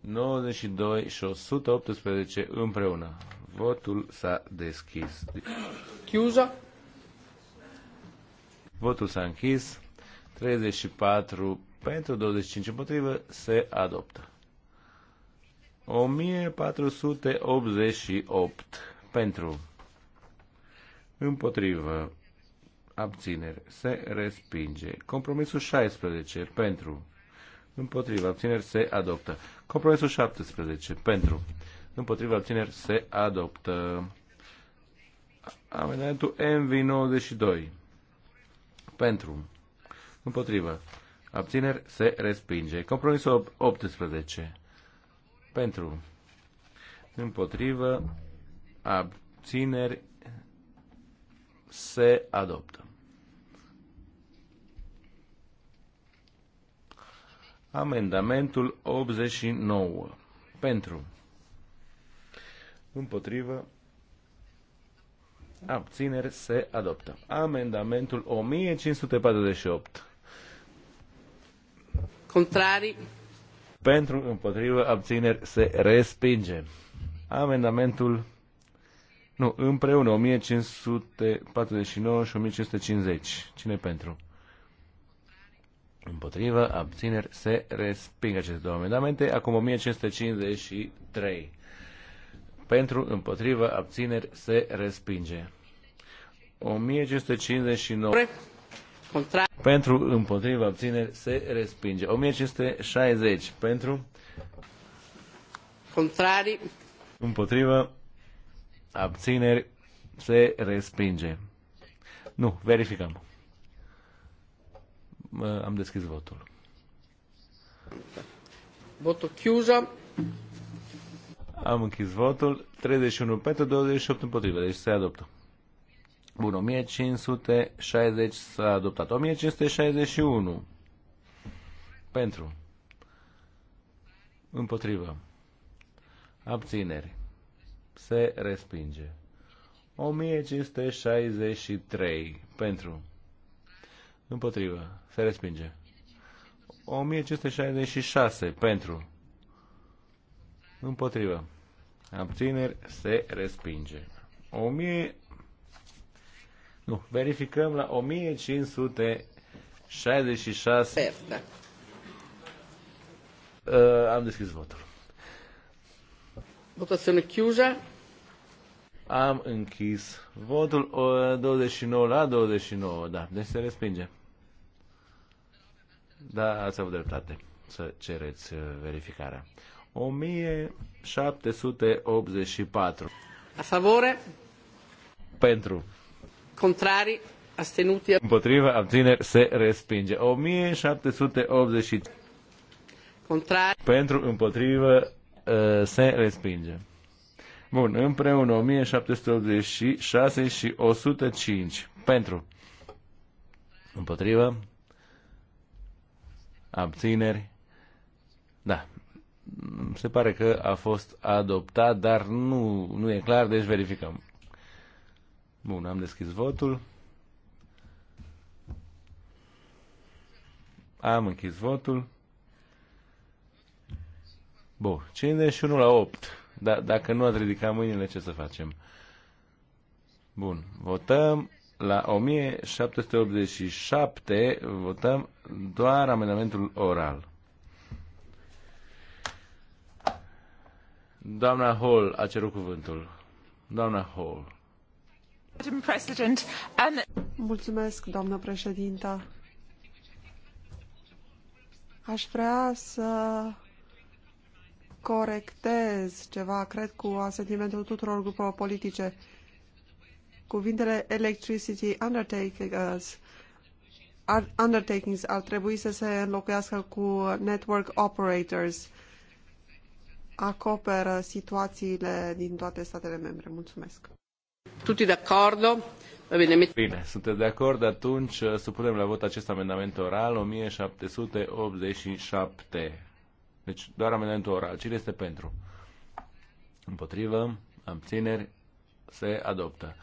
92 și 118 împreună. Votul s-a deschis. Chiuza. Votul s-a închis. 34 pentru, 25 împotrivă, se adoptă. 1488 pentru, împotrivă, abțineri, se respinge. Compromisul 16 pentru, împotrivă, abțineri, se adoptă. Compromisul 17 pentru, împotrivă, abțineri, se adoptă. Amendamentul MV92 pentru. Împotrivă. Abțineri se respinge. Compromisul 18. Pentru. Împotrivă. Abțineri se adoptă. Amendamentul 89. Pentru. Împotrivă abțineri, se adoptă. Amendamentul 1548. Contrari. Pentru, împotrivă, abțineri, se respinge. Amendamentul nu, împreună 1549 și 1550. Cine pentru? Împotrivă, abțineri, se respingă aceste două amendamente. Acum 1553. Pentru, împotrivă, abțineri, se respinge. 1559. Contra... Pentru, împotriva, abțineri, se respinge. 1560. Pentru. Contrari. Împotriva, abțineri, se respinge. Nu, verificăm. Am deschis votul. Votul chiuză Am închis votul. 31 pentru, 28 împotriva. Deci se adoptă. Bun, 1560 s-a adoptat. 1561 pentru. Împotrivă. Abțineri. Se respinge. 1563 pentru. Împotrivă. Se respinge. 1566 pentru. Împotrivă. Abțineri se respinge. 1000 nu, verificăm la 1566. Perfect. Uh, am deschis votul. Votazione chiusa. Am închis votul uh, 29 la 29, da, deci se respinge. Da, ați avut dreptate să cereți uh, verificarea. 1784. A favore? Pentru. Contrari, astenuti. Împotriva, abțineri, se respinge. 1780. Contrari. Pentru, împotrivă, uh, se respinge. Bun, împreună 1786 și 105. Pentru. Împotrivă. Abțineri. Da. Se pare că a fost adoptat, dar nu, nu e clar, deci verificăm. Bun, am deschis votul. Am închis votul. Bun, 51 la 8. Da, dacă nu ați ridicat mâinile, ce să facem? Bun, votăm la 1787, votăm doar amendamentul oral. Doamna Hall a cerut cuvântul. Doamna Hall. Mulțumesc, doamnă președintă. Aș vrea să corectez ceva, cred, cu asentimentul tuturor grupurilor politice. Cuvintele electricity undertakings ar, undertakings ar trebui să se înlocuiască cu network operators. Acoperă situațiile din toate statele membre. Mulțumesc. Tutti d'accordo? Va bine, met- Bine, sunteți de acord, atunci uh, supunem la vot acest amendament oral 1787. Deci doar amendamentul oral. Cine este pentru? Împotrivă, abțineri, se adoptă.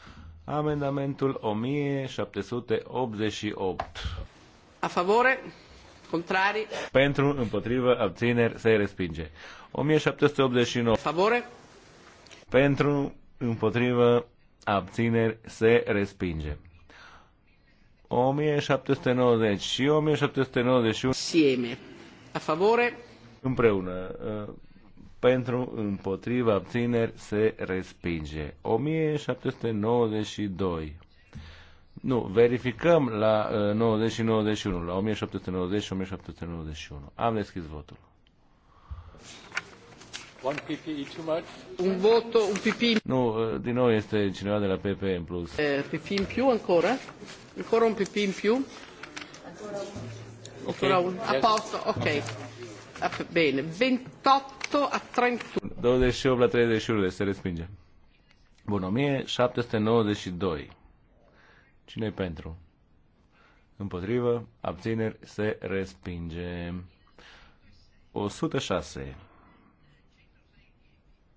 Amendamentul 1788. A favore? Contrari? Pentru, împotrivă, abțineri, se respinge. 1789. A favore? Pentru, împotrivă, abțineri, se respinge. 1790 și 1791 Sieme. A favore? Împreună. Uh, pentru, împotriva, abțineri, se respinge. 1792. Nu, verificăm la 90 uh, și 91, la 1790 și 1791. Am deschis votul. One PPE too much? Un voto, un PPE. Nu, uh, din nou este cineva de la PP în plus. Eh, PPE în più ancora? Ancora un PP în più? Okay. Ancora un. A posto, ok. okay. Bine, 28 a 31. 28 la 31 deci se respinge. Bun, 1792. cine pentru? Împotrivă, abțineri, se respinge. 106.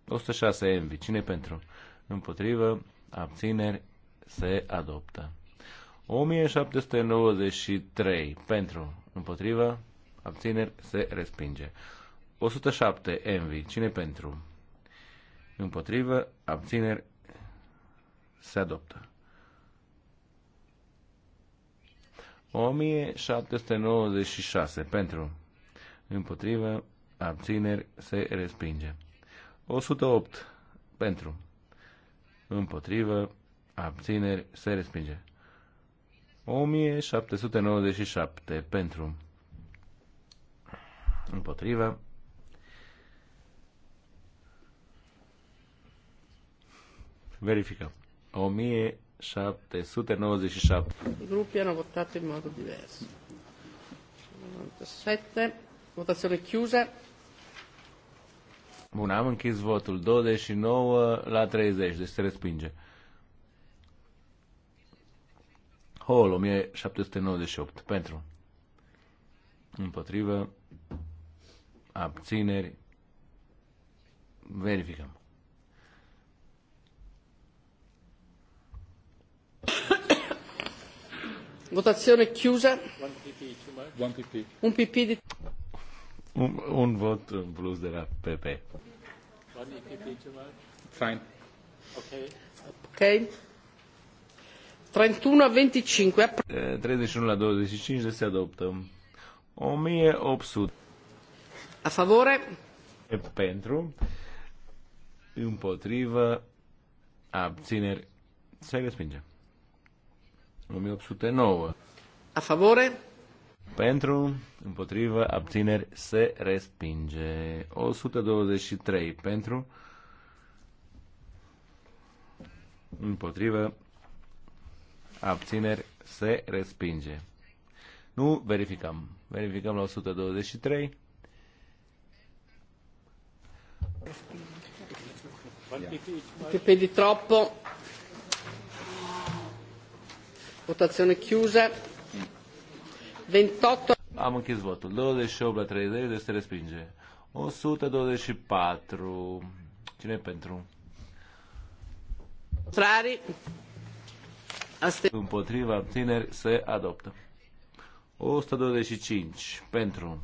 106 envi. Cine pentru? Împotrivă. Abțineri. Se adoptă. 1793 pentru. Împotrivă. Abțineri. Se respinge. 107 envi. Cine pentru? Împotrivă. Abțineri. Se adoptă. 1796 pentru. Împotrivă. Abțineri. Se respinge. 108 pentru. Împotrivă. Abțineri. Se respinge. 1797 pentru. Împotrivă. Verificăm. 1797. I gruppi hanno votato in modo diverso. 97. Votazione chiusa. Bun, am închis votul. 29 la 30, deci se respinge. Hall 1798 pentru. Împotrivă. Abțineri. Verificăm. Votazione chiusa. Un PP di un, un vot în plus de la PP. Fine. Ok. 31 la 25. 31 la 25 de se adoptă. 1800. A favore? Pentru. Împotrivă. Abțineri. Se respinge. 1809. A favore? Pentru, împotrivă, abțineri, se respinge. 123 pentru, împotrivă, abțineri, se respinge. Nu verificăm. Verificăm la 123. Pepe pedi troppo. Votazione chiusa. 28... Am închis votul. 28 la 30, deci se respinge. 124. Cine e pentru? Contrari. Împotriva abțineri se adoptă. 125 pentru.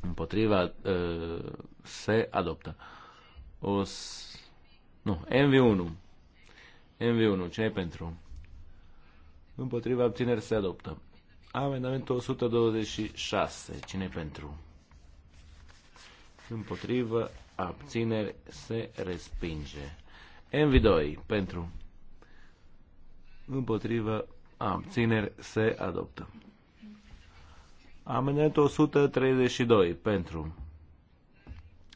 Împotriva uh, se adoptă. O, nu, MV1. MV1, ce e pentru? Împotriva abțineri se adoptă. Amendamentul 126. Cine pentru? Împotrivă, abțineri, se respinge. MV2. Pentru. Împotrivă, abțineri, se adoptă. Amendamentul 132. Pentru.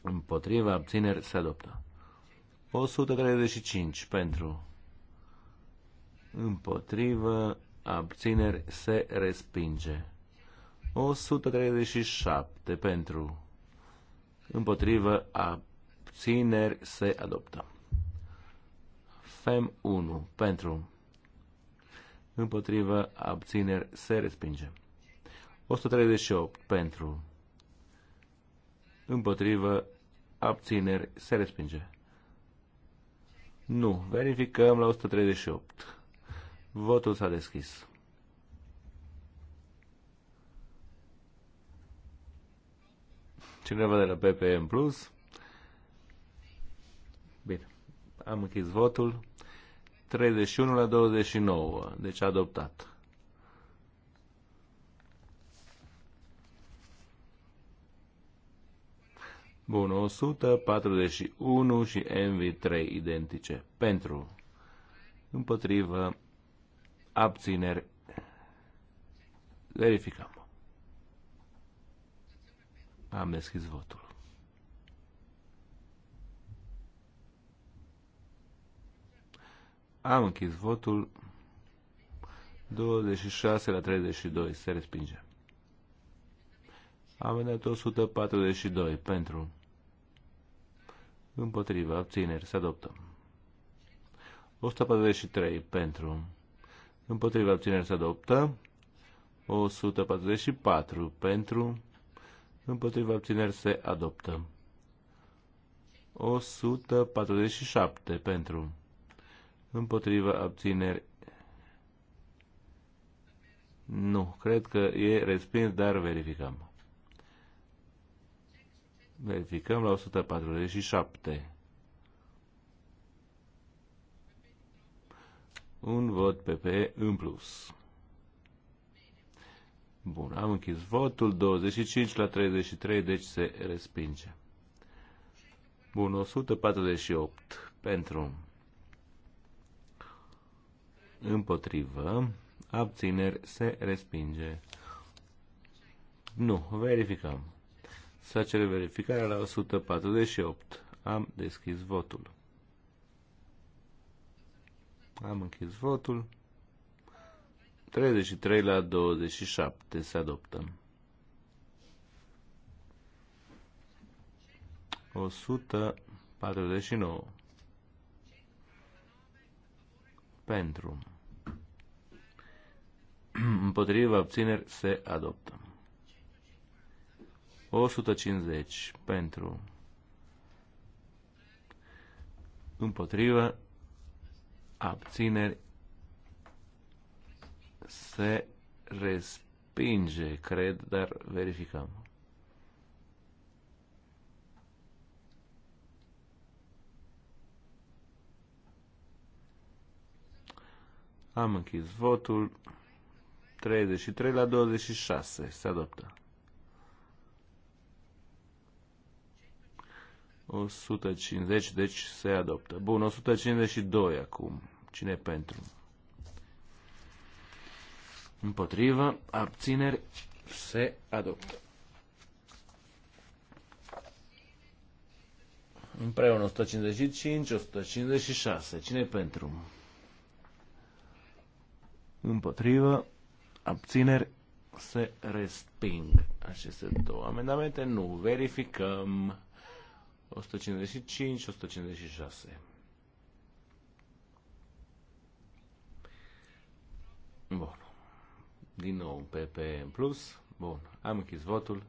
Împotrivă, abțineri, se adoptă. 135. Pentru. Împotrivă, abțineri, se respinge. 137 pentru, împotrivă, abțineri, se adoptă. FEM 1 pentru, împotrivă, abțineri, se respinge. 138 pentru, împotrivă, abțineri, se respinge. Nu, verificăm la 138. Votul s-a deschis. Cineva de la PPM Plus? Bine. Am închis votul. 31 la 29. Deci adoptat. Bun, 141 și MV3 identice. Pentru, împotrivă, abțineri. Verificăm. Am deschis votul. Am închis votul. 26 la 32. Se respinge. Am venit 142 pentru. Împotriva. Abțineri. Se adoptă. 143 pentru împotriva abțineri se adoptă, 144 pentru, împotriva abțineri se adoptă, 147 pentru, împotriva abțineri nu, cred că e respins, dar verificăm. Verificăm la 147. un vot PP în plus. Bun, am închis votul 25 la 33, deci se respinge. Bun, 148 pentru împotrivă, abțineri se respinge. Nu, verificăm. Să cere verificarea la 148. Am deschis votul. Am închis votul. 33 la 27 se adoptă. 149 pentru împotriva abțineri se adoptă 150 pentru împotriva abțineri, se respinge, cred, dar verificăm. Am închis votul. 33 la 26 se adoptă. 150, deci se adoptă. Bun, 152 acum. Cine pentru? Împotrivă, abțineri, se adoptă. Împreună 155, 156. Cine pentru? Împotrivă, abțineri, se resping aceste două amendamente. Nu verificăm. 155, 156. Bun. Din nou un PP în plus. Bun. Am închis votul.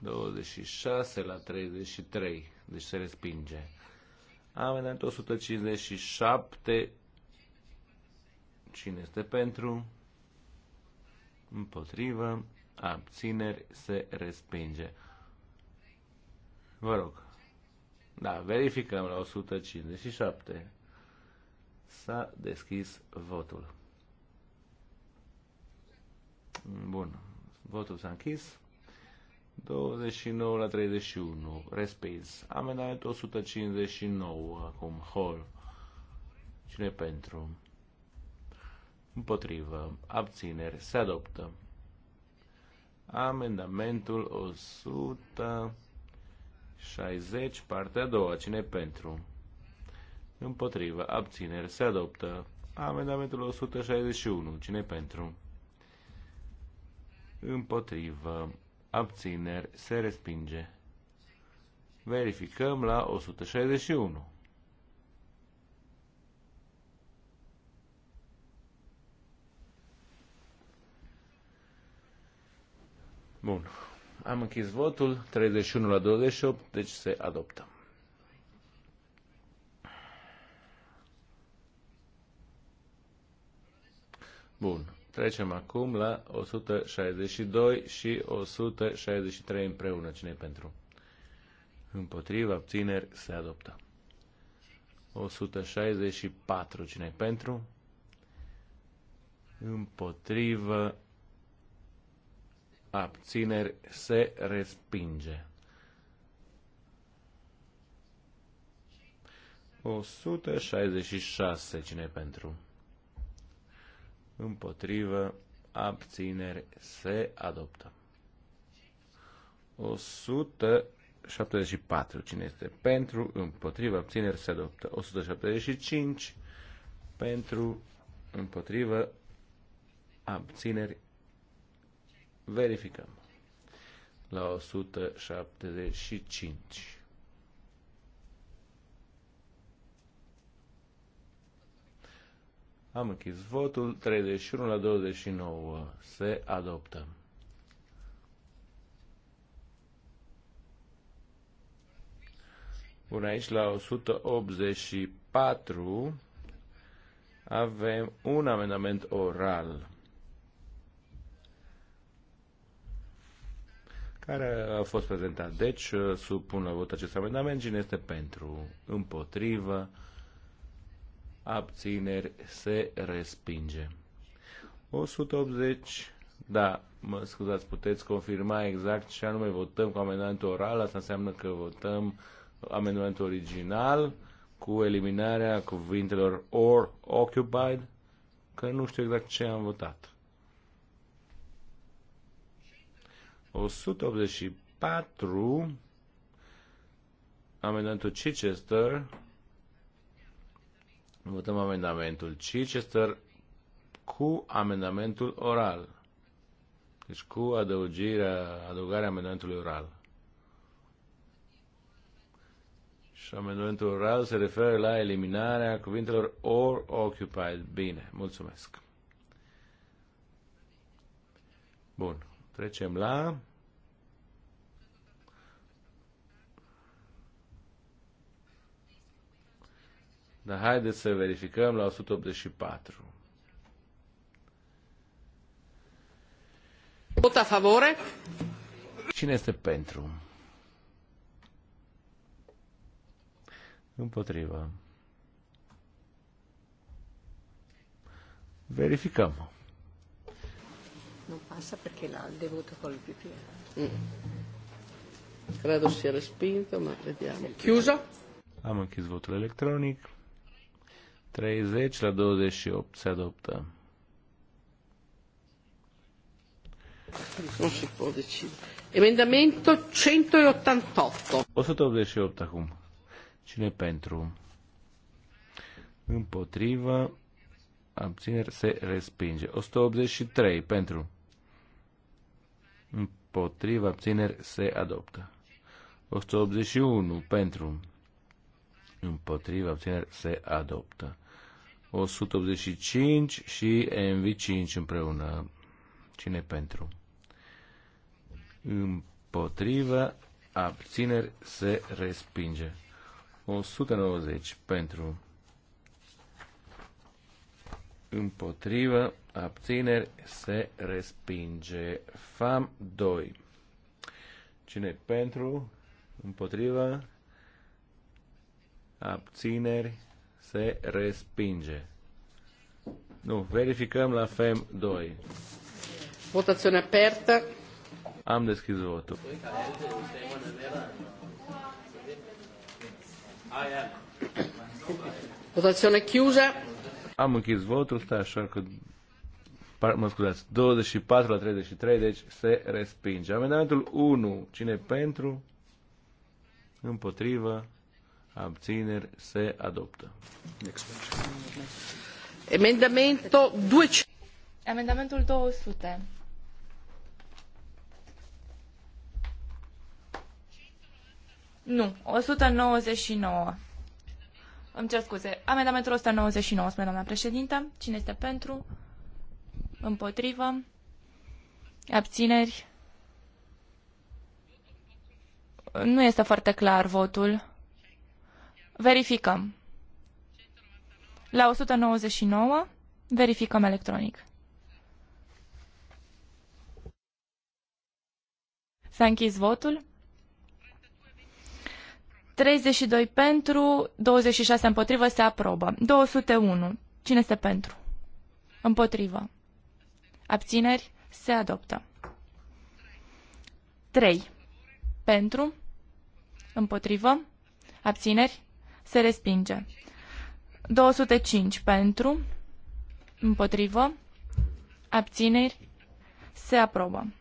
26 la 33. Deci se respinge. Am venit 157. Cine este pentru? Împotrivă. Abțineri se respinge. Vă rog. Da, verificăm la 157. S-a deschis votul. Bun. Votul s-a închis. 29 la 31. Respins. Amendamentul 159 acum. Hall. Cine pentru? Împotrivă. Abțineri. Se adoptă. Amendamentul 100. 60, partea a doua. Cine pentru? Împotrivă. Abțineri. Se adoptă. Amendamentul 161. Cine pentru? Împotrivă. Abțineri. Se respinge. Verificăm la 161. Bun. Am închis votul. 31 la 28, deci se adoptă. Bun. Trecem acum la 162 și 163 împreună. cine pentru? Împotriva, abțineri, se adoptă. 164, cine pentru? Împotrivă, abțineri, se respinge. 166. Cine pentru? Împotrivă, abțineri, se adoptă. 174. Cine este pentru? Împotrivă, abțineri, se adoptă. 175. Pentru, împotrivă, abțineri, Verificăm. La 175. Am închis votul. 31 la 29 se adoptă. Bun, aici la 184 avem un amendament oral care a fost prezentat. Deci, uh, supun la vot acest amendament. Cine este pentru? Împotrivă? Abțineri? Se respinge. 180. Da, mă scuzați, puteți confirma exact ce anume votăm cu amendamentul oral. Asta înseamnă că votăm amendamentul original cu eliminarea cuvintelor or occupied, că nu știu exact ce am votat. 184, amendamentul Chichester, votăm amendamentul Chichester cu amendamentul oral. Deci cu adăugirea, adăugarea amendamentului oral. Și amendamentul oral se referă la eliminarea cuvintelor or occupied. Bine, mulțumesc. Bun. Trecem la Dar haideți să verificăm la 184. Vot a favore. Cine este pentru? Împotrivă. Verificăm. Non passa perché l'ha devuto col PP. Mm. Credo sia respinto, ma vediamo. Chiuso? Am închis votul electronic. 30 la 28 se adoptă. Nu se poate decide. Emendamento 188. 188 acum. Cine pentru? Împotrivă. Abțineri se respinge. 183 pentru. Împotrivă. Abțineri se adoptă. 181 pentru. Împotrivă. Abțineri se adoptă. 185 și MV5 împreună. Cine pentru? Împotrivă, abțineri, se respinge. 190 pentru împotrivă, abțineri, se respinge. FAM 2. Cine pentru, împotrivă, abțineri, se respinge. Nu, verificăm la FEM 2. Votazione aperta. Am deschis votul. Votazione chiusa. Am închis votul, stai așa că mă scuzați, 24 la 33, deci se respinge. Amendamentul 1, cine pentru? Împotrivă, abțineri, se adoptă. Amendamentul 200. Amendamentul 200. 199. Nu, 199. Îmi cer scuze. Amendamentul 199, spune doamna președintă. Cine este pentru? Împotrivă? Abțineri? Nu este foarte clar votul. Verificăm. La 199 verificăm electronic. S-a închis votul. 32 pentru, 26 împotrivă, se aprobă. 201. Cine este pentru? Împotrivă. Abțineri? Se adoptă. 3. Pentru? Împotrivă? Abțineri? se respinge. 205 pentru, împotrivă, abțineri, se aprobă.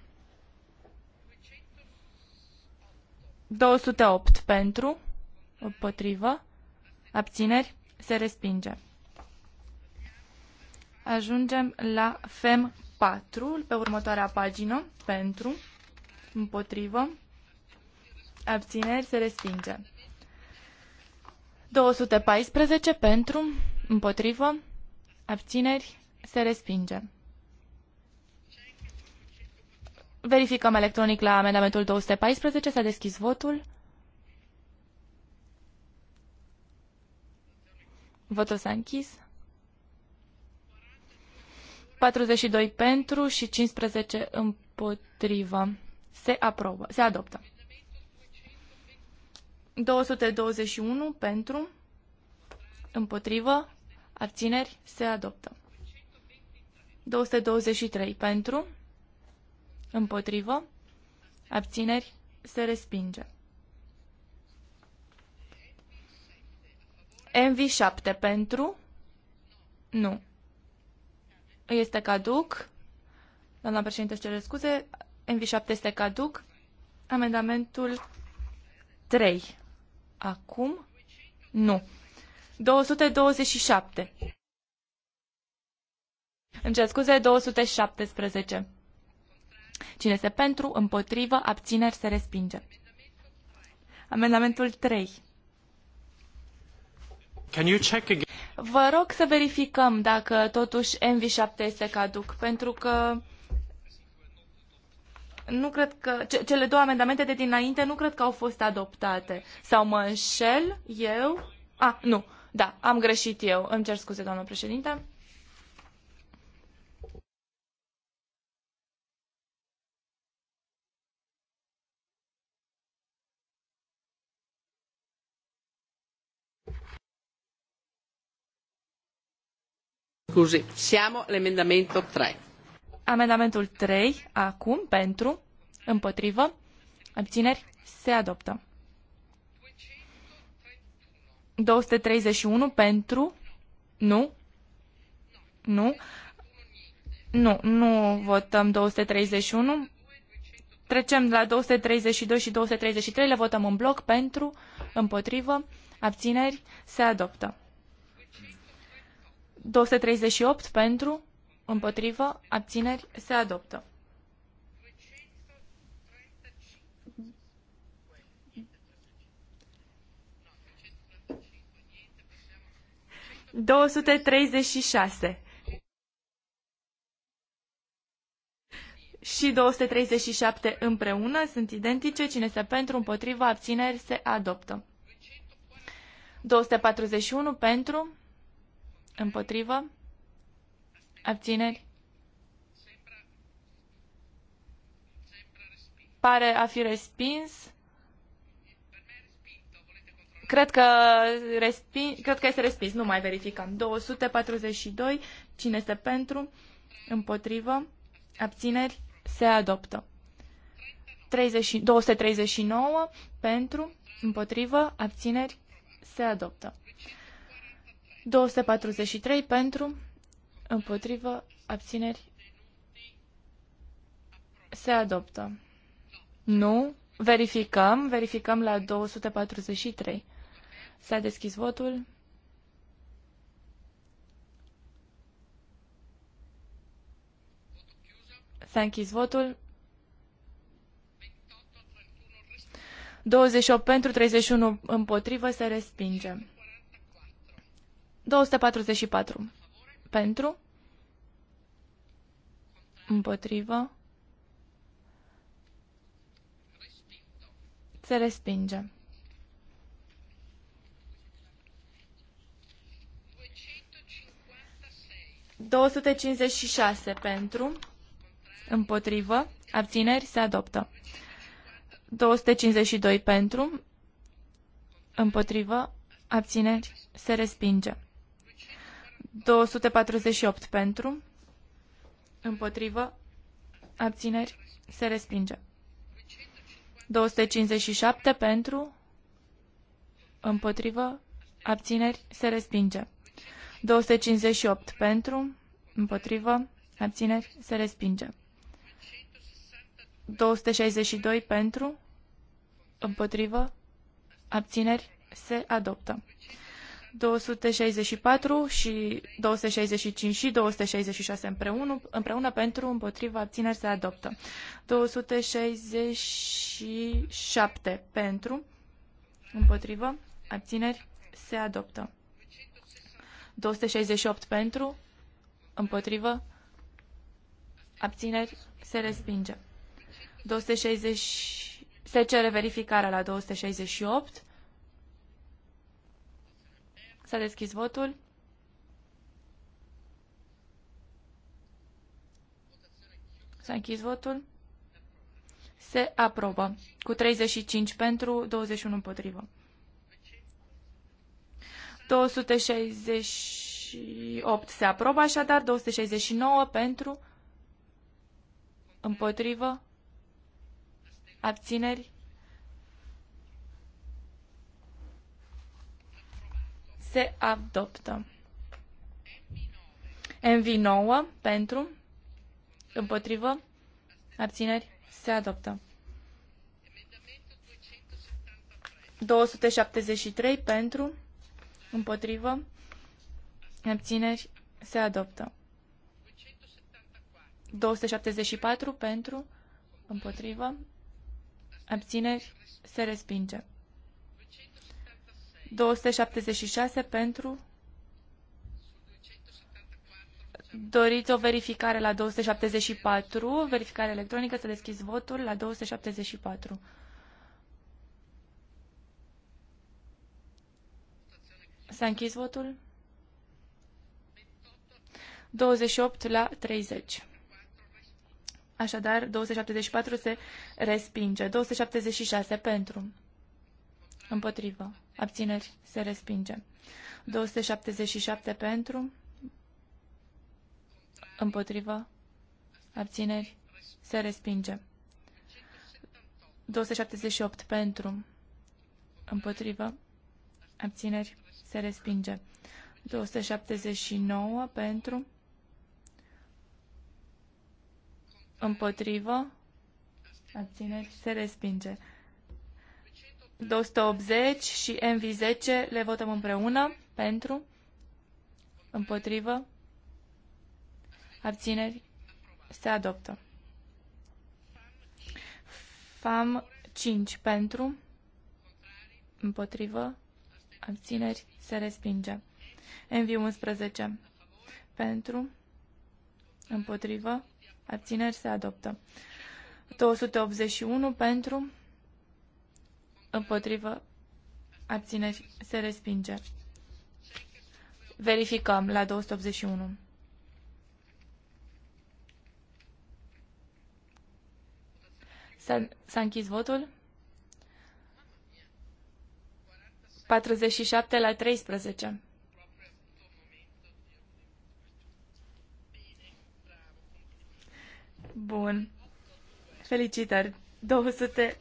208 pentru, împotrivă, abțineri, se respinge. Ajungem la FEM 4, pe următoarea pagină, pentru, împotrivă, abțineri, se respinge. 214 pentru, împotrivă, abțineri, se respinge. Verificăm electronic la amendamentul 214, s-a deschis votul. Votul s-a închis. 42 pentru și 15 împotrivă. Se aprobă, se adoptă. 221 pentru, împotrivă, abțineri, se adoptă. 223 pentru, împotrivă, abțineri, se respinge. MV7 pentru, nu. Este caduc. Doamna președinte își cere scuze. MV7 este caduc. Amendamentul 3 acum? Nu. 227. Îmi cer scuze, 217. Cine se pentru, împotrivă, abțineri, se respinge. Amendamentul 3. Can you check again? Vă rog să verificăm dacă totuși MV7 este caduc, pentru că nu cred că ce, cele două amendamente de dinainte nu cred că au fost adoptate. Sau mă înșel eu? A, ah, nu. Da, am greșit eu. Îmi cer scuze, doamnă președinte. Scuze, siamo l'emendamento 3. Amendamentul 3, acum, pentru, împotrivă, abțineri, se adoptă. 231 pentru, nu, nu, nu, nu votăm 231. Trecem la 232 și 233, le votăm în bloc pentru, împotrivă, abțineri, se adoptă. 238 pentru, Împotrivă, abțineri, se adoptă. Două treizeci și șase. și 237 împreună sunt identice. Cine se pentru, împotrivă, abțineri, se adoptă. 241 pentru, împotrivă, Abțineri? Pare a fi respins. Cred că, respin, cred că este respins, nu mai verificăm. 242, cine este pentru, împotrivă, abțineri, se adoptă. 30, 239, pentru, împotrivă, abțineri, se adoptă. 243, pentru, Împotrivă. Abțineri. Se adoptă. Nu. Verificăm. Verificăm la 243. S-a deschis votul. S-a închis votul. 28 pentru, 31 împotrivă, se respinge. 244. Pentru? Împotrivă? Se respinge. 256 pentru, împotrivă, abțineri, se adoptă. 252 pentru, împotrivă, abțineri, se respinge. 248 pentru, împotrivă, abțineri, se respinge. 257 pentru, împotrivă, abțineri, se respinge. 258 pentru, împotrivă, abțineri, se respinge. 262 pentru, împotrivă, abțineri, se adoptă. 264 și 265 și 266 împreună, împreună pentru, împotriva, abțineri se adoptă. 267 pentru, împotriva abțineri se adoptă. 268 pentru, împotriva abțineri se respinge. 260 se cere verificarea la 268. S-a deschis votul. S-a închis votul. Se aprobă cu 35 pentru, 21 împotrivă. 268 se aprobă așadar, 269 pentru, împotrivă, abțineri, se adoptă. MV9 pentru, împotrivă, abțineri, se adoptă. 273 pentru, împotrivă, abțineri, se adoptă. 274 pentru, împotrivă, abțineri, se respinge. 276 pentru. Doriți o verificare la 274, verificare electronică, să deschizi votul la 274. S-a închis votul? 28 la 30. Așadar, 274 se respinge. 276 pentru. Împotrivă. Abțineri. Se respinge. 277 pentru. Împotrivă. Abțineri. Se respinge. 278 pentru. Împotrivă. Abțineri. Se respinge. 279 pentru. Împotrivă. Abțineri. Se respinge. 280 și MV10 le votăm împreună pentru, împotrivă, abțineri, se adoptă. FAM 5 pentru, împotrivă, abțineri, se respinge. MV11 pentru, împotrivă, abțineri, se adoptă. 281 pentru, împotrivă, abțineri, se respinge. Verificăm la 281. S-a, s-a închis votul? 47 la 13. Bun. Felicitări. 200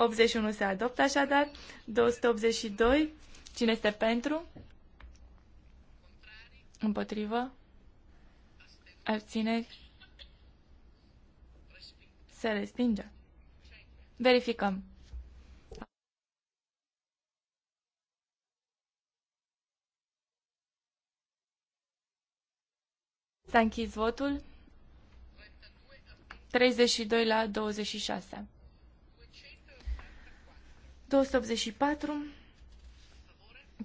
81 se adoptă așadar. 282. Cine este pentru? Împotrivă? Abțineri? Se respinge. Verificăm. S-a închis votul. 32 la 26. 284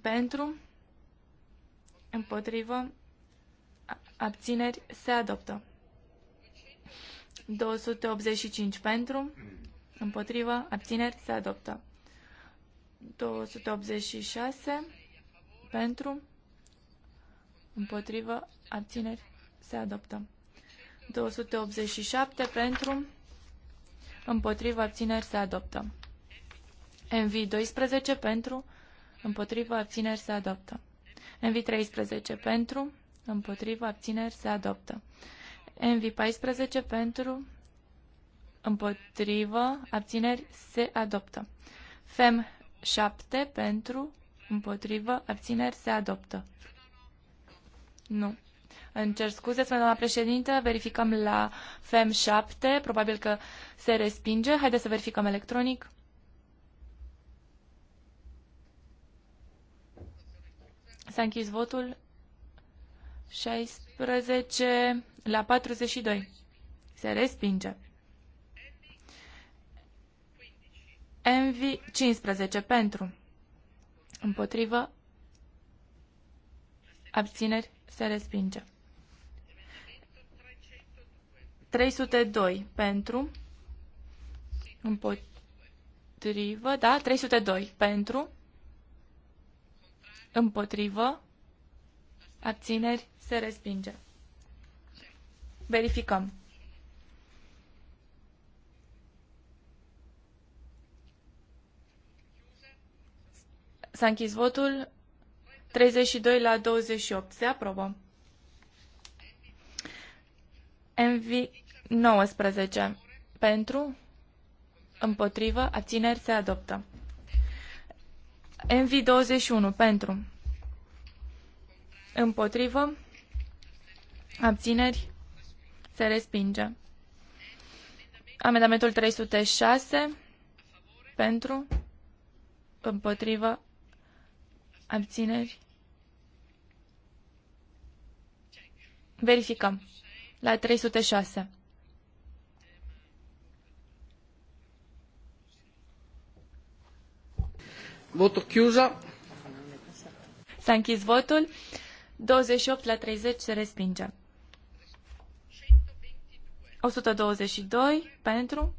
pentru, împotrivă, abțineri, se adoptă. 285 pentru, împotrivă, abțineri, se adoptă. 286 pentru, împotrivă, abțineri, se adoptă. 287 pentru, împotrivă, abțineri, se adoptă mv 12 pentru, împotriva abțineri se adoptă. mv 13 pentru, împotriva abțineri se adoptă. mv 14 pentru, împotrivă, abțineri se adoptă. FEM 7 pentru, împotrivă, abțineri se adoptă. Nu. Îmi cer scuze, spune doamna președintă, verificăm la FEM 7, probabil că se respinge. Haideți să verificăm electronic. S-a închis votul. 16 la 42. Se respinge. Envi 15 pentru. Împotrivă. Abțineri. Se respinge. 302 pentru. Împotrivă. Da, 302 pentru. Împotrivă. Abțineri. Se respinge. Verificăm. S-a închis votul. 32 la 28. Se aprobă. MV 19. Pentru, împotrivă, abțineri se adoptă. MV21 pentru. Împotrivă. Abțineri. Se respinge. Amendamentul 306 pentru. Împotrivă. Abțineri. Verificăm. La 306. Votul chiuza. S-a închis votul. 28 la 30 se respinge. 122 pentru.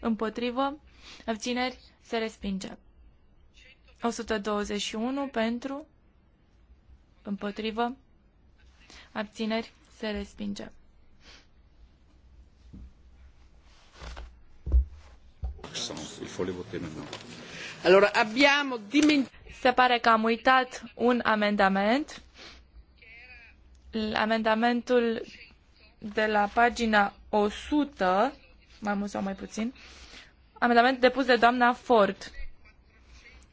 Împotrivă. Abțineri se respinge. 121 pentru. Împotrivă. Abțineri se respinge. sono, il faut les voter maintenant. Allora, abbiamo Se pare că am uitat un amendament. Amendamentul de la pagina 100, mai mult sau mai puțin, amendament depus de doamna Ford.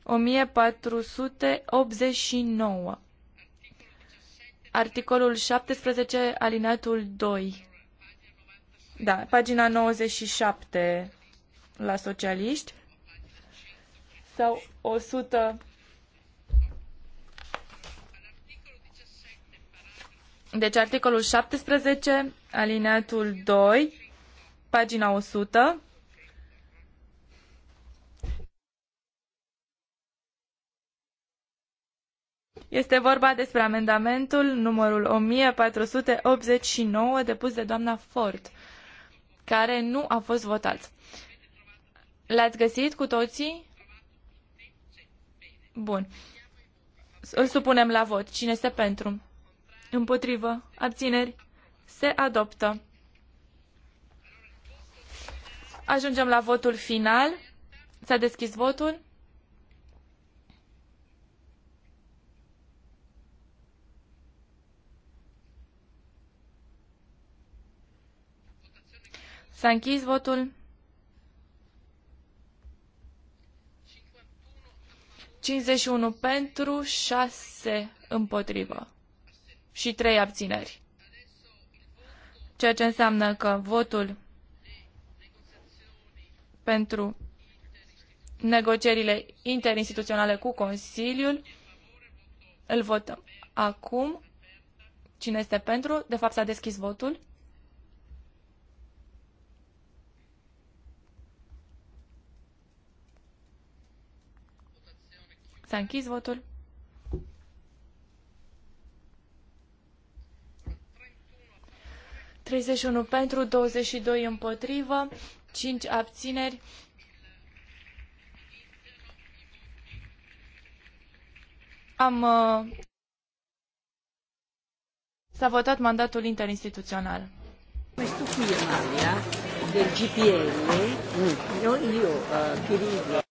1489. Articolul 17, alineatul 2. Da, pagina 97 la socialiști sau 100 Deci articolul 17, alineatul 2, pagina 100. Este vorba despre amendamentul numărul 1489 depus de doamna Ford, care nu a fost votat. L-ați găsit cu toții? Bun. Îl supunem la vot. Cine este pentru? Împotrivă. Abțineri. Se adoptă. Ajungem la votul final. S-a deschis votul. S-a închis votul. 51 pentru, 6 împotrivă și 3 abțineri. Ceea ce înseamnă că votul pentru negocierile interinstituționale cu Consiliul îl votăm acum. Cine este pentru? De fapt s-a deschis votul. S-a închis votul. pentru, 22 împotrivă, 5 abțineri. Am. Uh, s-a votat mandatul interinstituțional. Mai cu e de GPL, mm. eu, eu uh,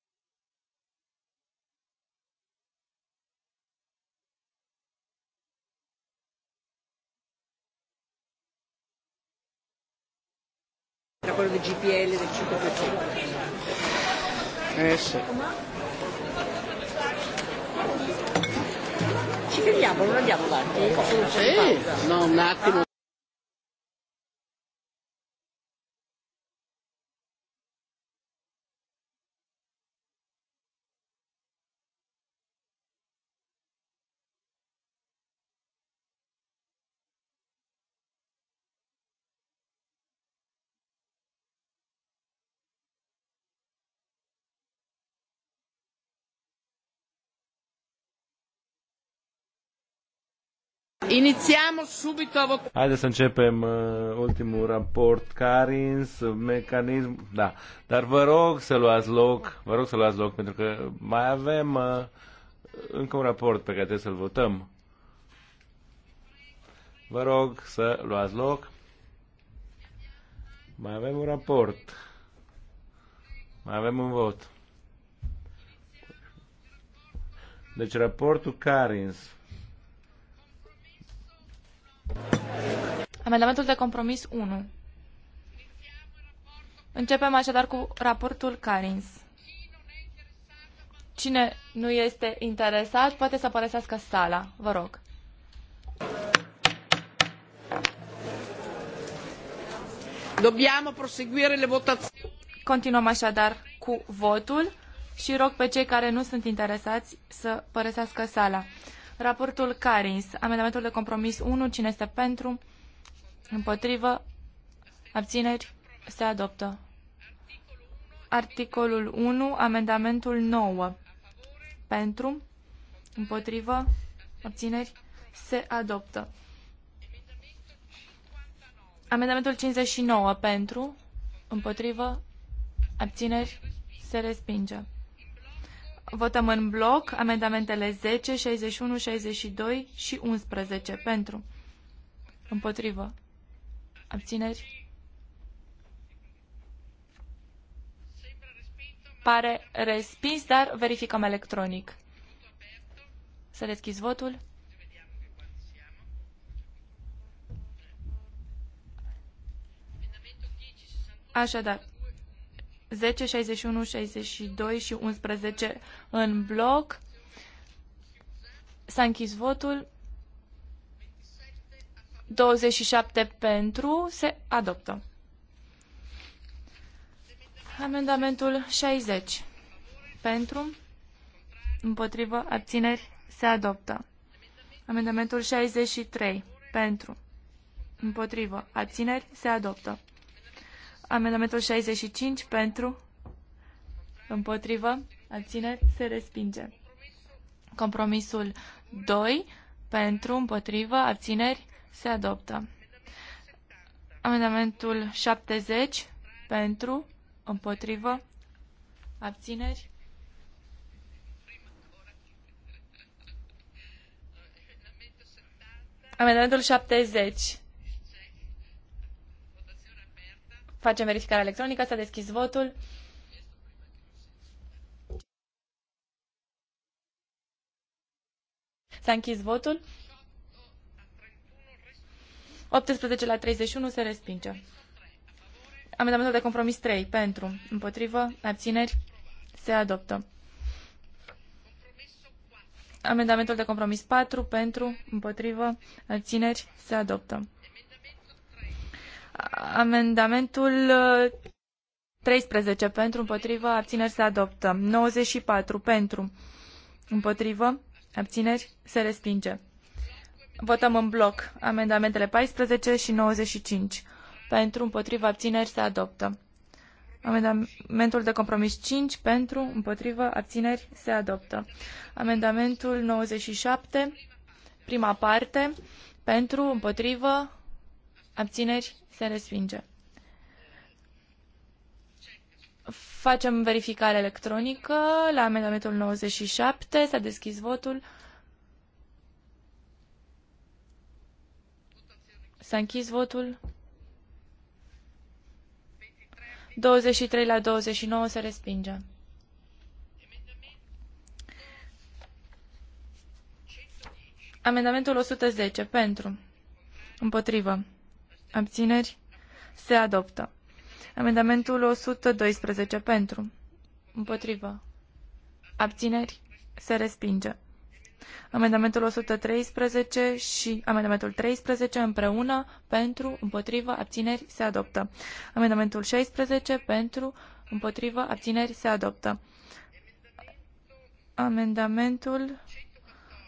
GPL del 5%. Eh sì. Ci fermiamo, non andiamo avanti? Sì, no, un attimo. Inițiamo subito a Haideți să începem uh, ultimul raport Carins, mecanism, da. Dar vă rog să luați loc, vă rog să luați loc, pentru că mai avem uh, încă un raport pe care trebuie să-l votăm. Vă rog să luați loc. Mai avem un raport. Mai avem un vot. Deci raportul Carins Amendamentul de compromis 1. Începem așadar cu raportul Carins. Cine nu este interesat poate să părăsească sala. Vă rog. Dobbiamo proseguire le votazioni. Continuăm așadar cu votul și rog pe cei care nu sunt interesați să părăsească sala. Raportul Carins, amendamentul de compromis 1, cine este pentru, împotrivă, abțineri, se adoptă. Articolul 1, amendamentul 9, pentru, împotrivă, abțineri, se adoptă. Amendamentul 59, pentru, împotrivă, abțineri, se respinge. Votăm în bloc amendamentele 10, 61, 62 și 11 pentru. Împotrivă. Abțineri. Pare respins, dar verificăm electronic. Să deschizi votul. Așadar, 10, 61, 62 și 11 în bloc. S-a închis votul. 27 pentru se adoptă. Amendamentul 60 pentru, împotrivă, abțineri se adoptă. Amendamentul 63 pentru, împotrivă, abțineri se adoptă. Amendamentul 65 pentru, împotrivă, abțineri, se respinge. Compromisul 2 pentru, împotrivă, abțineri, se adoptă. Amendamentul 70 pentru, împotrivă, abțineri. Amendamentul 70 Facem verificarea electronică, s-a deschis votul. S-a închis votul. 18 la 31 se respinge. Amendamentul de compromis 3 pentru, împotrivă, abțineri, se adoptă. Amendamentul de compromis 4 pentru, împotrivă, abțineri, se adoptă. Amendamentul 13 uh, pentru, împotrivă, abțineri se adoptă. 94 pentru, împotrivă, abțineri se respinge. Votăm în bloc amendamentele 14 și 95. Pentru, împotrivă, abțineri se adoptă. Amendamentul de compromis 5 pentru, împotrivă, abțineri se adoptă. Amendamentul 97, prima parte, pentru, împotrivă, abțineri se respinge. Facem verificare electronică la amendamentul 97. S-a deschis votul. S-a închis votul. 23 la 29 se respinge. Amendamentul 110. Pentru. Împotrivă. Abțineri? Se adoptă. Amendamentul 112 pentru. Împotrivă. Abțineri? Se respinge. Amendamentul 113 și amendamentul 13 împreună pentru, împotrivă, abțineri se adoptă. Amendamentul 16 pentru, împotrivă, abțineri se adoptă. Amendamentul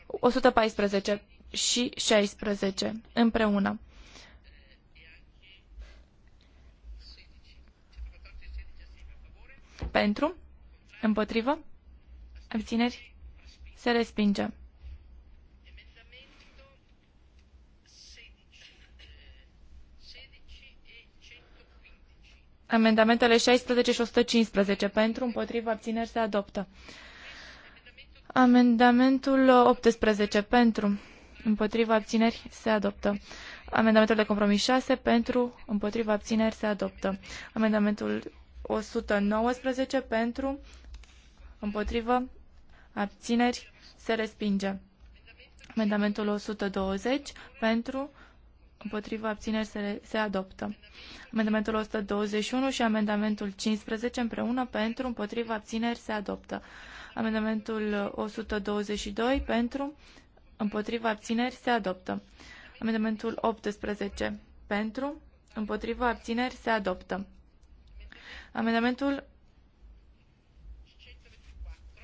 114 și 16 împreună Pentru? Împotrivă? Abțineri? Se respinge. Amendamentele 16 și 115 pentru, împotrivă, abțineri se adoptă. Amendamentul 18 pentru, împotrivă, abțineri se adoptă. Amendamentul de compromis 6 pentru, împotrivă, abțineri se adoptă. Amendamentul 119 pentru, împotrivă, abțineri, se respinge. Amendamentul 120 pentru, împotrivă, abțineri, se, se adoptă. Amendamentul 121 și amendamentul 15 împreună pentru, împotrivă, abțineri, se adoptă. Amendamentul 122 pentru, împotrivă, abțineri, se adoptă. Amendamentul 18 pentru, împotrivă, abțineri, se adoptă. Amendamentul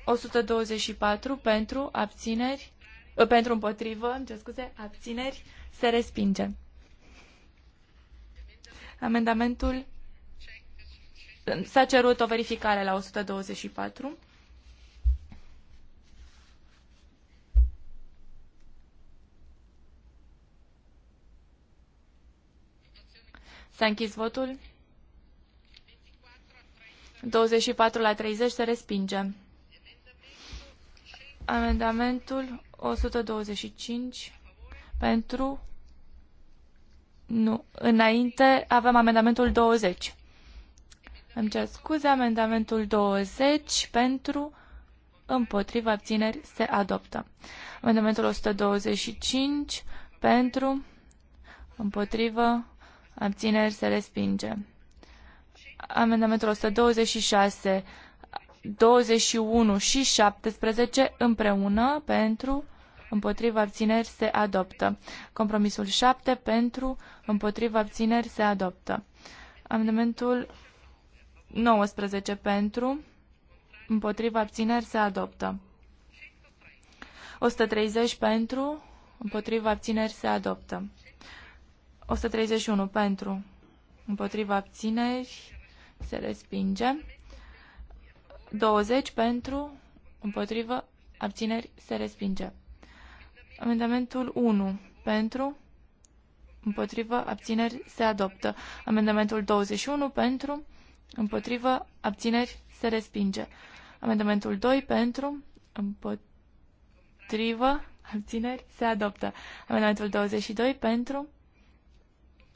124 pentru abțineri, ă, pentru împotrivă, ce scuze, abțineri, se respinge. Amendamentul s-a cerut o verificare la 124. S-a închis votul. 24 la 30 se respinge. Amendamentul 125 pentru. Nu. Înainte avem amendamentul 20. Îmi cer scuze, amendamentul 20 pentru împotriva abțineri se adoptă. Amendamentul 125 pentru împotrivă abțineri se respinge amendamentul 126, 21 și 17 împreună pentru împotriva abțineri se adoptă. Compromisul 7 pentru împotriva abțineri se adoptă. Amendamentul 19 pentru împotriva abțineri se adoptă. 130 pentru împotriva abțineri se adoptă. 131 pentru împotriva abțineri se respinge. 20 pentru, împotrivă, abțineri, se respinge. Amendamentul 1 pentru, împotrivă, abțineri, se adoptă. Amendamentul 21 pentru, împotrivă, abțineri, se respinge. Amendamentul 2 pentru, împotrivă, abțineri, se adoptă. Amendamentul 22 pentru,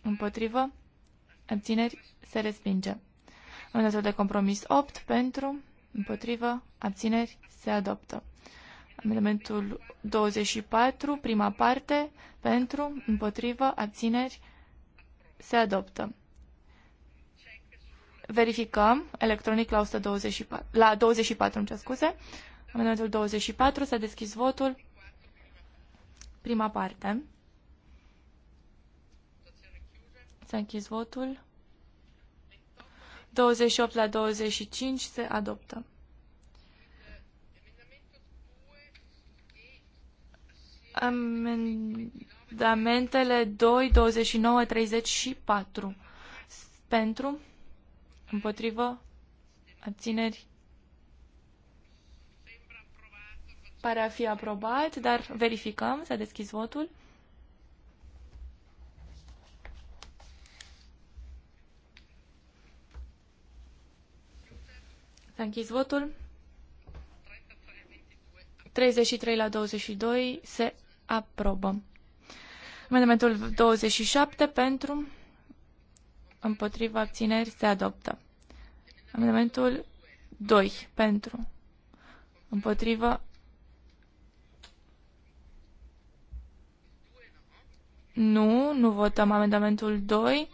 împotrivă, abțineri, se respinge. Amendamentul de compromis 8 pentru, împotrivă, abțineri, se adoptă. Amendamentul 24, prima parte, pentru, împotrivă, abțineri, se adoptă. Verificăm electronic la, 124, la 24, îmi cer scuze. Amendamentul 24, s-a deschis votul. Prima parte. S-a închis votul. 28 la 25 se adoptă. Amendamentele 2, 29, 30 și 4. Pentru, împotrivă, abțineri. Pare a fi aprobat, dar verificăm, s-a deschis votul. S-a închis votul. 33 la 22 se aprobă. Amendamentul 27 pentru, împotriva abțineri se adoptă. Amendamentul 2 pentru, împotriva Nu, nu votăm amendamentul 2.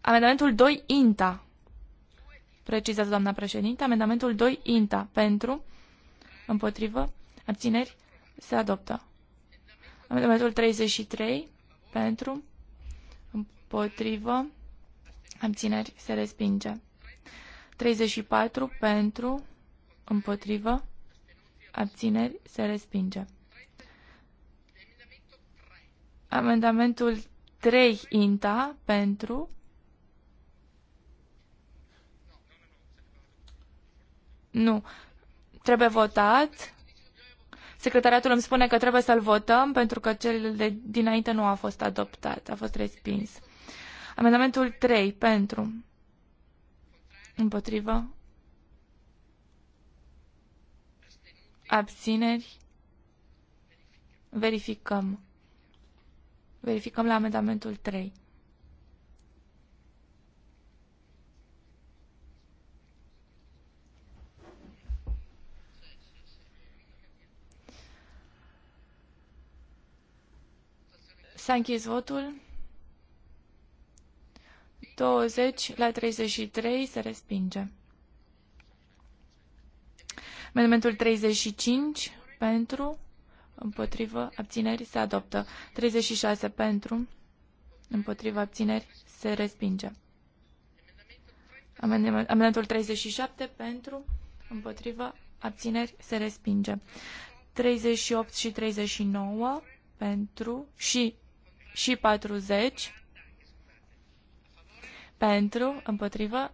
Amendamentul 2 INTA precizează doamna președinte. Amendamentul 2, INTA, pentru, împotrivă, abțineri, se adoptă. Amendamentul 33, pentru, împotrivă, abțineri, se respinge. 34, pentru, împotrivă, abțineri, se respinge. Amendamentul 3, INTA, pentru, Nu. Trebuie votat. Secretariatul îmi spune că trebuie să-l votăm pentru că cel de dinainte nu a fost adoptat, a fost respins. Amendamentul 3 pentru. Împotrivă. Abțineri. Verificăm. Verificăm la amendamentul 3. S-a închis votul. 20 la 33 se respinge. Amendamentul 35 pentru, împotrivă, abțineri se adoptă. 36 pentru, împotrivă, abțineri se respinge. Amendamentul 37 pentru, împotrivă, abțineri se respinge. 38 și 39 pentru și și 40 pentru, împotrivă,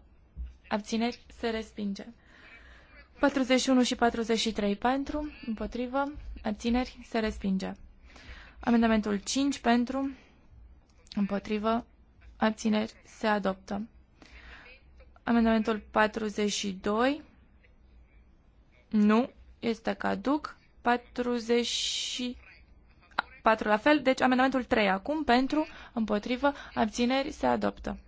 abțineri, se respinge. 41 și 43 pentru, împotrivă, abțineri, se respinge. Amendamentul 5 pentru, împotrivă, abțineri, se adoptă. Amendamentul 42, nu, este caduc. 40 4 la fel, deci amendamentul 3 acum pentru, împotrivă, abțineri se adoptă.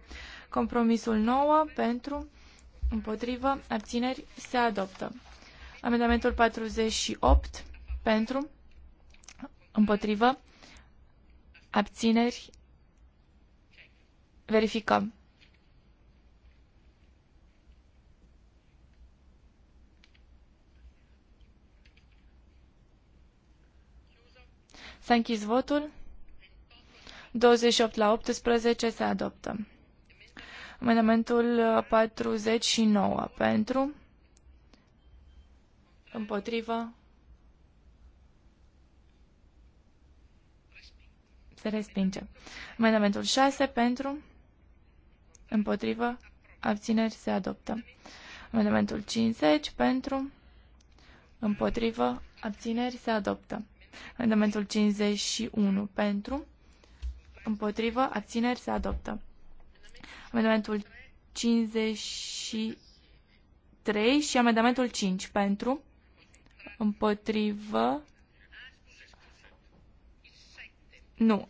Compromisul 9 pentru, împotrivă, abțineri se adoptă. Amendamentul 48 pentru, împotrivă, abțineri verificăm. S-a închis votul. 28 la 18 se adoptă. Amendamentul 49 pentru, împotrivă, se respinge. Amendamentul 6 pentru, împotrivă, abțineri se adoptă. Amendamentul 50 pentru, împotrivă, abțineri se adoptă. Amendamentul 51 pentru, împotrivă, abțineri se adoptă. Amendamentul 53 și amendamentul 5 pentru, împotrivă, nu,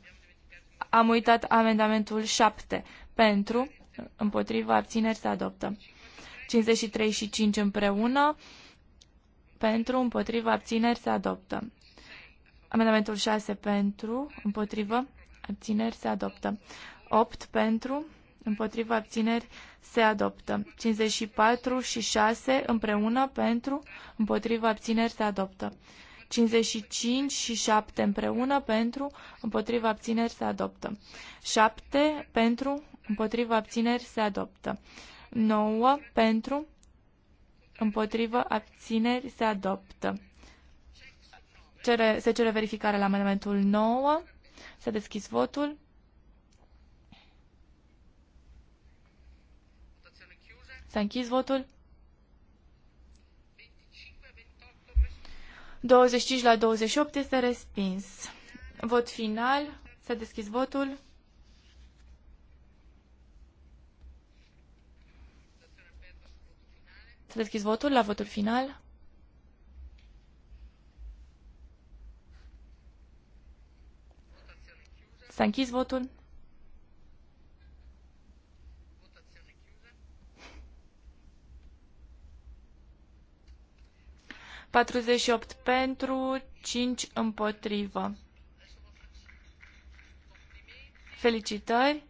am uitat amendamentul 7 pentru, împotrivă, abțineri se adoptă. 53 și 5 împreună, pentru, împotrivă, abțineri se adoptă. Amendamentul 6 pentru, împotrivă, abțineri se adoptă. 8 pentru, împotrivă, abțineri se adoptă. 54 și 6 împreună pentru, împotrivă, abțineri se adoptă. 55 și 7 împreună pentru, împotriva abțineri se adoptă. 7 pentru, împotriva abțineri se adoptă. 9 pentru, împotriva abțineri se adoptă cere, se cere verificare la amendamentul 9. S-a deschis votul. S-a închis votul. 25 la 28 este respins. Vot final. S-a deschis votul. S-a deschis votul la votul final. S-a închis votul. Patruzeci și opt pentru, cinci împotrivă. Felicitări!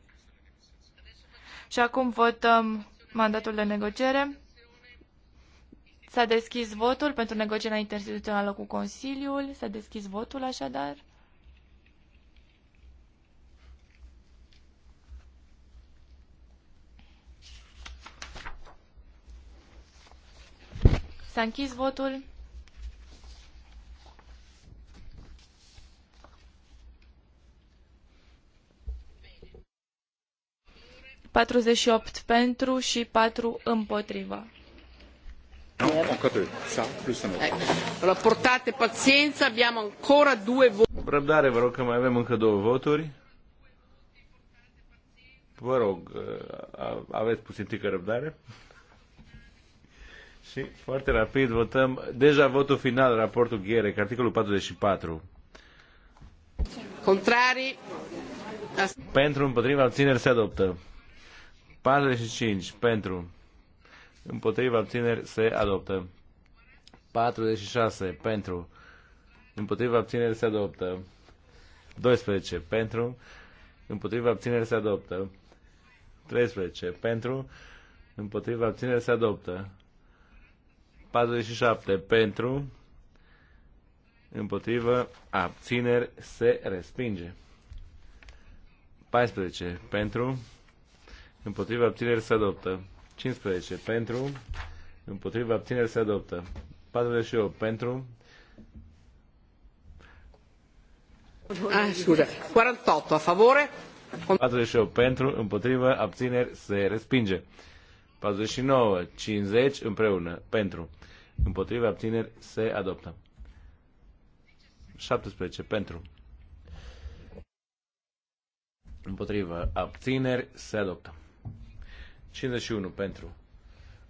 Și acum votăm mandatul de negociere. S-a deschis votul pentru negocierea interinstituțională cu Consiliul. S-a deschis votul așadar. S-a închis votul. Patruzeci și opt pentru și patru împotriva. Portate pazienza, abbiamo ancora due voti. Răbdare, vă rog că mai avem încă două voturi. Vă rog, eh, aveți puțin tică răbdare. Și foarte rapid votăm deja votul final, raportul Gherec, articolul 44. Contrari. Pentru, împotriva, abțineri se adoptă. 45. Pentru. Împotriva, abțineri se adoptă. 46. Pentru. Împotriva, abțineri se adoptă. 12. Pentru. Împotriva, abțineri se adoptă. 13. Pentru. Împotriva, abțineri se adoptă. 47 pentru, împotrivă, abțineri, se respinge. 14 pentru, împotrivă, abțineri, se adoptă. 15 pentru, împotrivă, abțineri, se adoptă. 48 pentru, Ah, scuze. 48 a favore. 48 pentru, împotrivă, abțineri, se respinge. 49, 50 împreună, pentru împotriva abțineri se adoptă. 17 pentru. Împotriva abțineri se adoptă. 51 pentru.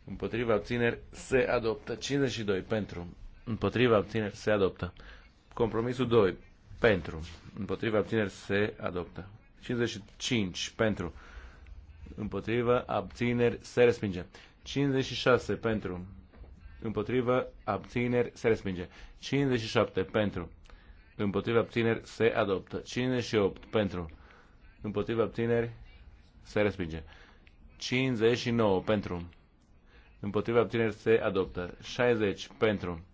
Împotriva abțineri se adoptă. 52 pentru. Împotriva abțineri se adoptă. Compromisul 2 pentru. Împotriva abțineri se adoptă. 55 pentru. Împotriva abțineri se respinge. 56 pentru împotrivă, abțineri, se respinge. 57 pentru, împotrivă, abțineri, se adoptă. 58 pentru, împotrivă, abțineri, se respinge. 59 pentru, împotrivă, abțineri, se adoptă. 60 pentru,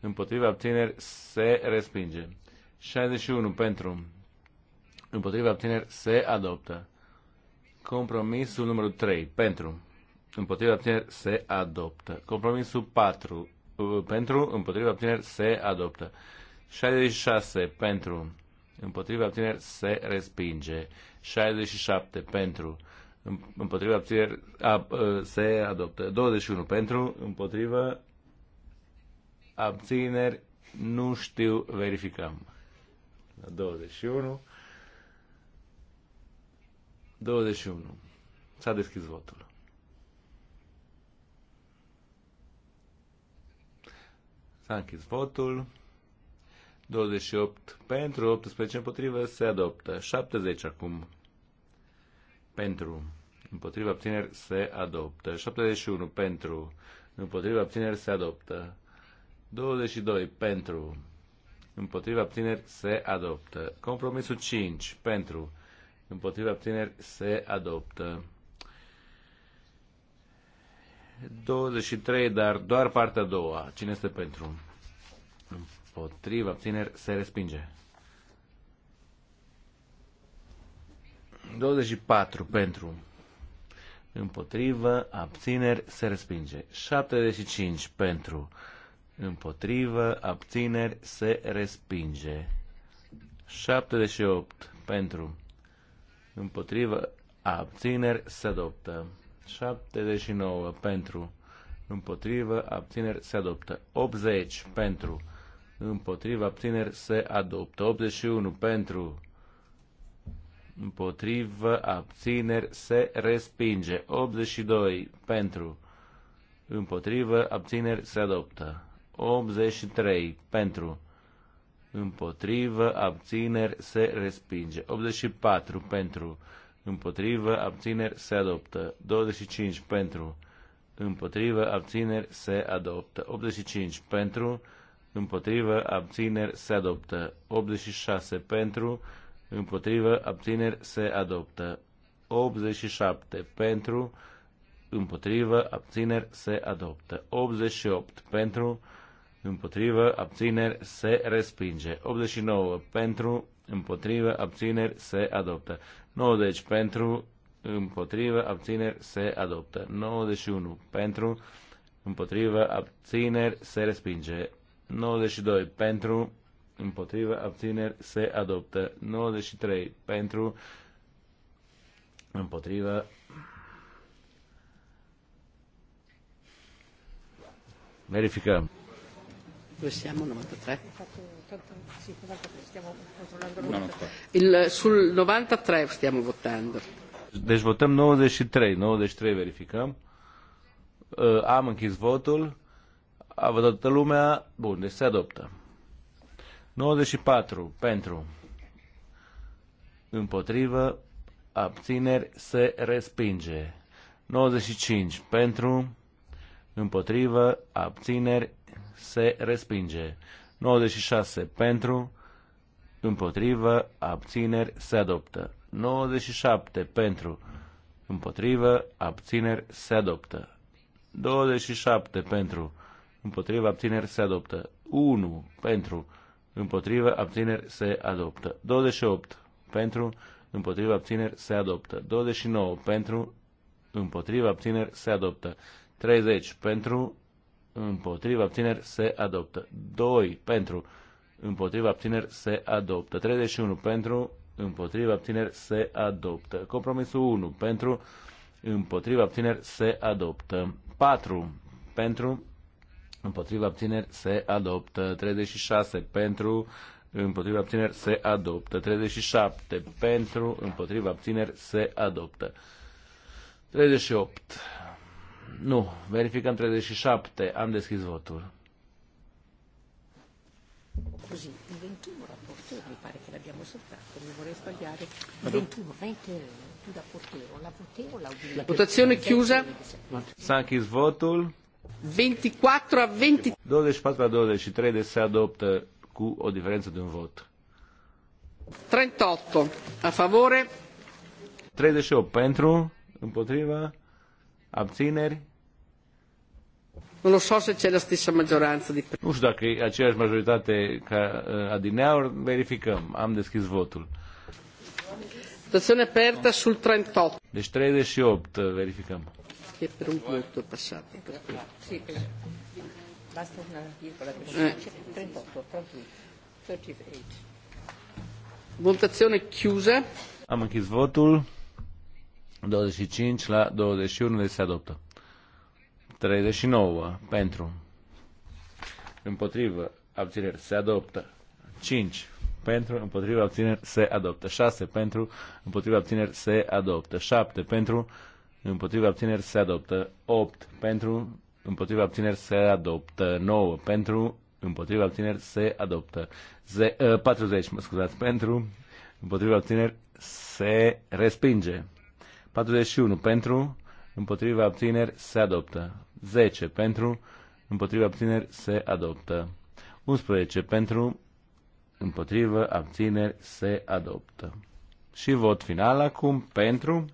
împotrivă, abțineri, se respinge. 61 pentru, împotrivă, abțineri, se adoptă. Compromisul numărul 3 pentru împotriva abțineri se adoptă. Compromisul 4 uh, pentru, împotriva abțineri se adoptă. 66 pentru, împotriva abțineri se respinge. 67 pentru, împotriva abțineri a, uh, se adoptă. 21 pentru, împotriva abțineri nu știu, verificăm. 21. 21. S-a deschis votul. S-a închis votul. 28 pentru, 18 împotrivă, se adoptă. 70 acum pentru, împotriva abțineri, se adoptă. 71 pentru, împotriva abțineri, se adoptă. 22 pentru, împotriva abțineri, se adoptă. Compromisul 5 pentru, împotriva abțineri, se adoptă. 23, dar doar partea a doua. Cine este pentru? Împotriva, abțineri, se respinge. 24 pentru. Împotrivă, abțineri, se respinge. 75 pentru. Împotrivă, abțineri, se respinge. 78 pentru. Împotrivă, abțineri, se adoptă. 79 pentru, împotrivă, abțineri, se adoptă. 80 pentru, împotrivă, abțineri, se adoptă. 81 pentru, împotrivă, abțineri, se respinge. 82 pentru, împotrivă, abțineri, se adoptă. 83 pentru, împotrivă, abțineri, se respinge. 84 pentru, împotrivă, abțineri, se adoptă. 25 pentru, împotrivă, abțineri, se adoptă. 85 pentru, împotrivă, abțineri, se adoptă. 86 pentru, împotrivă, abțineri, se adoptă. 87 pentru, împotrivă, abțineri, se adoptă. 88 pentru, împotrivă, abțineri, se respinge. 89 pentru, împotrivă, abțineri, se adoptă. 90 pentru, împotrivă, abțineri, se adoptă. 91 pentru, împotrivă, abțineri, se respinge. 92 pentru, împotrivă, abțineri, se adoptă. 93 pentru, împotrivă, verificăm. Dove siamo? 93? Il, sul 93 stiamo votando. Deci votăm 93, 93 verificăm. Uh, am închis votul. A votat toată lumea. Bun, deci se adoptă. 94 pentru. Împotrivă. Abțineri se respinge. 95 pentru. Împotrivă. Abțineri se respinge. 96 pentru, împotrivă, abțineri, se adoptă. 97 pentru, împotrivă, abțineri, se adoptă. 27 pentru, împotrivă, abțineri, se adoptă. 1 pentru, împotrivă, abțineri, se adoptă. 28 pentru, împotrivă, abțineri, se adoptă. 29 pentru, împotrivă, abțineri, se adoptă. 30 pentru, împotriva abțineri se adoptă. 2 pentru, împotriva abțineri se adoptă. 31 pentru, împotriva abțineri se adoptă. Compromisul 1 pentru, împotriva abțineri se adoptă. 4 pentru, împotriva abțineri se adoptă. 36 pentru, împotriva abțineri se adoptă. 37 pentru, împotriva abțineri se adoptă. 38 nu, verificăm 37. Am deschis votul. Così, il 21 rapporteur mi pare che l'abbiamo saltato, mi vorrei sbagliare. 21, 20 più rapporteur, la votevo, la udire. Votazione chiusa. S-a închis votul. 24 a 20. 24 a 23 de se adoptă cu o diferență de un vot. 38 a favore. 38 pentru, împotriva, Abțineri? Nu știu dacă e aceeași majoritate ca adineauri, verificăm. Am deschis votul. Votazione aperta sul 38. Deci 38, verificăm. Che per un punto è passato. sì, basta una virgola. Eh. 38, 38. Votazione chiusa. Am închis votul. 25 la 21 deci se adoptă. 39 pentru. Împotrivă. Abțineri. Se adoptă. 5 pentru. Împotrivă. Abțineri. Se adoptă. 6 pentru. Împotrivă. Abțineri. Se adoptă. 7 pentru. Împotrivă. Abțineri. Se adoptă. 8 pentru. Împotrivă. Abțineri. Se adoptă. 9 pentru. Împotrivă. Abțineri. Se adoptă. Ze- 40, ă, mă scuzați. Pentru. Împotrivă. Abțineri. Se respinge. 41 pentru, împotriva abțineri se adoptă. 10 pentru, împotriva abțineri se adoptă. 11 pentru, împotriva abțineri se adoptă. Și vot final acum pentru,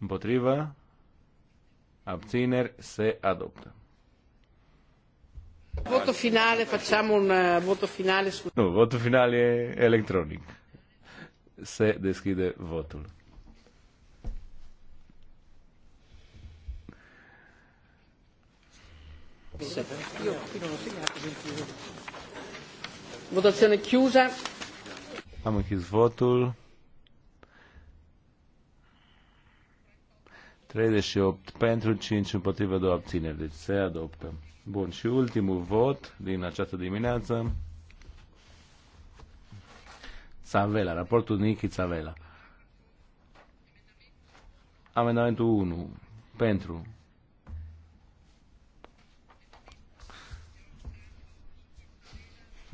împotriva abțineri se adoptă. Votul final, facem un uh, votul final. Nu, votul final e electronic. Se deschide votul. Io qui non ho segnato, Votazione chiusa. Am închis votul. 38 pentru, 5 împotrivă, 2 abțineri. Deci se adoptă. Bun, și ultimul vot din această dimineață. Țavela, raportul Nichi Țavela. Amendamentul 1. Pentru.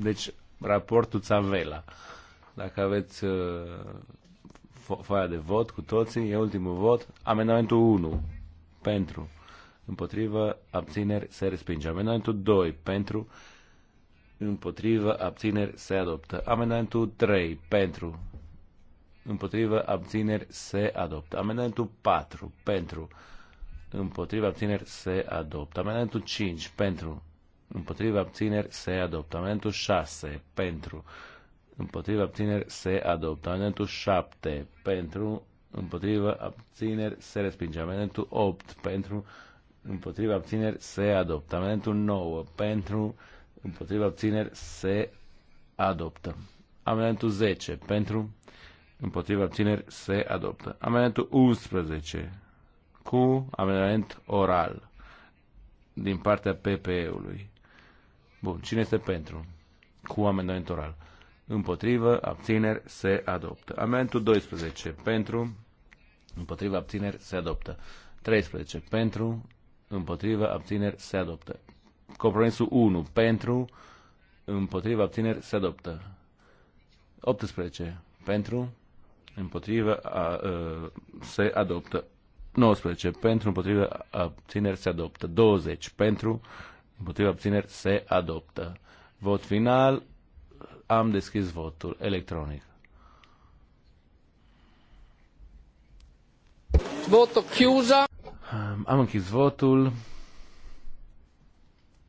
Deci, raportul Țavela. Dacă aveți uh, fo- foaia de vot cu toții, e ultimul vot. Amendamentul 1. Pentru. Împotrivă. Abțineri. Se respinge. Amendamentul 2. Pentru. Împotrivă. Abțineri. Se adoptă. Amendamentul 3. Pentru. Împotrivă. Abțineri. Se adoptă. Amendamentul 4. Pentru. Împotrivă. Abțineri. Se adoptă. Amendamentul 5. Pentru împotriva abțineri se adoptă. Amendamentul 6 pentru, împotriva abțineri se adoptă. Amendamentul 7 pentru, împotriva abțineri se respinge. Amendamentul 8 pentru, împotriva abțineri se adoptă. Amendamentul 9 pentru, împotriva abțineri se adoptă. Amendamentul 10 pentru, împotriva abțineri se adoptă. Amendamentul 11 cu amendament oral din partea PPE-ului. Bun, cine este pentru? Cu amendament oral. Împotrivă, abțineri, se adoptă. Amendamentul 12, pentru, împotrivă, abțineri, se adoptă. 13, pentru, împotrivă, abțineri, se adoptă. Compromisul 1, pentru, împotrivă, abțineri, se adoptă. 18, pentru, împotrivă, a, a, se adoptă. 19, pentru, împotrivă, abțineri, se adoptă. 20, pentru, împotriva abțineri, se adoptă. Vot final, am deschis votul electronic. Votul chiuza. Am închis votul.